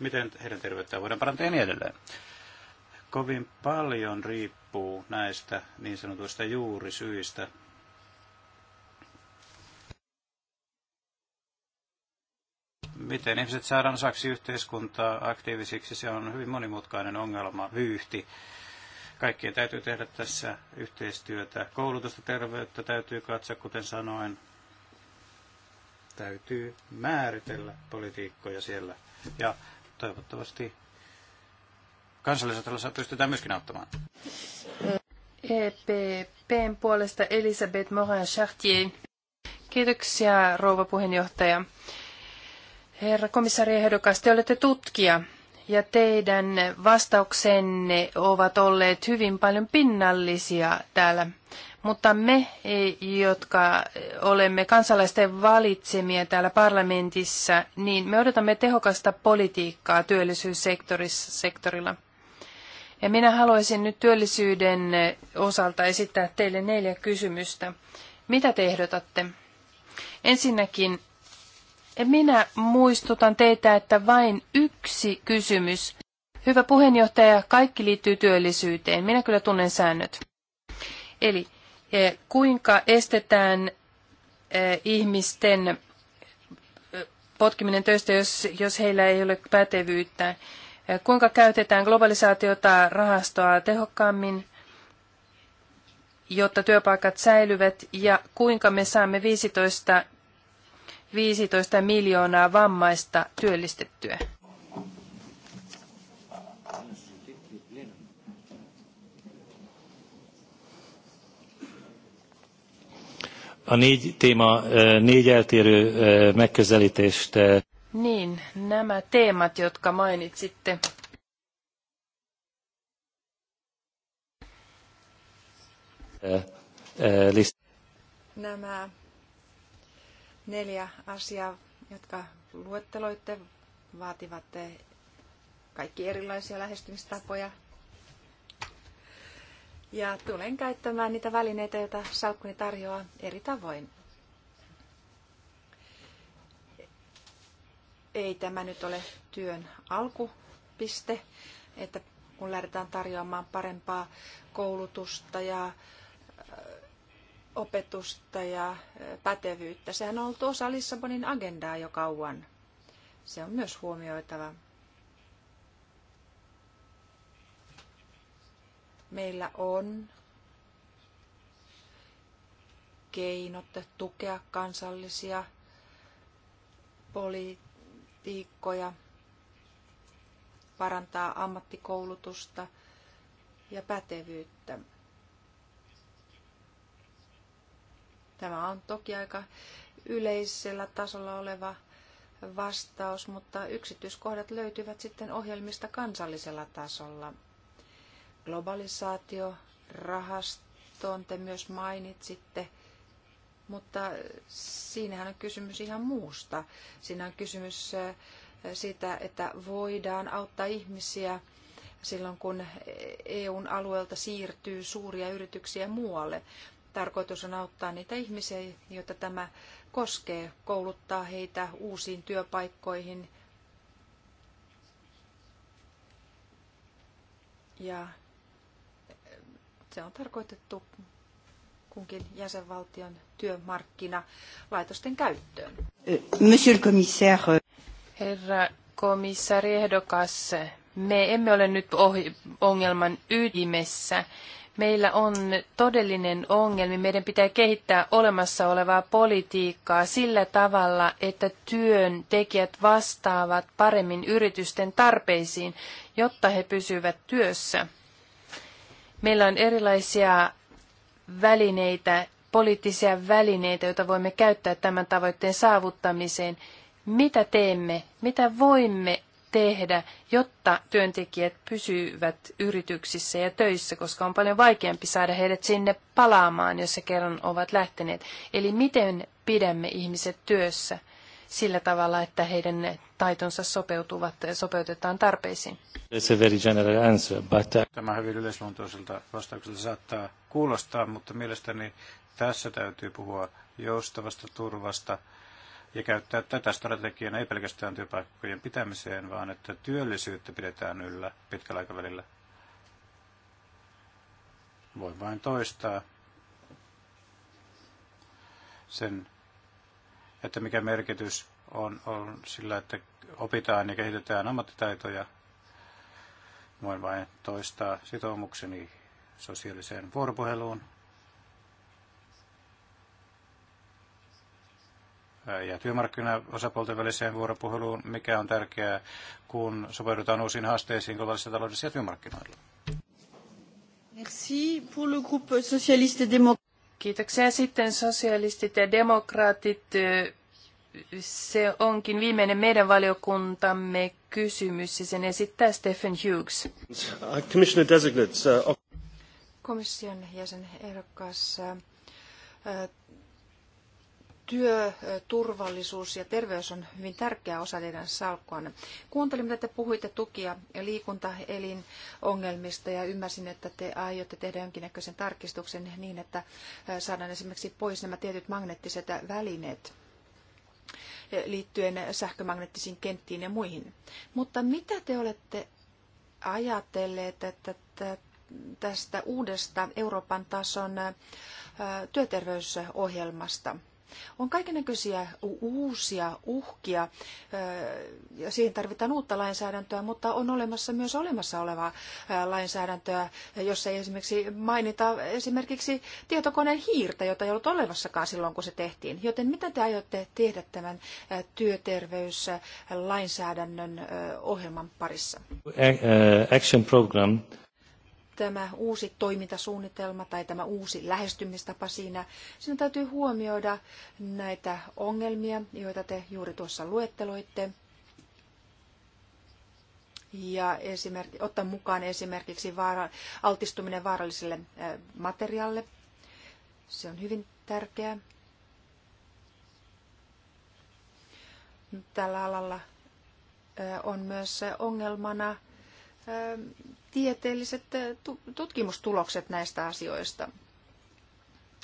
miten heidän terveyttään voidaan parantaa ja niin edelleen. Kovin paljon riippuu näistä niin sanotuista juurisyistä, miten ihmiset saadaan osaksi yhteiskuntaa aktiivisiksi, se on hyvin monimutkainen ongelma, vyyhti. Kaikkien täytyy tehdä tässä yhteistyötä. Koulutusta, terveyttä täytyy katsoa, kuten sanoin. Täytyy määritellä politiikkoja siellä. Ja toivottavasti kansallisella pystytään myöskin auttamaan. EPPn puolesta Elisabeth Morin-Chartier. Kiitoksia rouva puheenjohtaja. Herra komissari ehdokas, te olette tutkija ja teidän vastauksenne ovat olleet hyvin paljon pinnallisia täällä. Mutta me, jotka olemme kansalaisten valitsemia täällä parlamentissa, niin me odotamme tehokasta politiikkaa työllisyyssektorilla. Ja minä haluaisin nyt työllisyyden osalta esittää teille neljä kysymystä. Mitä te ehdotatte? Ensinnäkin, minä muistutan teitä, että vain yksi kysymys. Hyvä puheenjohtaja, kaikki liittyy työllisyyteen. Minä kyllä tunnen säännöt. Eli e, kuinka estetään e, ihmisten e, potkiminen töistä, jos, jos heillä ei ole pätevyyttä? Kuinka käytetään globalisaatiota rahastoa tehokkaammin, jotta työpaikat säilyvät? Ja kuinka me saamme 15 15 miljoonaa vammaista työllistettyä. A négy téma, négy eltérő megközelítést. Niin, nämä teemat, jotka mainitsitte. Nämä Neljä asiaa, jotka luetteloitte, vaativat eh, kaikki erilaisia lähestymistapoja. Ja tulen käyttämään niitä välineitä, joita salkkuni tarjoaa eri tavoin. Ei tämä nyt ole työn alkupiste, että kun lähdetään tarjoamaan parempaa koulutusta ja opetusta ja pätevyyttä. Sehän on ollut osa Lissabonin agendaa jo kauan. Se on myös huomioitava. Meillä on keinot tukea kansallisia politiikkoja, parantaa ammattikoulutusta ja pätevyyttä. Tämä on toki aika yleisellä tasolla oleva vastaus, mutta yksityiskohdat löytyvät sitten ohjelmista kansallisella tasolla. Globalisaatio, rahastoon te myös mainitsitte, mutta siinähän on kysymys ihan muusta. Siinä on kysymys siitä, että voidaan auttaa ihmisiä silloin, kun EUn e alueelta siirtyy suuria yrityksiä muualle tarkoitus on auttaa niitä ihmisiä, joita tämä koskee, kouluttaa heitä uusiin työpaikkoihin ja se on tarkoitettu kunkin jäsenvaltion työmarkkinalaitosten käyttöön. Monsieur le commissaire. Herra komissaari ehdokas, me emme ole nyt ongelman ytimessä meillä on todellinen ongelmi. Meidän pitää kehittää olemassa olevaa politiikkaa sillä tavalla, että työntekijät vastaavat paremmin yritysten tarpeisiin, jotta he pysyvät työssä. Meillä on erilaisia välineitä, poliittisia välineitä, joita voimme käyttää tämän tavoitteen saavuttamiseen. Mitä teemme? Mitä voimme tehdä, jotta työntekijät pysyvät yrityksissä ja töissä, koska on paljon vaikeampi saada heidät sinne palaamaan, jos se kerran ovat lähteneet. Eli miten pidämme ihmiset työssä sillä tavalla, että heidän taitonsa sopeutuvat, sopeutetaan tarpeisiin? Uh, Tämä hyvin yleisluontoiselta vastaukselta saattaa kuulostaa, mutta mielestäni tässä täytyy puhua joustavasta turvasta, ja käyttää tätä strategiana ei pelkästään työpaikkojen pitämiseen, vaan että työllisyyttä pidetään yllä pitkällä aikavälillä. Voin vain toistaa sen, että mikä merkitys on, on sillä, että opitaan ja kehitetään ammattitaitoja. Voin vain toistaa sitoumukseni sosiaaliseen vuoropuheluun, ja työmarkkinaosapuolten väliseen vuoropuheluun, mikä on tärkeää, kun sopeudutaan uusiin haasteisiin globaalissa taloudessa ja työmarkkinoilla. Merci pour le groupe socialiste Kiitoksia. Sitten sosialistit ja demokraatit. Se onkin viimeinen meidän valiokuntamme kysymys ja sen esittää Stephen Hughes. Uh, uh, Komission jäsen ehdokas uh, työ, turvallisuus ja terveys on hyvin tärkeä osa teidän salkkuanne. Kuuntelin, mitä te puhuitte tukia ja liikuntaelinongelmista ja ymmärsin, että te aiotte tehdä jonkinnäköisen tarkistuksen niin, että saadaan esimerkiksi pois nämä tietyt magneettiset välineet liittyen sähkömagneettisiin kenttiin ja muihin. Mutta mitä te olette ajatelleet että tästä uudesta Euroopan tason työterveysohjelmasta? On kaikennäköisiä uusia uhkia ja siihen tarvitaan uutta lainsäädäntöä, mutta on olemassa myös olemassa olevaa lainsäädäntöä, jossa ei esimerkiksi mainita esimerkiksi tietokoneen hiirtä, jota ei ollut olemassakaan silloin, kun se tehtiin. Joten mitä te aiotte tehdä tämän työterveyslainsäädännön ohjelman parissa? Action program tämä uusi toimintasuunnitelma tai tämä uusi lähestymistapa siinä, siinä täytyy huomioida näitä ongelmia, joita te juuri tuossa luetteloitte. Ja esimerk, ottaa mukaan esimerkiksi vaara, altistuminen vaaralliselle materiaalille. Se on hyvin tärkeää. Tällä alalla on myös ongelmana tieteelliset tutkimustulokset näistä asioista.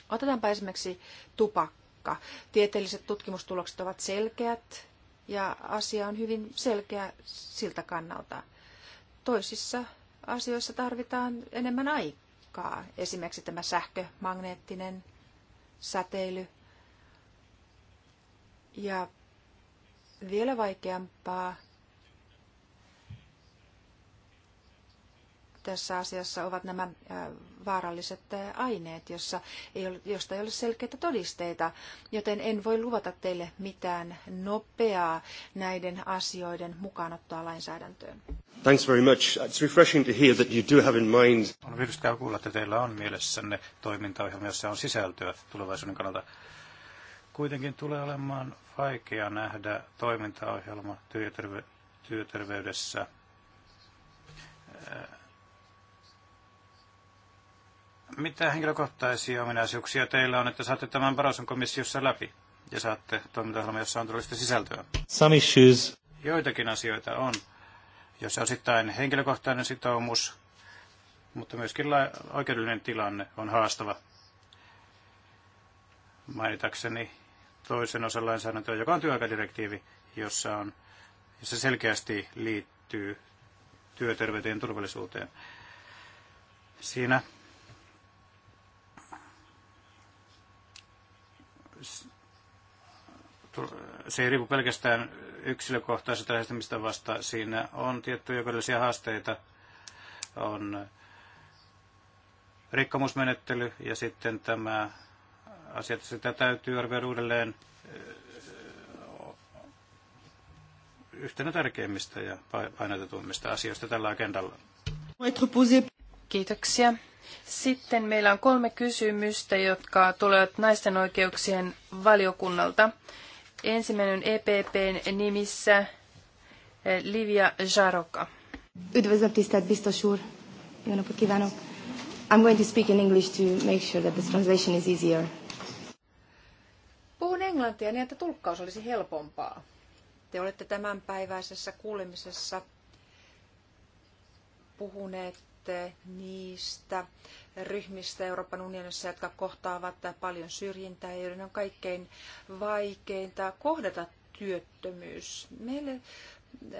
Otetaanpa esimerkiksi tupakka. Tieteelliset tutkimustulokset ovat selkeät ja asia on hyvin selkeä siltä kannalta. Toisissa asioissa tarvitaan enemmän aikaa. Esimerkiksi tämä sähkömagneettinen säteily. Ja vielä vaikeampaa tässä asiassa ovat nämä vaaralliset aineet, jossa ei ole, josta ei ole selkeitä todisteita, joten en voi luvata teille mitään nopeaa näiden asioiden mukaanottoa lainsäädäntöön. Thanks very much. It's refreshing to hear that you do have in mind. On virkistävää kuulla, että teillä on mielessänne toimintaohjelma, jossa on sisältöä tulevaisuuden kannalta. Kuitenkin tulee olemaan vaikea nähdä toimintaohjelma työterve- työterveydessä mitä henkilökohtaisia ominaisuuksia teillä on, että saatte tämän Barroson komissiossa läpi ja saatte toimintaohjelma, jossa on tullista sisältöä? Some issues. Joitakin asioita on, jossa osittain henkilökohtainen sitoumus, mutta myöskin oikeudellinen tilanne on haastava. Mainitakseni toisen osan lainsäädäntöä, joka on työaikadirektiivi, jossa, on, jossa selkeästi liittyy työterveyteen ja turvallisuuteen. Siinä se ei riipu pelkästään yksilökohtaisesta lähestymistä vasta. Siinä on tiettyjä jokaisia haasteita. On rikkomusmenettely ja sitten tämä asia, että sitä täytyy arvioida uudelleen yhtenä tärkeimmistä ja painotetuimmista asioista tällä agendalla. Kiitoksia. Sitten meillä on kolme kysymystä, jotka tulevat naisten oikeuksien valiokunnalta. Ensimmäinen on EPPn nimissä eh, Livia Jaroka. Üdvözlöm, tisztelt biztos úr! Jó napot kívánok! I'm going to speak in English to make sure that the translation is easier. Puhun englantia niin, että tulkkaus olisi helpompaa. Te olette tämänpäiväisessä kuulemisessa puhuneet niistä ryhmistä Euroopan unionissa, jotka kohtaavat paljon syrjintää, joiden on kaikkein vaikeinta kohdata työttömyys. Meille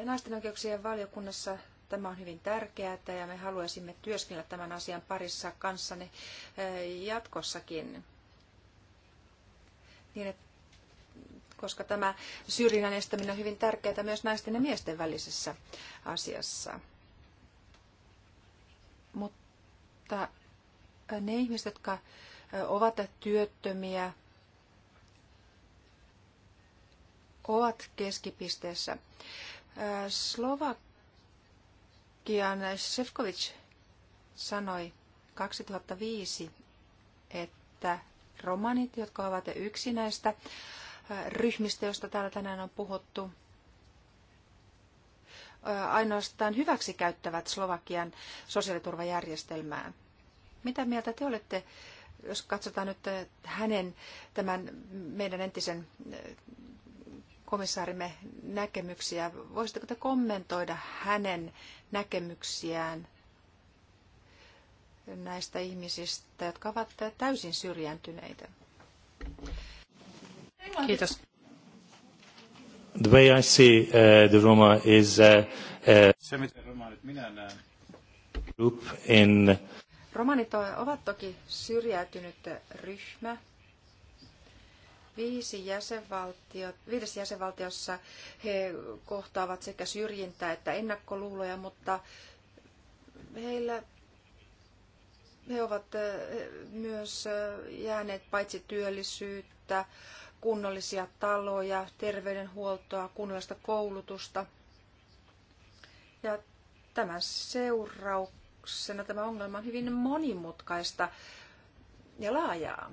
naisten oikeuksien valiokunnassa tämä on hyvin tärkeää ja me haluaisimme työskennellä tämän asian parissa kanssani eh, jatkossakin. Niin, että koska tämä syrjinnän estäminen on hyvin tärkeää myös naisten ja miesten välisessä asiassa. Mutta ne ihmiset, jotka ovat työttömiä, ovat keskipisteessä. Slovakian Sefcovic sanoi 2005, että romanit, jotka ovat yksinäistä ryhmistä, josta täällä tänään on puhuttu, ainoastaan hyväksi käyttävät Slovakian sosiaaliturvajärjestelmää. Mitä mieltä te olette, jos katsotaan nyt hänen, tämän meidän entisen komissaarimme näkemyksiä, voisitteko te kommentoida hänen näkemyksiään näistä ihmisistä, jotka ovat täysin syrjäntyneitä? Kiitos the way I see uh, the Roma is uh, uh, Group in Romanit ovat toki syrjäytynyt ryhmä. Viisi jäsenvaltio, viides jäsenvaltiossa he kohtaavat sekä syrjintää että ennakkoluuloja, mutta heillä he ovat eh, myös eh, jääneet paitsi työllisyyttä, kunnollisia taloja, terveydenhuoltoa, kunnollista koulutusta. Ja tämän seurauksena tämä ongelma on hyvin monimutkaista ja laajaa.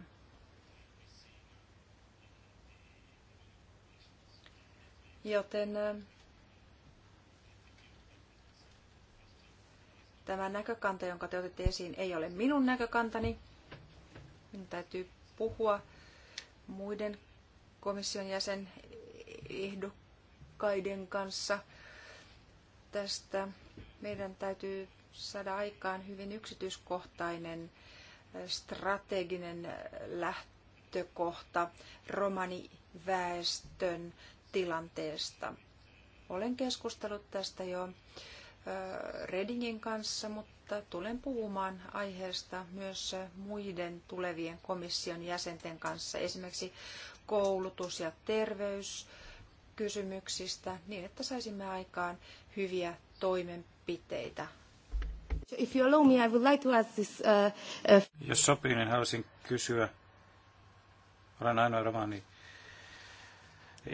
Joten äh, tämä näkökanta, jonka te otitte esiin, ei ole minun näkökantani. Minun täytyy puhua muiden komission jäsen ehdokkaiden kanssa tästä. Meidän täytyy saada aikaan hyvin yksityiskohtainen eh, strateginen eh, lähtökohta romaniväestön tilanteesta. Olen keskustellut tästä jo Redingin kanssa, mutta tulen puhumaan aiheesta myös muiden tulevien komission jäsenten kanssa, esimerkiksi koulutus- ja terveyskysymyksistä, niin että saisimme aikaan hyviä toimenpiteitä. Uh, uh, jos sopii, niin haluaisin kysyä. Olen ainoa romani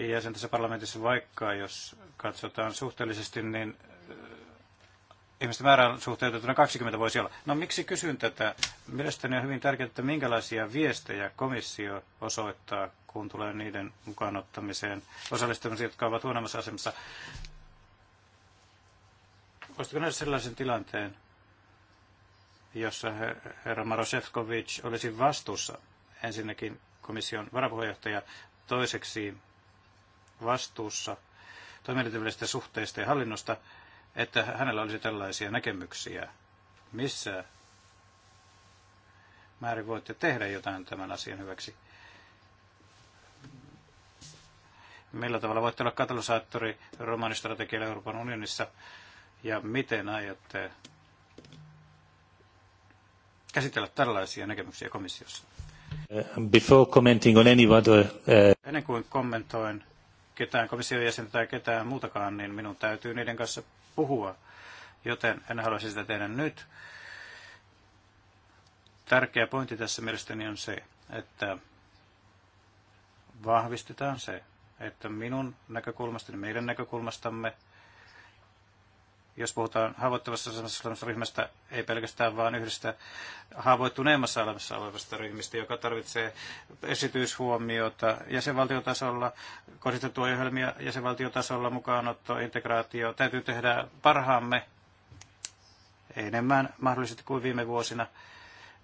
jäsen tässä parlamentissa, vaikka jos katsotaan suhteellisesti, niin ihmisten määrään suhteutettuna 20 voisi olla. No miksi kysyn tätä? Mielestäni on hyvin tärkeää, että minkälaisia viestejä komissio osoittaa, kun tulee niiden mukaanottamiseen osallistumiseen, jotka ovat huonommassa asemassa. Voisitko nähdä sellaisen tilanteen, jossa herra Marosevkovic olisi vastuussa ensinnäkin komission varapuheenjohtaja, toiseksi vastuussa toimielintyvällisistä suhteista ja hallinnosta, että hänellä olisi tällaisia näkemyksiä. Missä määrin voitte tehdä jotain tämän asian hyväksi? Millä tavalla voitte olla katalysaattori romanistrategialle Euroopan unionissa ja miten aiotte käsitellä tällaisia näkemyksiä komissiossa? Before commenting on any other, uh... Ennen kuin kommentoin ketään komission jäsentä tai ketään muutakaan, niin minun täytyy niiden kanssa puhua. Joten en haluaisi sitä tehdä nyt. Tärkeä pointti tässä mielestäni on se, että vahvistetaan se, että minun näkökulmastani, meidän näkökulmastamme jos puhutaan haavoittuvassa asemassa ryhmästä, ei pelkästään vaan yhdestä haavoittuneemmassa olemassa olevasta ryhmistä, joka tarvitsee esityshuomiota jäsenvaltiotasolla, kohdistettuja ohjelmia jäsenvaltiotasolla, mukaanotto, integraatio. Täytyy tehdä parhaamme enemmän mahdollisesti kuin viime vuosina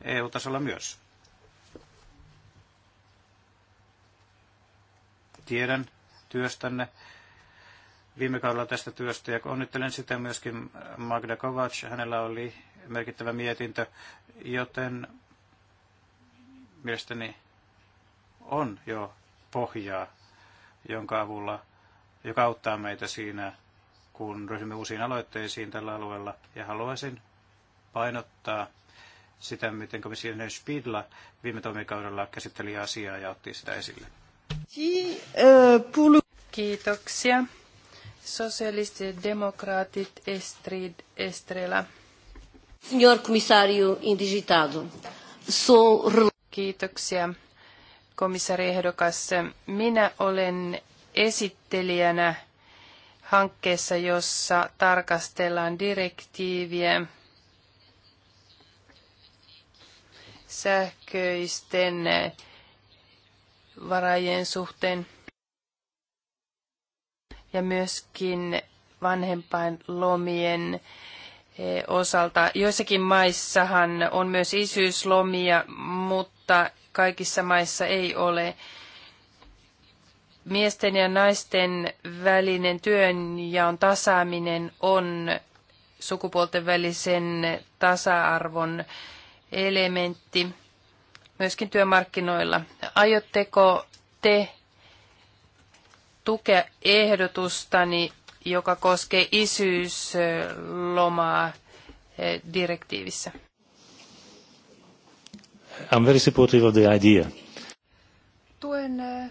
EU-tasolla myös. Tiedän työstänne viime kaudella tästä työstä ja onnittelen sitä myöskin Magda Kovac. Hänellä oli merkittävä mietintö, joten mielestäni on jo pohjaa, jonka avulla, joka auttaa meitä siinä, kun ryhdymme uusiin aloitteisiin tällä alueella. Ja haluaisin painottaa sitä, miten komissio Spidla viime toimikaudella käsitteli asiaa ja otti sitä esille. Euh, Kiitoksia. Sosialistit, Estrid, Estrela. Signor komissario indigitado. So... Kiitoksia, komissari ehdokas. Minä olen esittelijänä hankkeessa, jossa tarkastellaan direktiiviä sähköisten varajien suhteen ja myöskin vanhempain lomien e, osalta. Joissakin maissahan on myös isyyslomia, mutta kaikissa maissa ei ole. Miesten ja naisten välinen työnjaon tasaaminen on sukupuolten välisen tasa-arvon elementti myöskin työmarkkinoilla. Aiotteko te tukea ehdotustani, niin joka koskee isyyslomaa eh, direktiivissä. I'm very supportive of the idea. Tuen eh,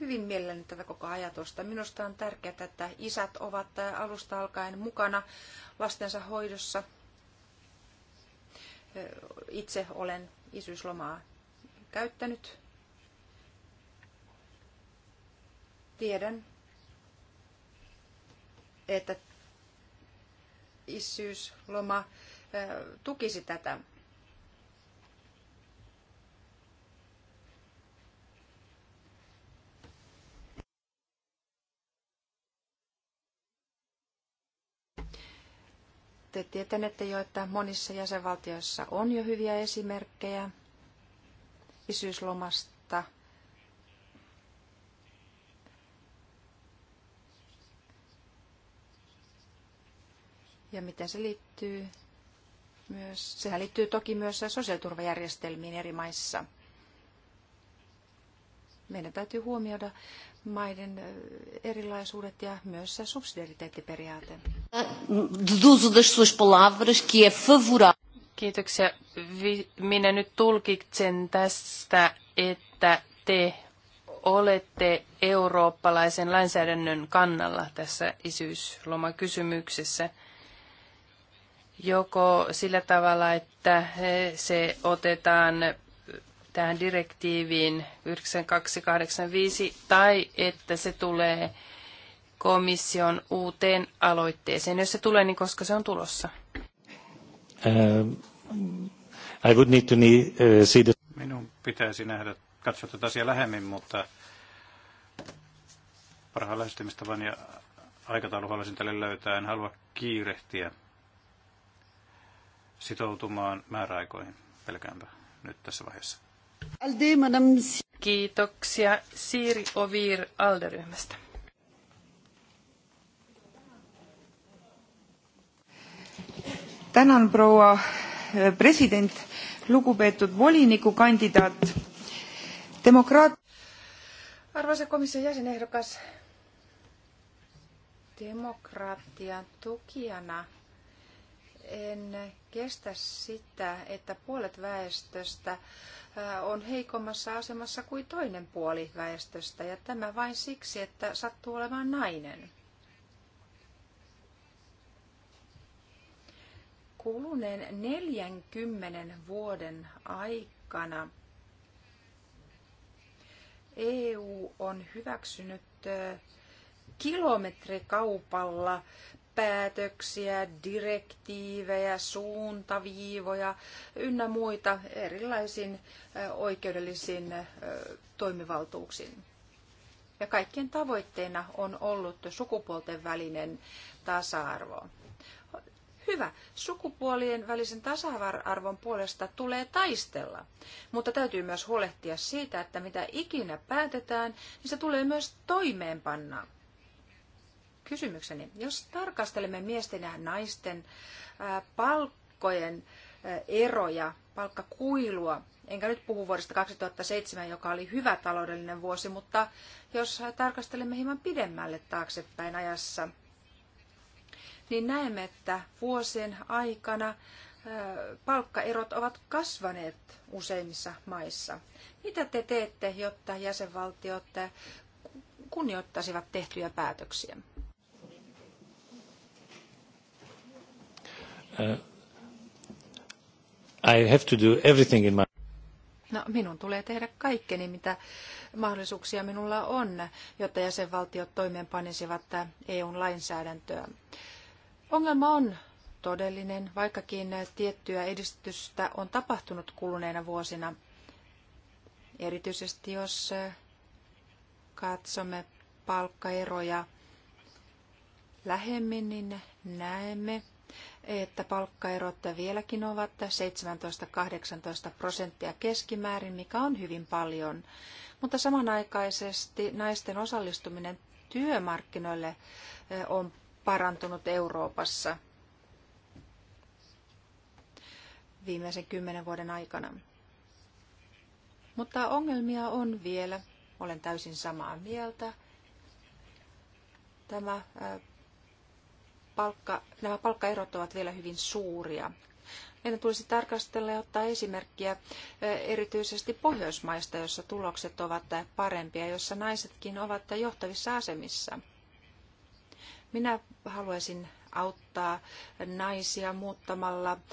hyvin mielelläni tätä koko ajatusta. Minusta on tärkeää, että isät ovat eh, alusta alkaen mukana lastensa hoidossa. Itse olen isyyslomaa käyttänyt Tiedän, että isyysloma tukisi tätä. Te tietänette jo, että monissa jäsenvaltioissa on jo hyviä esimerkkejä isyyslomasta – ja miten se liittyy myös, sehän liittyy toki myös sosiaaliturvajärjestelmiin eri maissa. Meidän täytyy huomioida maiden erilaisuudet ja myös se subsidiariteettiperiaate. das suas palavras que é favorável. Kiitoksia. Minä nyt tulkitsen tästä, että te olette eurooppalaisen lainsäädännön kannalla tässä isyyslomakysymyksessä joko sillä tavalla, että se otetaan tähän direktiiviin 9285 tai että se tulee komission uuteen aloitteeseen, jos se tulee, niin koska se on tulossa? Um, I would need to need, uh, see the... Minun pitäisi nähdä, katsoa tätä asiaa lähemmin, mutta parhaan lähestymistavan ja aikataulu haluaisin tälle löytää. En halua kiirehtiä sitoutumaan määräaikoihin, pelkäänpä nyt tässä vaiheessa. Kiitoksia Siiri Ovir Alderyhmästä. Tänan proua eh, president, lugupeetud kandidaat demokraat... Arvoisa komission jäsenehdokas, demokraattian tukijana en kestä sitä, että puolet väestöstä äh, on heikommassa asemassa kuin toinen puoli väestöstä, ja tämä vain siksi, että sattuu olemaan nainen. Kuluneen 40 vuoden aikana EU on hyväksynyt äh, kilometrikaupalla päätöksiä, direktiivejä, suuntaviivoja ynnä muita erilaisin oikeudellisin toimivaltuuksin. Ja kaikkien tavoitteena on ollut sukupuolten välinen tasa-arvo. Hyvä. Sukupuolien välisen tasa-arvon puolesta tulee taistella, mutta täytyy myös huolehtia siitä, että mitä ikinä päätetään, niin se tulee myös toimeenpanna kysymykseni. Jos tarkastelemme miesten ja naisten palkkojen eroja, palkkakuilua, enkä nyt puhu vuodesta 2007, joka oli hyvä taloudellinen vuosi, mutta jos tarkastelemme hieman pidemmälle taaksepäin ajassa, niin näemme, että vuosien aikana palkkaerot ovat kasvaneet useimmissa maissa. Mitä te teette, jotta jäsenvaltiot kunnioittaisivat tehtyjä päätöksiä? Uh, I have to do everything in my... No, minun tulee tehdä kaikkeni, mitä mahdollisuuksia minulla on, jotta jäsenvaltiot toimeenpanisivat EUn lainsäädäntöä. Ongelma on todellinen, vaikkakin tiettyä edistystä on tapahtunut kuluneina vuosina. Erityisesti jos katsomme palkkaeroja lähemmin, niin näemme, että palkkaerot vieläkin ovat 17-18 prosenttia keskimäärin, mikä on hyvin paljon. Mutta samanaikaisesti naisten osallistuminen työmarkkinoille on parantunut Euroopassa viimeisen kymmenen vuoden aikana. Mutta ongelmia on vielä. Olen täysin samaa mieltä. Tämä palkka, nämä palkkaerot ovat vielä hyvin suuria. Meidän tulisi tarkastella ja ottaa esimerkkiä eh, erityisesti Pohjoismaista, jossa tulokset ovat parempia, jossa naisetkin ovat johtavissa asemissa. Minä haluaisin auttaa naisia muuttamalla eh,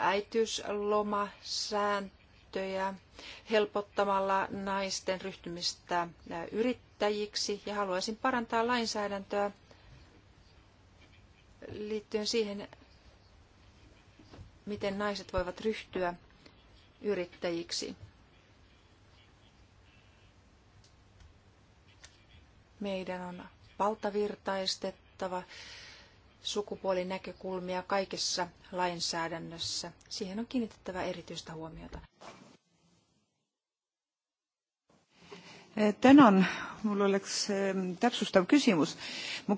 äitiyslomasääntöjä, helpottamalla naisten ryhtymistä eh, yrittäjiksi ja haluaisin parantaa lainsäädäntöä liittyen siihen, miten naiset voivat ryhtyä yrittäjiksi. Meidän on valtavirtaistettava sukupuolinäkökulmia kaikessa lainsäädännössä. Siihen on kiinnitettävä erityistä huomiota. Tänään minulla oleks ähm, täpsustav kysymys.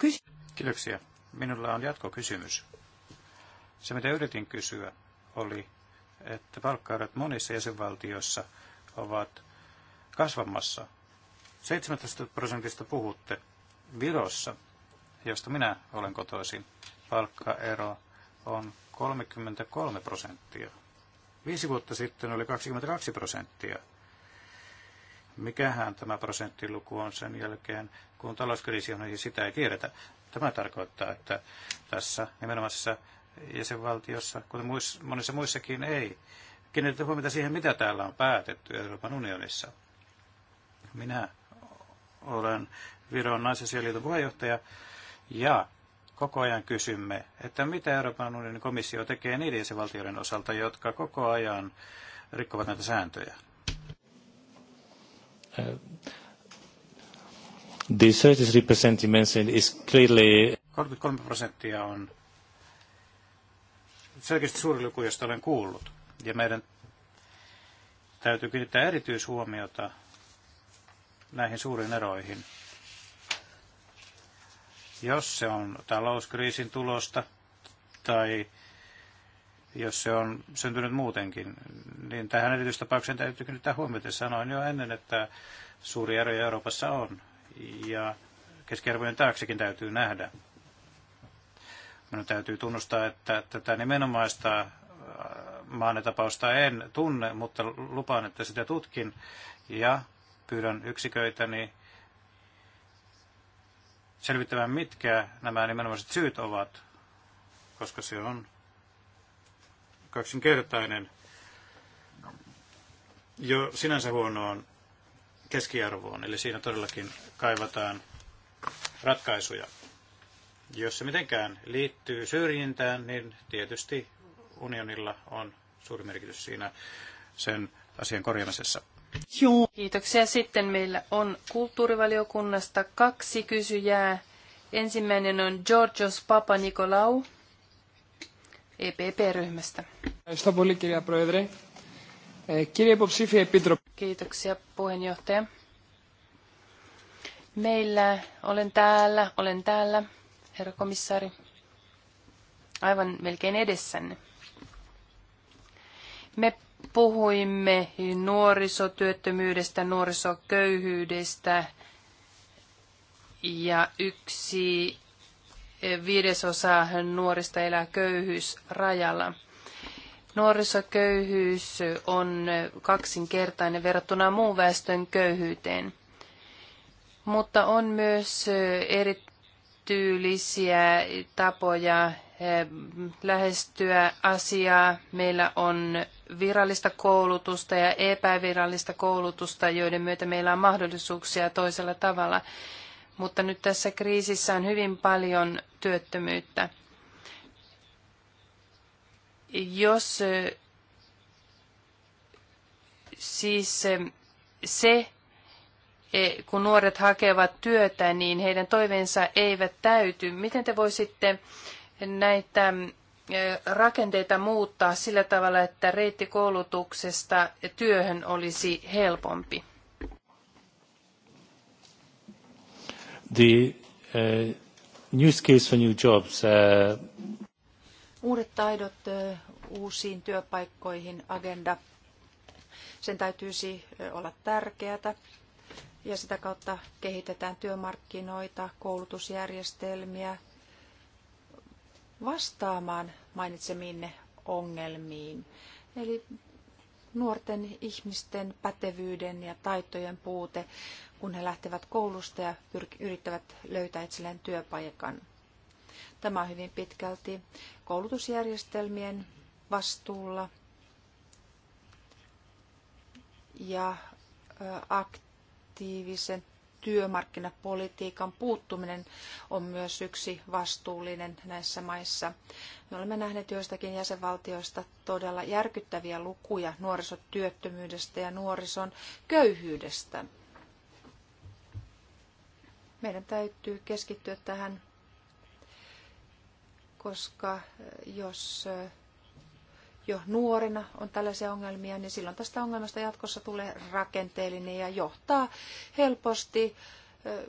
kysy... Kiitoksia. Minulla on jatkokysymys. Se, mitä yritin kysyä, oli, että palkkaudet monissa jäsenvaltioissa ovat kasvamassa. 17 prosentista puhutte. Virossa, josta minä olen kotoisin, palkkaero on 33 prosenttia. Viisi vuotta sitten oli 22 prosenttia. Mikähän tämä prosenttiluku on sen jälkeen, kun talouskriisi on, niin sitä ei tiedetä. Tämä tarkoittaa, että tässä nimenomaisessa jäsenvaltiossa, kuten muissa, monissa muissakin ei, kiinnitetty huomiota siihen, mitä täällä on päätetty Euroopan unionissa. Minä olen Viron naisasialiiton puheenjohtaja ja koko ajan kysymme, että mitä Euroopan unionin komissio tekee niiden jäsenvaltioiden osalta, jotka koko ajan rikkovat näitä sääntöjä. Äh, The 33% you mentioned is clearly... 33 prosenttia on selkeästi suuri luku, josta olen kuullut. Ja meidän täytyy kiinnittää erityishuomiota näihin suuriin eroihin. Jos se on talouskriisin tulosta tai jos se on syntynyt muutenkin, niin tähän erityistapaukseen täytyy kiinnittää huomiota. Sanoin jo ennen, että suuri ero Euroopassa on ja keskiarvojen taaksekin täytyy nähdä. Minun täytyy tunnustaa, että tätä nimenomaista äh, maanetapausta en tunne, mutta lupaan, että sitä tutkin ja pyydän yksiköitäni selvittämään, mitkä nämä nimenomaiset syyt ovat, koska se on kaksinkertainen jo sinänsä huonoon keskiarvoon. Eli siinä todellakin kaivataan ratkaisuja. Jos se mitenkään liittyy syrjintään, niin tietysti unionilla on suuri merkitys siinä sen asian korjaamisessa. Joo. Kiitoksia. Sitten meillä on kulttuurivaliokunnasta kaksi kysyjää. Ensimmäinen on Georgios Papa Nikolau EPP-ryhmästä. Ευχαριστώ Kiitoksia eh, puheenjohtaja. Meillä olen täällä, olen täällä, herra komissaari, aivan melkein edessänne. Me puhuimme nuorisotyöttömyydestä, nuorisoköyhyydestä ja yksi viidesosa nuorista elää köyhyysrajalla. Nuorisoköyhyys on kaksinkertainen verrattuna muun väestön köyhyyteen. Mutta on myös erityylisiä tapoja eh, lähestyä asiaa. Meillä on virallista koulutusta ja epävirallista koulutusta, joiden myötä meillä on mahdollisuuksia toisella tavalla. Mutta nyt tässä kriisissä on hyvin paljon työttömyyttä. Jos siis se, e, kun nuoret hakevat työtä, niin heidän toiveensa eivät täyty. Miten te voisitte näitä rakenteita muuttaa sillä tavalla, että reitti koulutuksesta työhön olisi helpompi? The uh, new skills for new jobs. Uh... Uudet taidot uusiin työpaikkoihin, agenda, sen täytyisi olla tärkeätä ja sitä kautta kehitetään työmarkkinoita, koulutusjärjestelmiä vastaamaan mainitseminne ongelmiin. Eli nuorten ihmisten pätevyyden ja taitojen puute, kun he lähtevät koulusta ja yrittävät löytää itselleen työpaikan. Tämä on hyvin pitkälti koulutusjärjestelmien vastuulla ja aktiivisen työmarkkinapolitiikan puuttuminen on myös yksi vastuullinen näissä maissa. Me olemme nähneet joistakin jäsenvaltioista todella järkyttäviä lukuja nuorisotyöttömyydestä ja nuorison köyhyydestä. Meidän täytyy keskittyä tähän koska eh, jos eh, jo nuorena on tällaisia ongelmia, niin silloin tästä ongelmasta jatkossa tulee rakenteellinen ja johtaa helposti eh,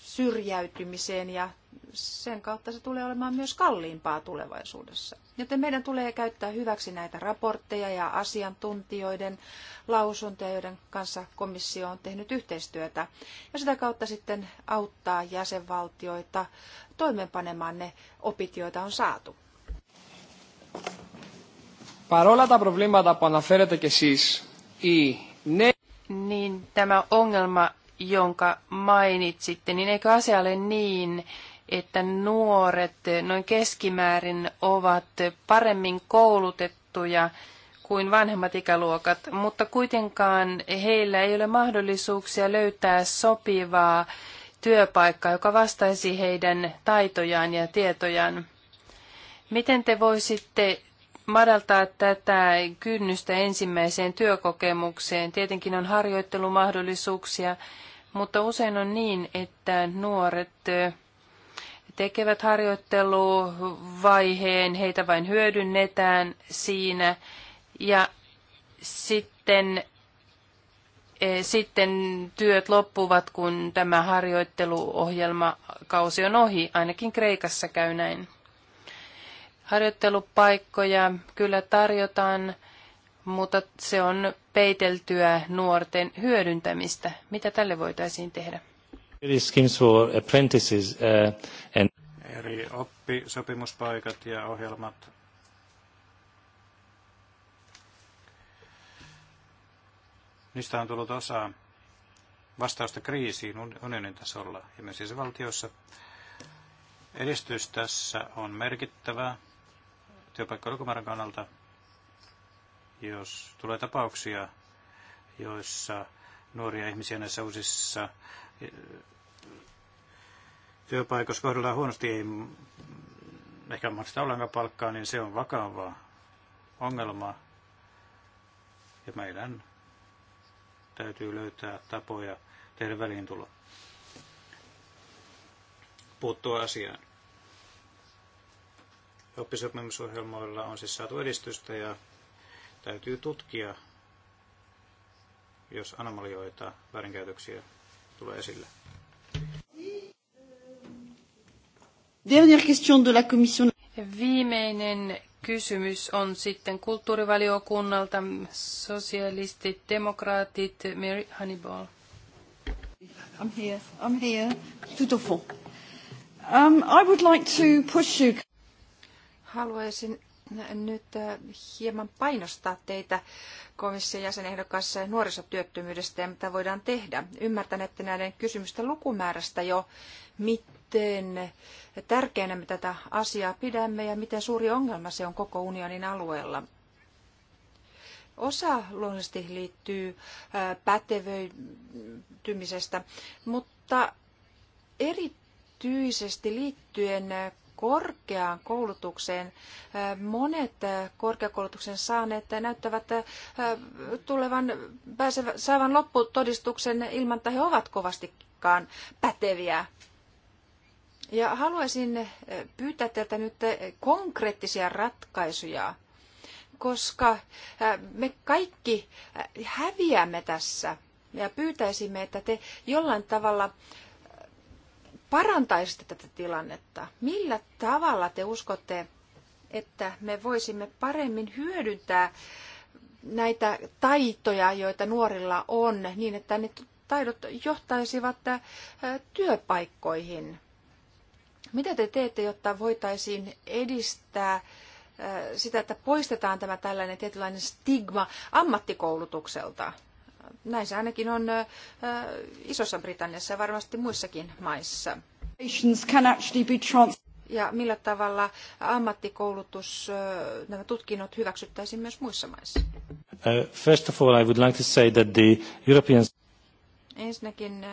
syrjäytymiseen ja sen kautta se tulee olemaan myös kalliimpaa tulevaisuudessa. Joten meidän tulee käyttää hyväksi näitä raportteja ja asiantuntijoiden lausuntoja, joiden kanssa komissio on tehnyt yhteistyötä, ja sitä kautta sitten auttaa jäsenvaltioita toimeenpanemaan ne opit, joita on saatu. Parola τα προβλήματα που αναφέρετε Niin, tämä ongelma jonka mainitsitte, niin eikö asia ole niin, että nuoret noin keskimäärin ovat paremmin koulutettuja kuin vanhemmat ikäluokat, mutta kuitenkaan heillä ei ole mahdollisuuksia löytää sopivaa työpaikkaa, joka vastaisi heidän taitojaan ja tietojaan. Miten te voisitte madaltaa tätä kynnystä ensimmäiseen työkokemukseen? Tietenkin on harjoittelumahdollisuuksia, mutta usein on niin, että nuoret tekevät harjoitteluvaiheen, heitä vain hyödynnetään siinä ja sitten, e, sitten työt loppuvat, kun tämä harjoitteluohjelmakausi on ohi. Ainakin Kreikassa käy näin. Harjoittelupaikkoja kyllä tarjotaan, mutta se on peiteltyä nuorten hyödyntämistä. Mitä tälle voitaisiin tehdä? Eri schemes for apprentices uh, and... Eri oppisopimuspaikat ja ohjelmat Niistä on tullut osa vastausta kriisiin unionin tasolla ja myös jäsenvaltioissa. Edistys tässä on merkittävää lukumäärän kannalta, jos tulee tapauksia, joissa nuoria ihmisiä näissä uusissa työpaikassa kohdellaan huonosti, ei ehkä maksata ollenkaan palkkaa, niin se on vakavaa ongelmaa. Ja meidän täytyy löytää tapoja tehdä väliintulo, puuttua asiaan. Oppisopimusohjelmoilla on siis saatu edistystä ja täytyy tutkia, jos anomalioita väärinkäytöksiä tulee esille. Viimeinen kysymys on sitten kulttuurivaliokunnalta sosialistit, demokraatit, Mary Hannibal. I'm here. I'm here. Tout au fond. Um, I would like to push you. Haluaisin nyt äh, hieman painostaa teitä komission jäsenehdokas nuorisotyöttömyydestä ja mitä voidaan tehdä. Ymmärtänette näiden kysymysten lukumäärästä jo, miten tärkeänä me tätä asiaa pidämme ja miten suuri ongelma se on koko unionin alueella. Osa luonnollisesti liittyy äh, pätevöitymisestä, mutta erityisesti liittyen korkeaan koulutukseen. Monet korkeakoulutuksen saaneet näyttävät tulevan, pääsevä, saavan lopputodistuksen ilman, että he ovat kovastikaan päteviä. Ja haluaisin pyytää teiltä nyt konkreettisia ratkaisuja, koska me kaikki häviämme tässä ja pyytäisimme, että te jollain tavalla parantaisitte tätä tilannetta? Millä tavalla te uskotte, että me voisimme paremmin hyödyntää näitä taitoja, joita nuorilla on, niin että ne taidot johtaisivat äh, työpaikkoihin? Mitä te teette, jotta voitaisiin edistää äh, sitä, että poistetaan tämä tällainen tietynlainen stigma ammattikoulutukselta? näin se ainakin on Isossa Britanniassa ja varmasti muissakin maissa. Ja millä tavalla ammattikoulutus, nämä tutkinnot hyväksyttäisiin myös muissa maissa? Uh, Ensinnäkin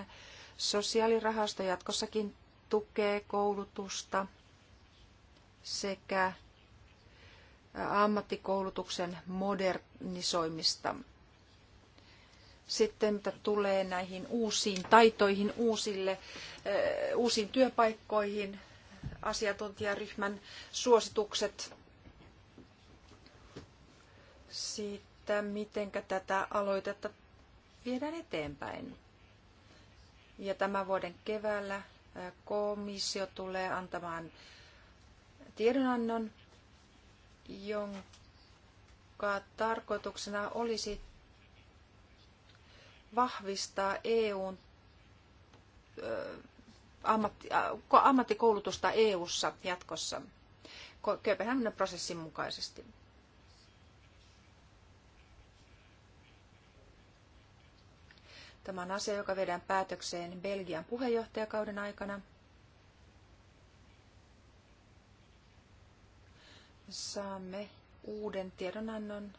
sosiaalirahasto jatkossakin tukee koulutusta sekä ammattikoulutuksen modernisoimista. Sitten mitä tulee näihin uusiin taitoihin, uusille, eh, uusiin työpaikkoihin, asiantuntijaryhmän suositukset siitä, miten tätä aloitetta viedään eteenpäin. Ja tämän vuoden keväällä eh, komissio tulee antamaan tiedonannon, jonka tarkoituksena olisi vahvistaa EUn ammatti, ammattikoulutusta EU:ssa jatkossa Kööpenhaminan prosessin mukaisesti. Tämä on asia, joka vedään päätökseen Belgian puheenjohtajakauden aikana. Saamme uuden tiedonannon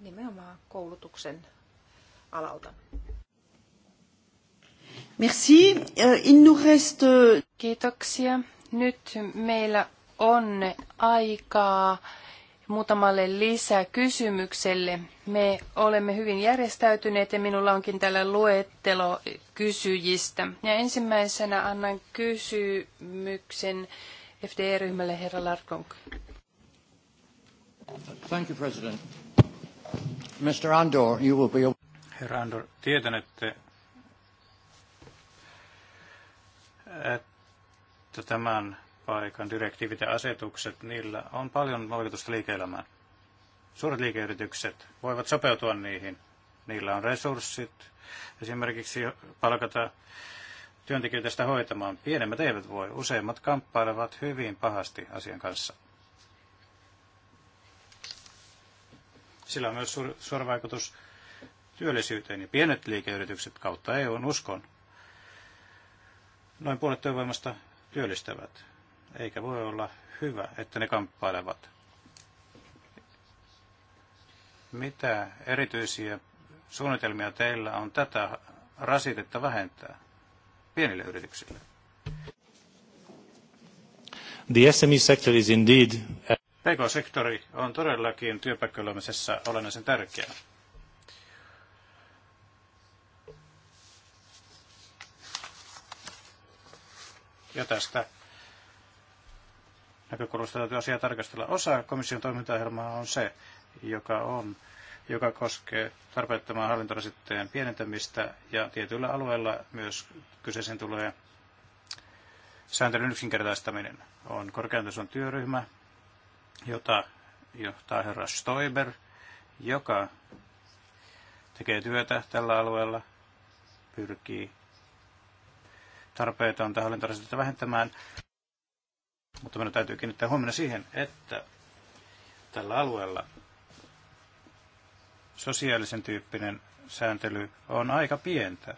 nimenomaan koulutuksen alalta. Merci. Euh, il nous reste... Kiitoksia. Nyt meillä on aikaa muutamalle lisäkysymykselle. Me olemme hyvin järjestäytyneet ja minulla onkin täällä luettelo kysyjistä. Ja ensimmäisenä annan kysymyksen fdr ryhmälle herra Larkonk. Thank you, President. Mr. Andor, you will be... Herra Andor, tiedän, että, että tämän paikan direktiivit ja asetukset, niillä on paljon vaikutusta liike-elämään. Suuret liikeyritykset voivat sopeutua niihin. Niillä on resurssit, esimerkiksi palkata työntekijöitä sitä hoitamaan. Pienemmät eivät voi. Useimmat kamppailevat hyvin pahasti asian kanssa. Sillä on myös suora vaikutus työllisyyteen ja pienet liikeyritykset kautta EUn uskon. Noin puolet työvoimasta työllistävät, eikä voi olla hyvä, että ne kamppailevat. Mitä erityisiä suunnitelmia teillä on tätä rasitetta vähentää pienille yrityksille? The SME sector is indeed PK-sektori on todellakin työpaikkoilumisessa olennaisen tärkeä. Ja tästä näkökulmasta täytyy asiaa tarkastella. Osa komission toimintaohjelmaa on se, joka on joka koskee tarpeettoman hallintorasitteen pienentämistä ja tietyillä alueilla myös kyseisen tulee sääntelyn yksinkertaistaminen. On korkean työryhmä, jota johtaa herra Stoiber, joka tekee työtä tällä alueella, pyrkii tarpeetonta hallintorasitetta vähentämään. Mutta meidän täytyy kiinnittää huomenna siihen, että tällä alueella sosiaalisen tyyppinen sääntely on aika pientä.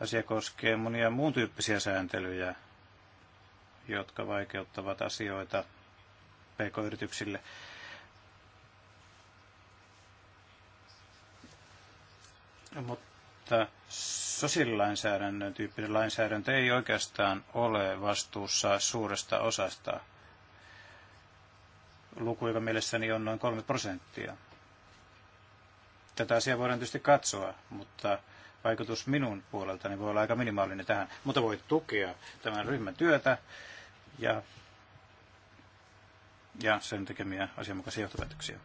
Asia koskee monia muun tyyppisiä sääntelyjä, jotka vaikeuttavat asioita PK-yrityksille. Mutta sosiaalilainsäädännön tyyppinen lainsäädäntö ei oikeastaan ole vastuussa suuresta osasta luku, joka mielessäni on noin kolme prosenttia. Tätä asiaa voidaan tietysti katsoa, mutta vaikutus minun puoleltani voi olla aika minimaalinen tähän. Mutta voi tukea tämän ryhmän työtä ja ja sen tekemiä asianmukaisia johtopäätöksiä.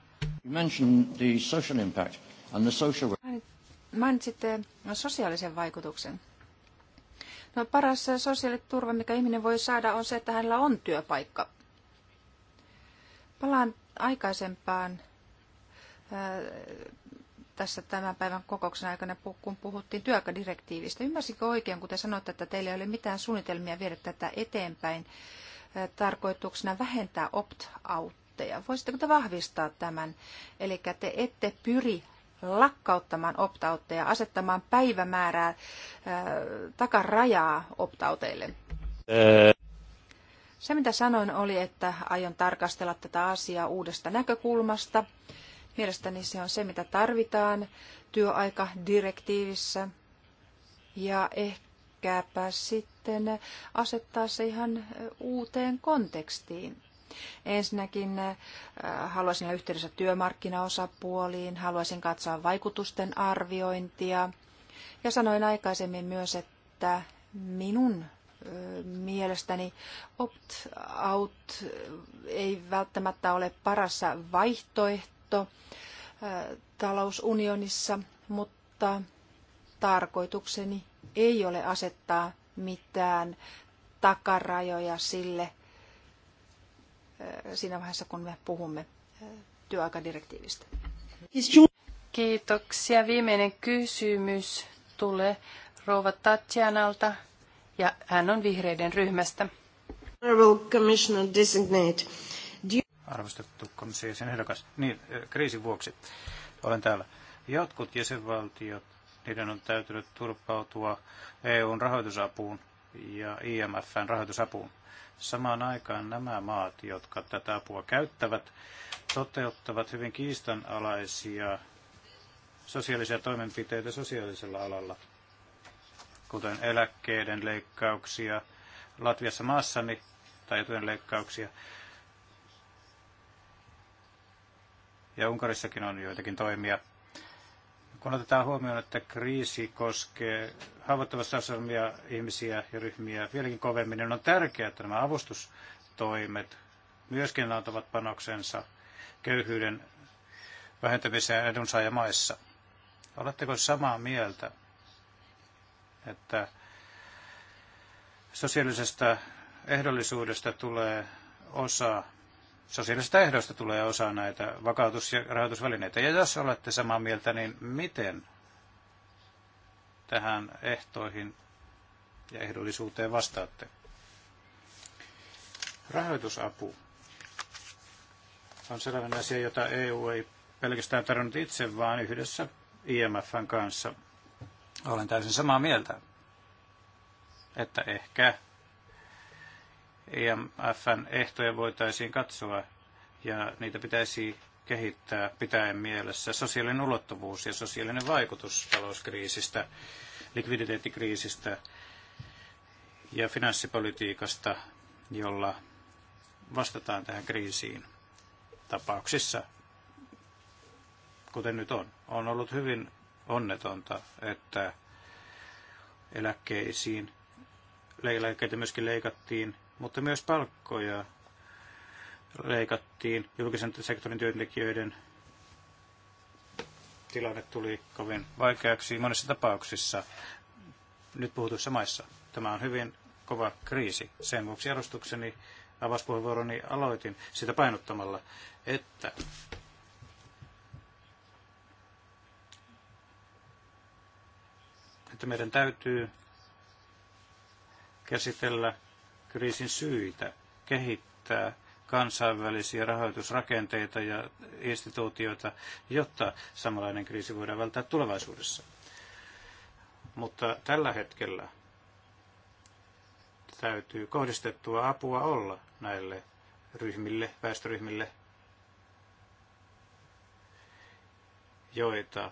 Mainitsitte sosiaalisen vaikutuksen. No paras sosiaaliturva, mikä ihminen voi saada, on se, että hänellä on työpaikka. Palaan aikaisempaan äh, tässä tämän päivän kokouksen aikana, kun puhuttiin työaikadirektiivistä. Ymmärsinkö oikein, kun te sanoitte, että teillä ei ole mitään suunnitelmia viedä tätä eteenpäin tarkoituksena vähentää opt-outteja. Voisitteko te vahvistaa tämän? Eli te ette pyri lakkauttamaan optauteja, asettamaan päivämäärää, äh, takarajaa optauteille? Se, mitä sanoin, oli, että aion tarkastella tätä asiaa uudesta näkökulmasta. Mielestäni se on se, mitä tarvitaan työaikadirektiivissä. Ja ehkä tykkääpä sitten asettaa se ihan uuteen kontekstiin. Ensinnäkin haluaisin olla yhteydessä työmarkkinaosapuoliin, haluaisin katsoa vaikutusten arviointia. Ja sanoin aikaisemmin myös, että minun mielestäni opt-out ei välttämättä ole paras vaihtoehto talousunionissa, mutta tarkoitukseni ei ole asettaa mitään takarajoja sille siinä vaiheessa, kun me puhumme työaikadirektiivistä. Kiitoksia. Viimeinen kysymys tulee rouva Tatjanalta ja hän on vihreiden ryhmästä. Arvostettu komission ehdokas, niin kriisin vuoksi olen täällä. Jotkut jäsenvaltiot niiden on täytynyt turpautua EUn rahoitusapuun ja IMFn rahoitusapuun. Samaan aikaan nämä maat, jotka tätä apua käyttävät, toteuttavat hyvin kiistanalaisia sosiaalisia toimenpiteitä sosiaalisella alalla, kuten eläkkeiden leikkauksia Latviassa maassani tai etujen leikkauksia. Ja Unkarissakin on joitakin toimia kun otetaan huomioon, että kriisi koskee haavoittuvassa asemia ihmisiä ja ryhmiä vieläkin kovemmin, niin on tärkeää, että nämä avustustoimet myöskin antavat panoksensa köyhyyden vähentämiseen edunsaajamaissa. Oletteko samaa mieltä, että sosiaalisesta ehdollisuudesta tulee osa sosiaalista ehdoista tulee osa näitä vakautus- ja rahoitusvälineitä. Ja jos olette samaa mieltä, niin miten tähän ehtoihin ja ehdollisuuteen vastaatte? Rahoitusapu on sellainen asia, jota EU ei pelkästään tarjonnut itse, vaan yhdessä IMFn kanssa. Olen täysin samaa mieltä, että ehkä EMFn ehtoja voitaisiin katsoa ja niitä pitäisi kehittää pitäen mielessä sosiaalinen ulottuvuus ja sosiaalinen vaikutus talouskriisistä, likviditeettikriisistä ja finanssipolitiikasta, jolla vastataan tähän kriisiin tapauksissa, kuten nyt on. On ollut hyvin onnetonta, että eläkkeisiin eläkkeitä myöskin leikattiin mutta myös palkkoja leikattiin. Julkisen sektorin työntekijöiden tilanne tuli kovin vaikeaksi monissa tapauksissa nyt puhutuissa maissa. Tämä on hyvin kova kriisi. Sen vuoksi arvostukseni avauspuheenvuoroni aloitin sitä painottamalla, että että meidän täytyy käsitellä kriisin syitä, kehittää kansainvälisiä rahoitusrakenteita ja instituutioita, jotta samanlainen kriisi voidaan välttää tulevaisuudessa. Mutta tällä hetkellä täytyy kohdistettua apua olla näille ryhmille, väestöryhmille, joita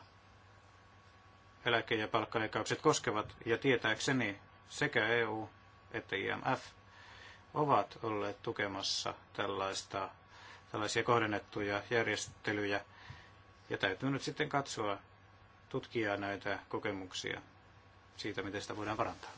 eläke- ja palkkaleikkaukset koskevat, ja tietääkseni sekä EU että IMF – ovat olleet tukemassa tällaista, tällaisia kohdennettuja järjestelyjä. Ja täytyy nyt sitten katsoa, tutkia näitä kokemuksia siitä, miten sitä voidaan parantaa.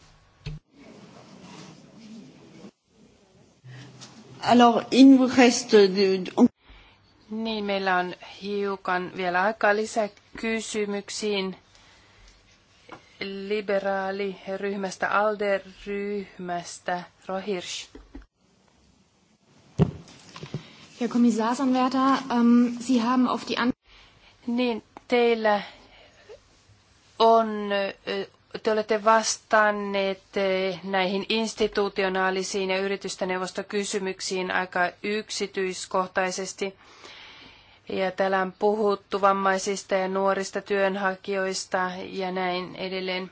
Niin, meillä on hiukan vielä aikaa lisää kysymyksiin ryhmästä alder ryhmästä Rohirsch. Herr Kommissarsanwärter, ähm, Sie haben auf die An Niin, teillä on, äh, te olette vastanneet äh, näihin institutionaalisiin ja yritysten neuvostokysymyksiin aika yksityiskohtaisesti. Ja täällä on puhuttu vammaisista ja nuorista työnhakijoista ja näin edelleen.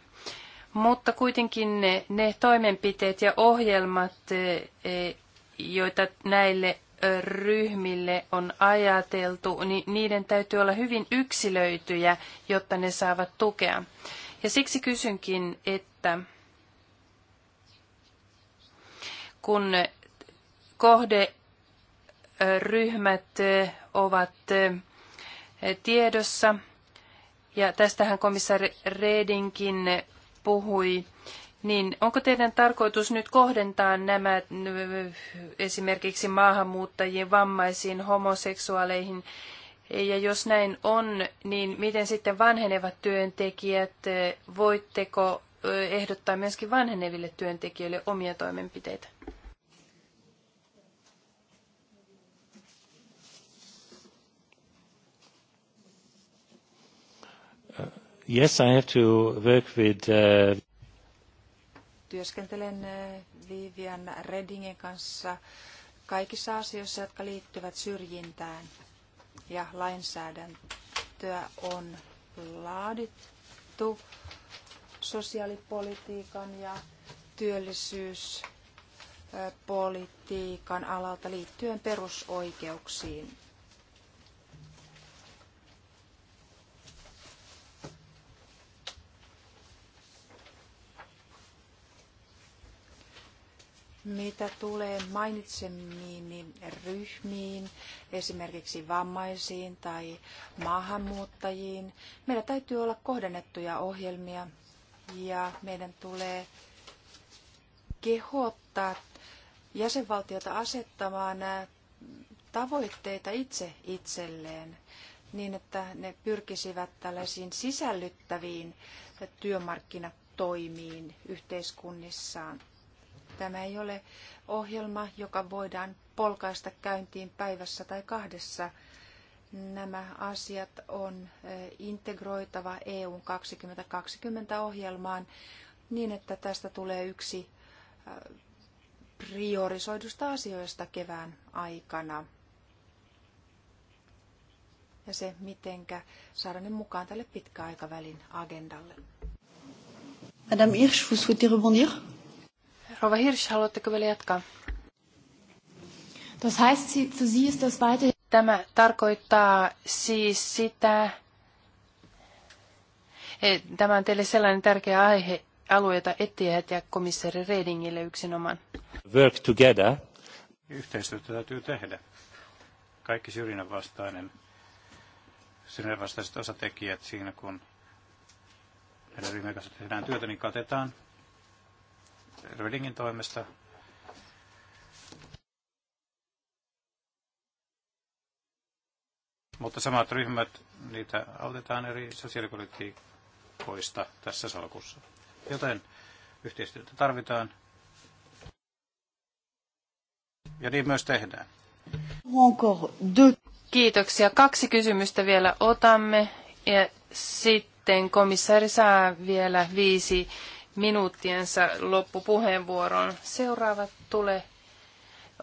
Mutta kuitenkin ne, ne toimenpiteet ja ohjelmat, äh, joita näille ryhmille on ajateltu, niin niiden täytyy olla hyvin yksilöityjä, jotta ne saavat tukea. Ja siksi kysynkin, että kun kohderyhmät ovat tiedossa, ja tästähän komissaari Redinkin puhui, niin onko teidän tarkoitus nyt kohdentaa nämä esimerkiksi maahanmuuttajien vammaisiin, homoseksuaaleihin? Ja jos näin on, niin miten sitten vanhenevat työntekijät, voitteko ehdottaa myöskin vanheneville työntekijöille omia toimenpiteitä? Uh, yes, I have to work with, uh työskentelen äh, Vivian Reddingen kanssa kaikissa asioissa, jotka liittyvät syrjintään. Ja lainsäädäntöä on laadittu sosiaalipolitiikan ja työllisyyspolitiikan alalta liittyen perusoikeuksiin. Mitä tulee mainitsemiini niin ryhmiin, esimerkiksi vammaisiin tai maahanmuuttajiin, meillä täytyy olla kohdennettuja ohjelmia ja meidän tulee kehottaa jäsenvaltiota asettamaan tavoitteita itse itselleen niin, että ne pyrkisivät tällaisiin sisällyttäviin työmarkkinatoimiin yhteiskunnissaan. Tämä ei ole ohjelma, joka voidaan polkaista käyntiin päivässä tai kahdessa. Nämä asiat on integroitava EUn 2020-ohjelmaan niin, että tästä tulee yksi priorisoidusta asioista kevään aikana. Ja se, mitenkä saada ne mukaan tälle pitkäaikavälin agendalle. Madame Hirsch, vous souhaitez rebondir? Rova Hirsch, haluatteko vielä jatkaa? Das heißt, für Sie ist das weiter... Tämä tarkoittaa siis sitä, e, tämä on teille sellainen tärkeä aihe, alue, jota ette jätä komissaari Redingille yksinomaan. Work together. Yhteistyötä täytyy tehdä. Kaikki syrjinnän vastainen, syrjinnän vastaiset osatekijät siinä, kun meidän ryhmien kanssa tehdään työtä, niin katetaan Redingin toimesta. Mutta samat ryhmät, niitä autetaan eri sosiaalipolitiikoista tässä salkussa. Joten yhteistyötä tarvitaan. Ja niin myös tehdään. Kiitoksia. Kaksi kysymystä vielä otamme ja sitten komissaari saa vielä viisi minuuttiensa loppupuheenvuoron. Seuraavat tulee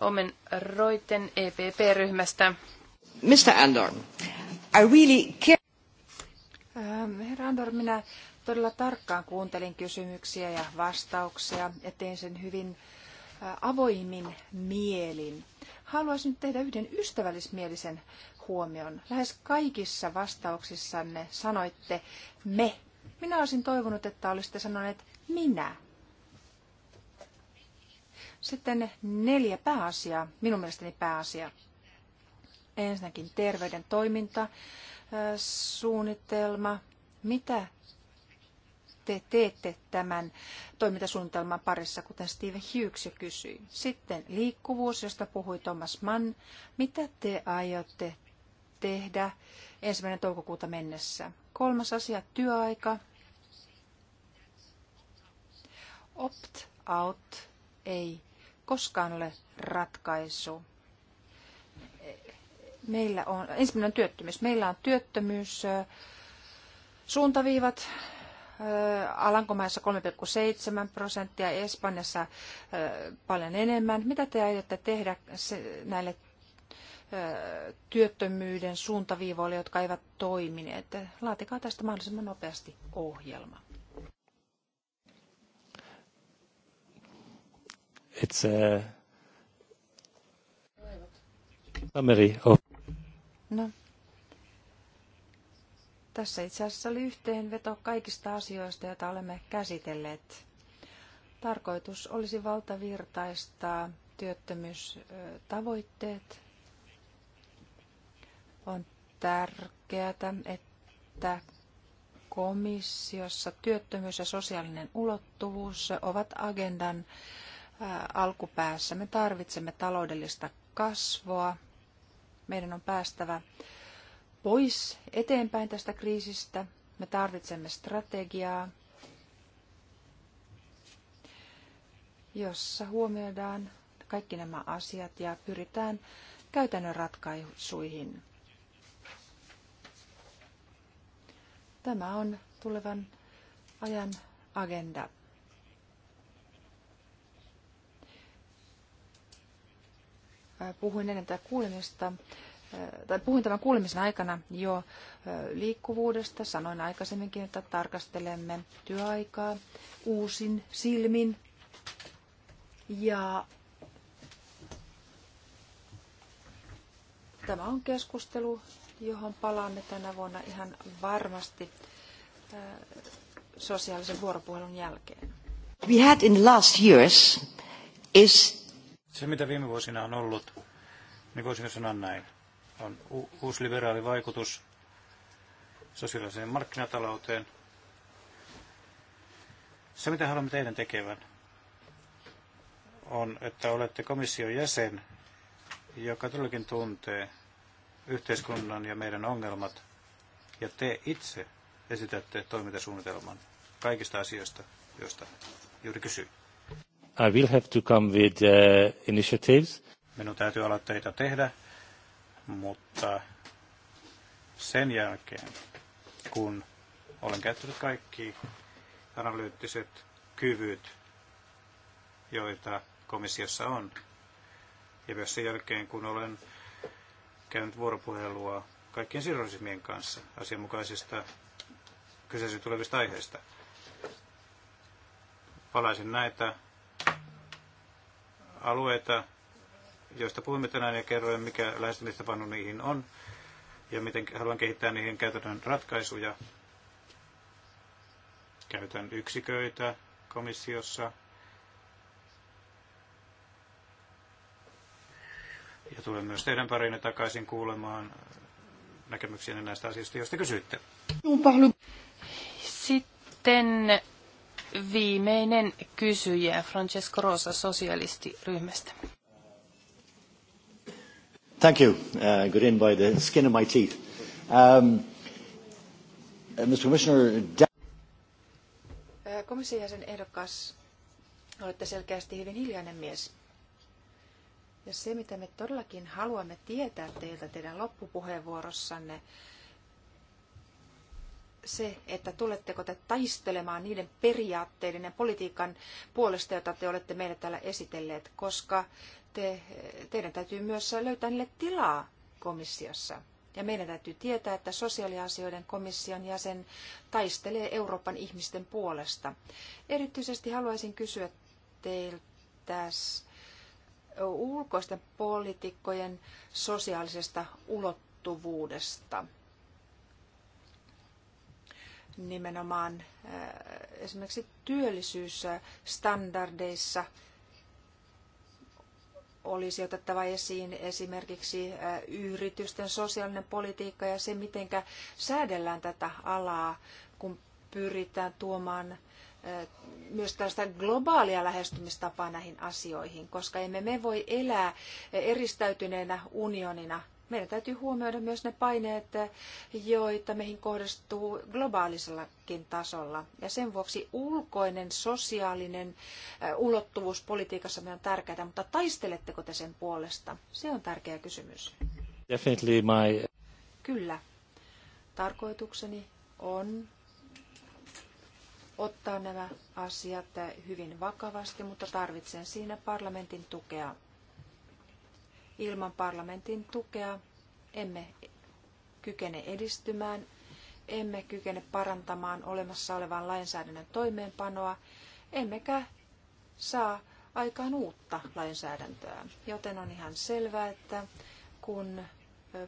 Omen Roiten EPP-ryhmästä. Mr. Andor, I really care... Ähm, herra Andor, minä todella tarkkaan kuuntelin kysymyksiä ja vastauksia ja tein sen hyvin äh, avoimin mielin. Haluaisin tehdä yhden ystävällismielisen huomion. Lähes kaikissa vastauksissanne sanoitte me. Minä olisin toivonut, että olisitte sanoneet minä. Sitten neljä pääasiaa, minun mielestäni pääasia. Ensinnäkin terveyden toiminta, suunnitelma. Mitä te teette tämän toimintasuunnitelman parissa, kuten Steve Hughes jo kysyi. Sitten liikkuvuus, josta puhui Thomas Mann. Mitä te aiotte tehdä ensimmäinen toukokuuta mennessä? Kolmas asia, työaika. Opt-out ei koskaan ole ratkaisu. Meillä on, ensimmäinen on työttömyys. Meillä on työttömyys, suuntaviivat, Alankomaissa 3,7 prosenttia, Espanjassa paljon enemmän. Mitä te aiotte tehdä näille työttömyyden suuntaviivoille, jotka eivät toimineet? Laatikaa tästä mahdollisimman nopeasti ohjelma. It's a summary of... No. Tässä itse asiassa oli yhteenveto kaikista asioista, joita olemme käsitelleet. Tarkoitus olisi valtavirtaistaa työttömyystavoitteet. On tärkeää, että komissiossa työttömyys ja sosiaalinen ulottuvuus ovat agendan alkupäässä. Me tarvitsemme taloudellista kasvua. Meidän on päästävä pois eteenpäin tästä kriisistä. Me tarvitsemme strategiaa, jossa huomioidaan kaikki nämä asiat ja pyritään käytännön ratkaisuihin. Tämä on tulevan ajan agenda. Äh, puhuin ennen tätä kuulemista, äh, tai puhuin tämän kuulemisen aikana jo äh, liikkuvuudesta. Sanoin aikaisemminkin, että tarkastelemme työaikaa uusin silmin. Ja tämä on keskustelu, johon palaamme tänä vuonna ihan varmasti sosiaalisen vuoropuhelun jälkeen. We had in the last years is se, mitä viime vuosina on ollut, niin voisinko sanoa näin, on u- liberaali vaikutus sosiaaliseen markkinatalouteen. Se, mitä haluamme teidän tekevän, on, että olette komission jäsen, joka todellakin tuntee yhteiskunnan ja meidän ongelmat, ja te itse esitätte toimintasuunnitelman kaikista asioista, joista juuri kysyitte. I will have to come with uh, initiatives. Minun täytyy aloitteita tehdä, mutta sen jälkeen, kun olen käyttänyt kaikki analyyttiset kyvyt, joita komissiossa on, ja myös sen jälkeen, kun olen käynyt vuoropuhelua kaikkien sidosryhmien kanssa asianmukaisista kyseisistä tulevista aiheista. Palaisin näitä alueita, joista puhumme tänään ja kerroin, mikä lähestymistapanu niihin on ja miten haluan kehittää niihin käytännön ratkaisuja. Käytän yksiköitä komissiossa ja tulen myös teidän parinne takaisin kuulemaan näkemyksiä näistä asioista, joista kysyitte. Sitten viimeinen kysyjä, Francesco Rosa sosialistiryhmästä. Thank you. Uh, good in by the skin of my teeth. Um, uh, Mr. Commissioner... Äh, komission jäsen ehdokas, olette selkeästi hyvin hiljainen mies. Ja se, mitä me todellakin haluamme tietää teiltä teidän loppupuheenvuorossanne, se, että tuletteko te taistelemaan niiden periaatteiden ja politiikan puolesta, jota te olette meille täällä esitelleet, koska te, teidän täytyy myös löytää niille tilaa komissiossa. Ja meidän täytyy tietää, että sosiaaliasioiden komission jäsen taistelee Euroopan ihmisten puolesta. Erityisesti haluaisin kysyä teiltä ulkoisten poliitikkojen sosiaalisesta ulottuvuudesta – nimenomaan äh, esimerkiksi työllisyysstandardeissa olisi otettava esiin esimerkiksi äh, yritysten sosiaalinen politiikka ja se, miten säädellään tätä alaa, kun pyritään tuomaan äh, myös tällaista globaalia lähestymistapaa näihin asioihin, koska emme me voi elää eristäytyneenä unionina meidän täytyy huomioida myös ne paineet, joita meihin kohdistuu globaalisellakin tasolla. Ja sen vuoksi ulkoinen sosiaalinen äh, ulottuvuus politiikassa on tärkeää, mutta taisteletteko te sen puolesta? Se on tärkeä kysymys. Definitely my... Kyllä. Tarkoitukseni on ottaa nämä asiat hyvin vakavasti, mutta tarvitsen siinä parlamentin tukea Ilman parlamentin tukea emme kykene edistymään, emme kykene parantamaan olemassa olevan lainsäädännön toimeenpanoa, emmekä saa aikaan uutta lainsäädäntöä. Joten on ihan selvää, että kun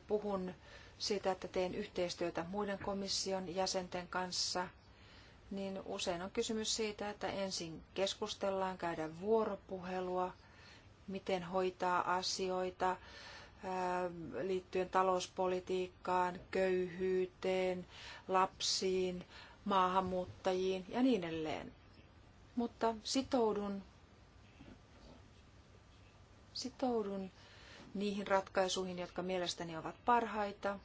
puhun siitä, että teen yhteistyötä muiden komission jäsenten kanssa, niin usein on kysymys siitä, että ensin keskustellaan, käydään vuoropuhelua, miten hoitaa asioita liittyen talouspolitiikkaan, köyhyyteen, lapsiin, maahanmuuttajiin ja niin edelleen. Mutta sitoudun, sitoudun niihin ratkaisuihin, jotka mielestäni ovat parhaita –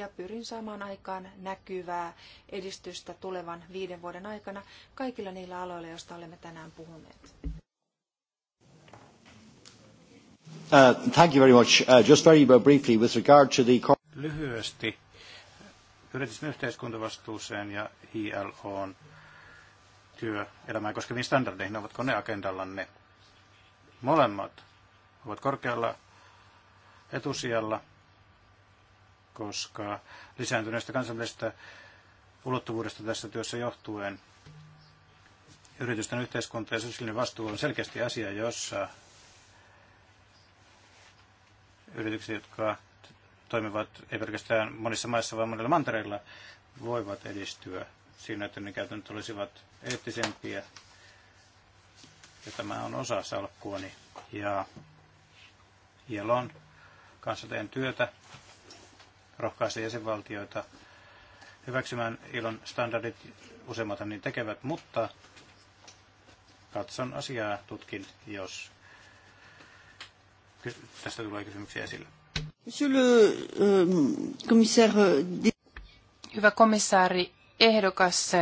ja pyrin saamaan aikaan näkyvää edistystä tulevan viiden vuoden aikana kaikilla niillä aloilla, joista olemme tänään puhuneet. Uh, thank you very much. Uh, just very briefly with regard to the... Lyhyesti yritysten yhteiskuntavastuuseen ja ILOn työelämää koskeviin standardeihin, ovatko ne agendallanne? Molemmat ovat korkealla etusijalla koska lisääntyneestä kansainvälisestä ulottuvuudesta tässä työssä johtuen yritysten yhteiskunta ja sosiaalinen vastuu on selkeästi asia, jossa yritykset, jotka toimivat ei pelkästään monissa maissa, vaan monilla mantereilla, voivat edistyä siinä, että ne käytännöt olisivat eettisempiä. Ja tämä on osa salkkuani. Ja Jelon kanssa teen työtä rohkaista jäsenvaltioita hyväksymään ilon standardit, useimmat niin tekevät, mutta katson asiaa, tutkin, jos tästä tulee kysymyksiä esille. Euh, euh, Hyvä komissaari, ehdokas,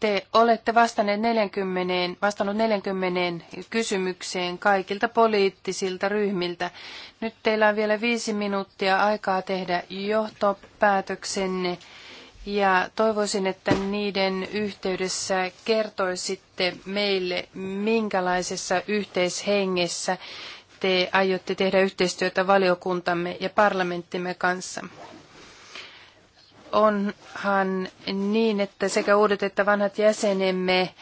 te olette vastanneet 40, vastannut 40 kysymykseen kaikilta poliittisilta ryhmiltä. Nyt teillä on vielä viisi minuuttia aikaa tehdä johtopäätöksenne ja toivoisin, että niiden yhteydessä kertoisitte meille, minkälaisessa yhteishengessä te aiotte tehdä yhteistyötä valiokuntamme ja parlamenttimme kanssa onhan niin, että sekä uudet että vanhat jäsenemme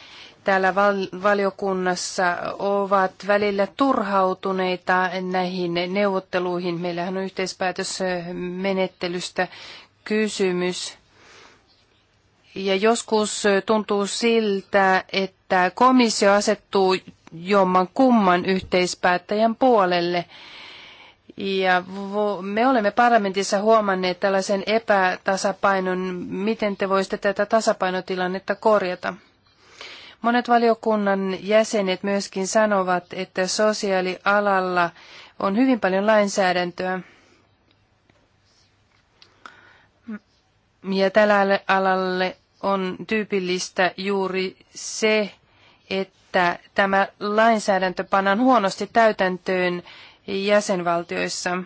täällä val- valiokunnassa ovat välillä turhautuneita näihin neuvotteluihin. Meillähän on yhteispäätösmenettelystä kysymys. Ja joskus tuntuu siltä, että komissio asettuu jomman kumman yhteispäättäjän puolelle. Ja me olemme parlamentissa huomanneet tällaisen epätasapainon. Miten te voisitte tätä tasapainotilannetta korjata? Monet valiokunnan jäsenet myöskin sanovat, että sosiaalialalla on hyvin paljon lainsäädäntöä. Ja tällä alalle on tyypillistä juuri se, että tämä lainsäädäntö pannaan huonosti täytäntöön jäsenvaltioissa.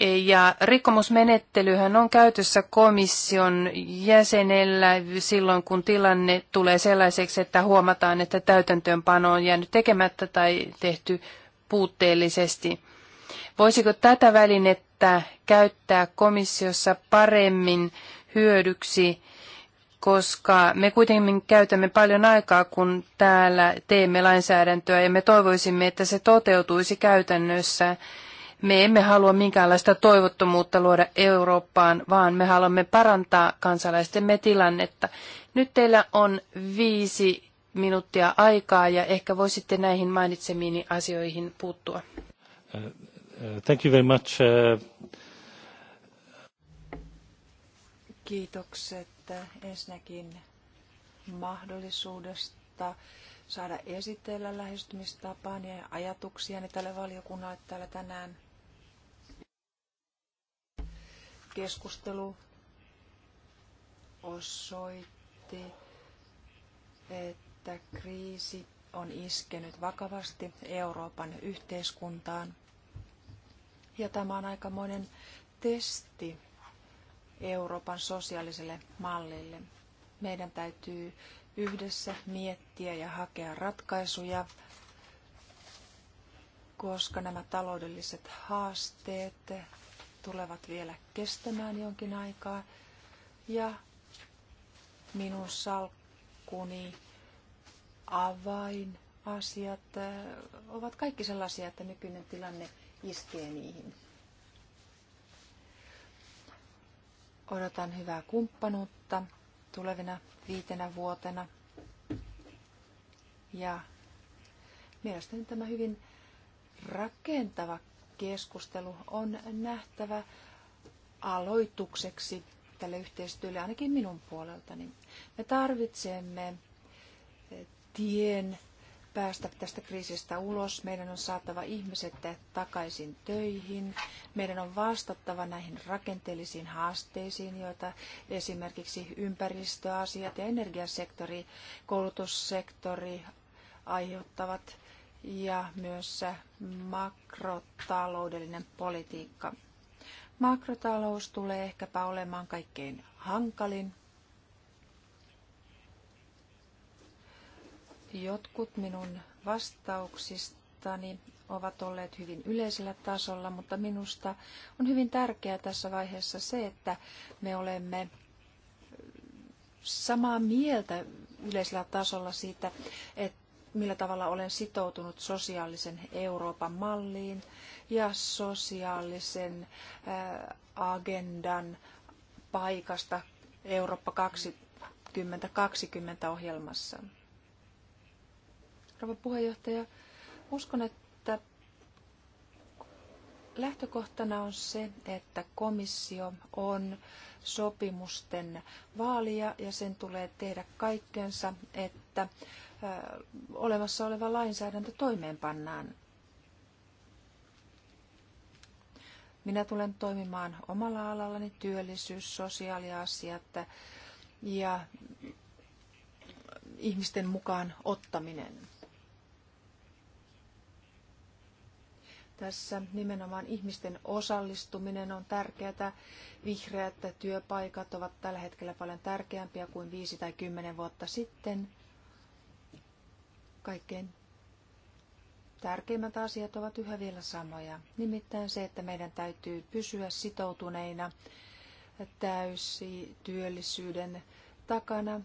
Ja rikkomusmenettelyhän on käytössä komission jäsenellä silloin, kun tilanne tulee sellaiseksi, että huomataan, että täytäntöönpano on jäänyt tekemättä tai tehty puutteellisesti. Voisiko tätä välinettä käyttää komissiossa paremmin hyödyksi koska me kuitenkin käytämme paljon aikaa, kun täällä teemme lainsäädäntöä ja me toivoisimme, että se toteutuisi käytännössä. Me emme halua minkäänlaista toivottomuutta luoda Eurooppaan, vaan me haluamme parantaa kansalaistemme tilannetta. Nyt teillä on viisi minuuttia aikaa ja ehkä voisitte näihin mainitsemiini asioihin puuttua. Thank you very much. Uh, Kiitokset ensinnäkin mahdollisuudesta saada esitellä lähestymistapaani ja ajatuksiani tälle valiokunnalle täällä tänään. Keskustelu osoitti, että kriisi on iskenyt vakavasti Euroopan yhteiskuntaan. Ja tämä on aikamoinen testi Euroopan sosiaaliselle mallille. Meidän täytyy yhdessä miettiä ja hakea ratkaisuja, koska nämä taloudelliset haasteet tulevat vielä kestämään jonkin aikaa. Ja minun salkkuni avainasiat äh, ovat kaikki sellaisia, että nykyinen tilanne iskee niihin. Odotan hyvää kumppanuutta tulevina viitenä vuotena. Ja mielestäni tämä hyvin rakentava keskustelu on nähtävä aloitukseksi tälle yhteistyölle, ainakin minun puoleltani. Me tarvitsemme tien päästä tästä kriisistä ulos. Meidän on saatava ihmiset takaisin töihin. Meidän on vastattava näihin rakenteellisiin haasteisiin, joita esimerkiksi ympäristöasiat ja energiasektori, koulutussektori aiheuttavat ja myös makrotaloudellinen politiikka. Makrotalous tulee ehkäpä olemaan kaikkein hankalin Jotkut minun vastauksistani ovat olleet hyvin yleisellä tasolla, mutta minusta on hyvin tärkeää tässä vaiheessa se, että me olemme samaa mieltä yleisellä tasolla siitä, että millä tavalla olen sitoutunut sosiaalisen Euroopan malliin ja sosiaalisen agendan paikasta Eurooppa 2020 ohjelmassa rouva puheenjohtaja. Uskon, että lähtökohtana on se, että komissio on sopimusten vaalia ja sen tulee tehdä kaikkensa, että olemassa oleva lainsäädäntö toimeenpannaan. Minä tulen toimimaan omalla alallani työllisyys, sosiaaliasiat ja ihmisten mukaan ottaminen. Tässä nimenomaan ihmisten osallistuminen on tärkeää. Vihreät työpaikat ovat tällä hetkellä paljon tärkeämpiä kuin viisi tai kymmenen vuotta sitten. Kaikkein tärkeimmät asiat ovat yhä vielä samoja. Nimittäin se, että meidän täytyy pysyä sitoutuneina täysi työllisyyden takana,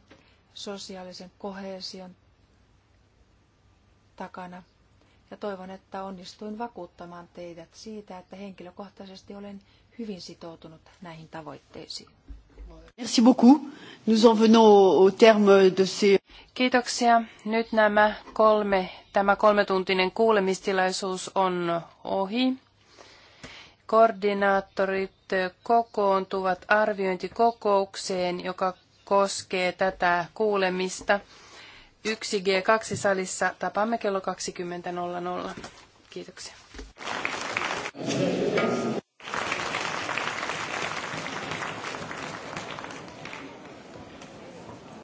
sosiaalisen kohesion takana – ja toivon, että onnistuin vakuuttamaan teidät siitä, että henkilökohtaisesti olen hyvin sitoutunut näihin tavoitteisiin. Merci beaucoup. Nous en venons au terme de ces... Kiitoksia. Nyt nämä kolme, tämä kolmetuntinen kuulemistilaisuus on ohi. Koordinaattorit kokoontuvat arviointikokoukseen, joka koskee tätä kuulemista. 1G2 salissa. Tapaamme kello 20.00. Kiitoksia.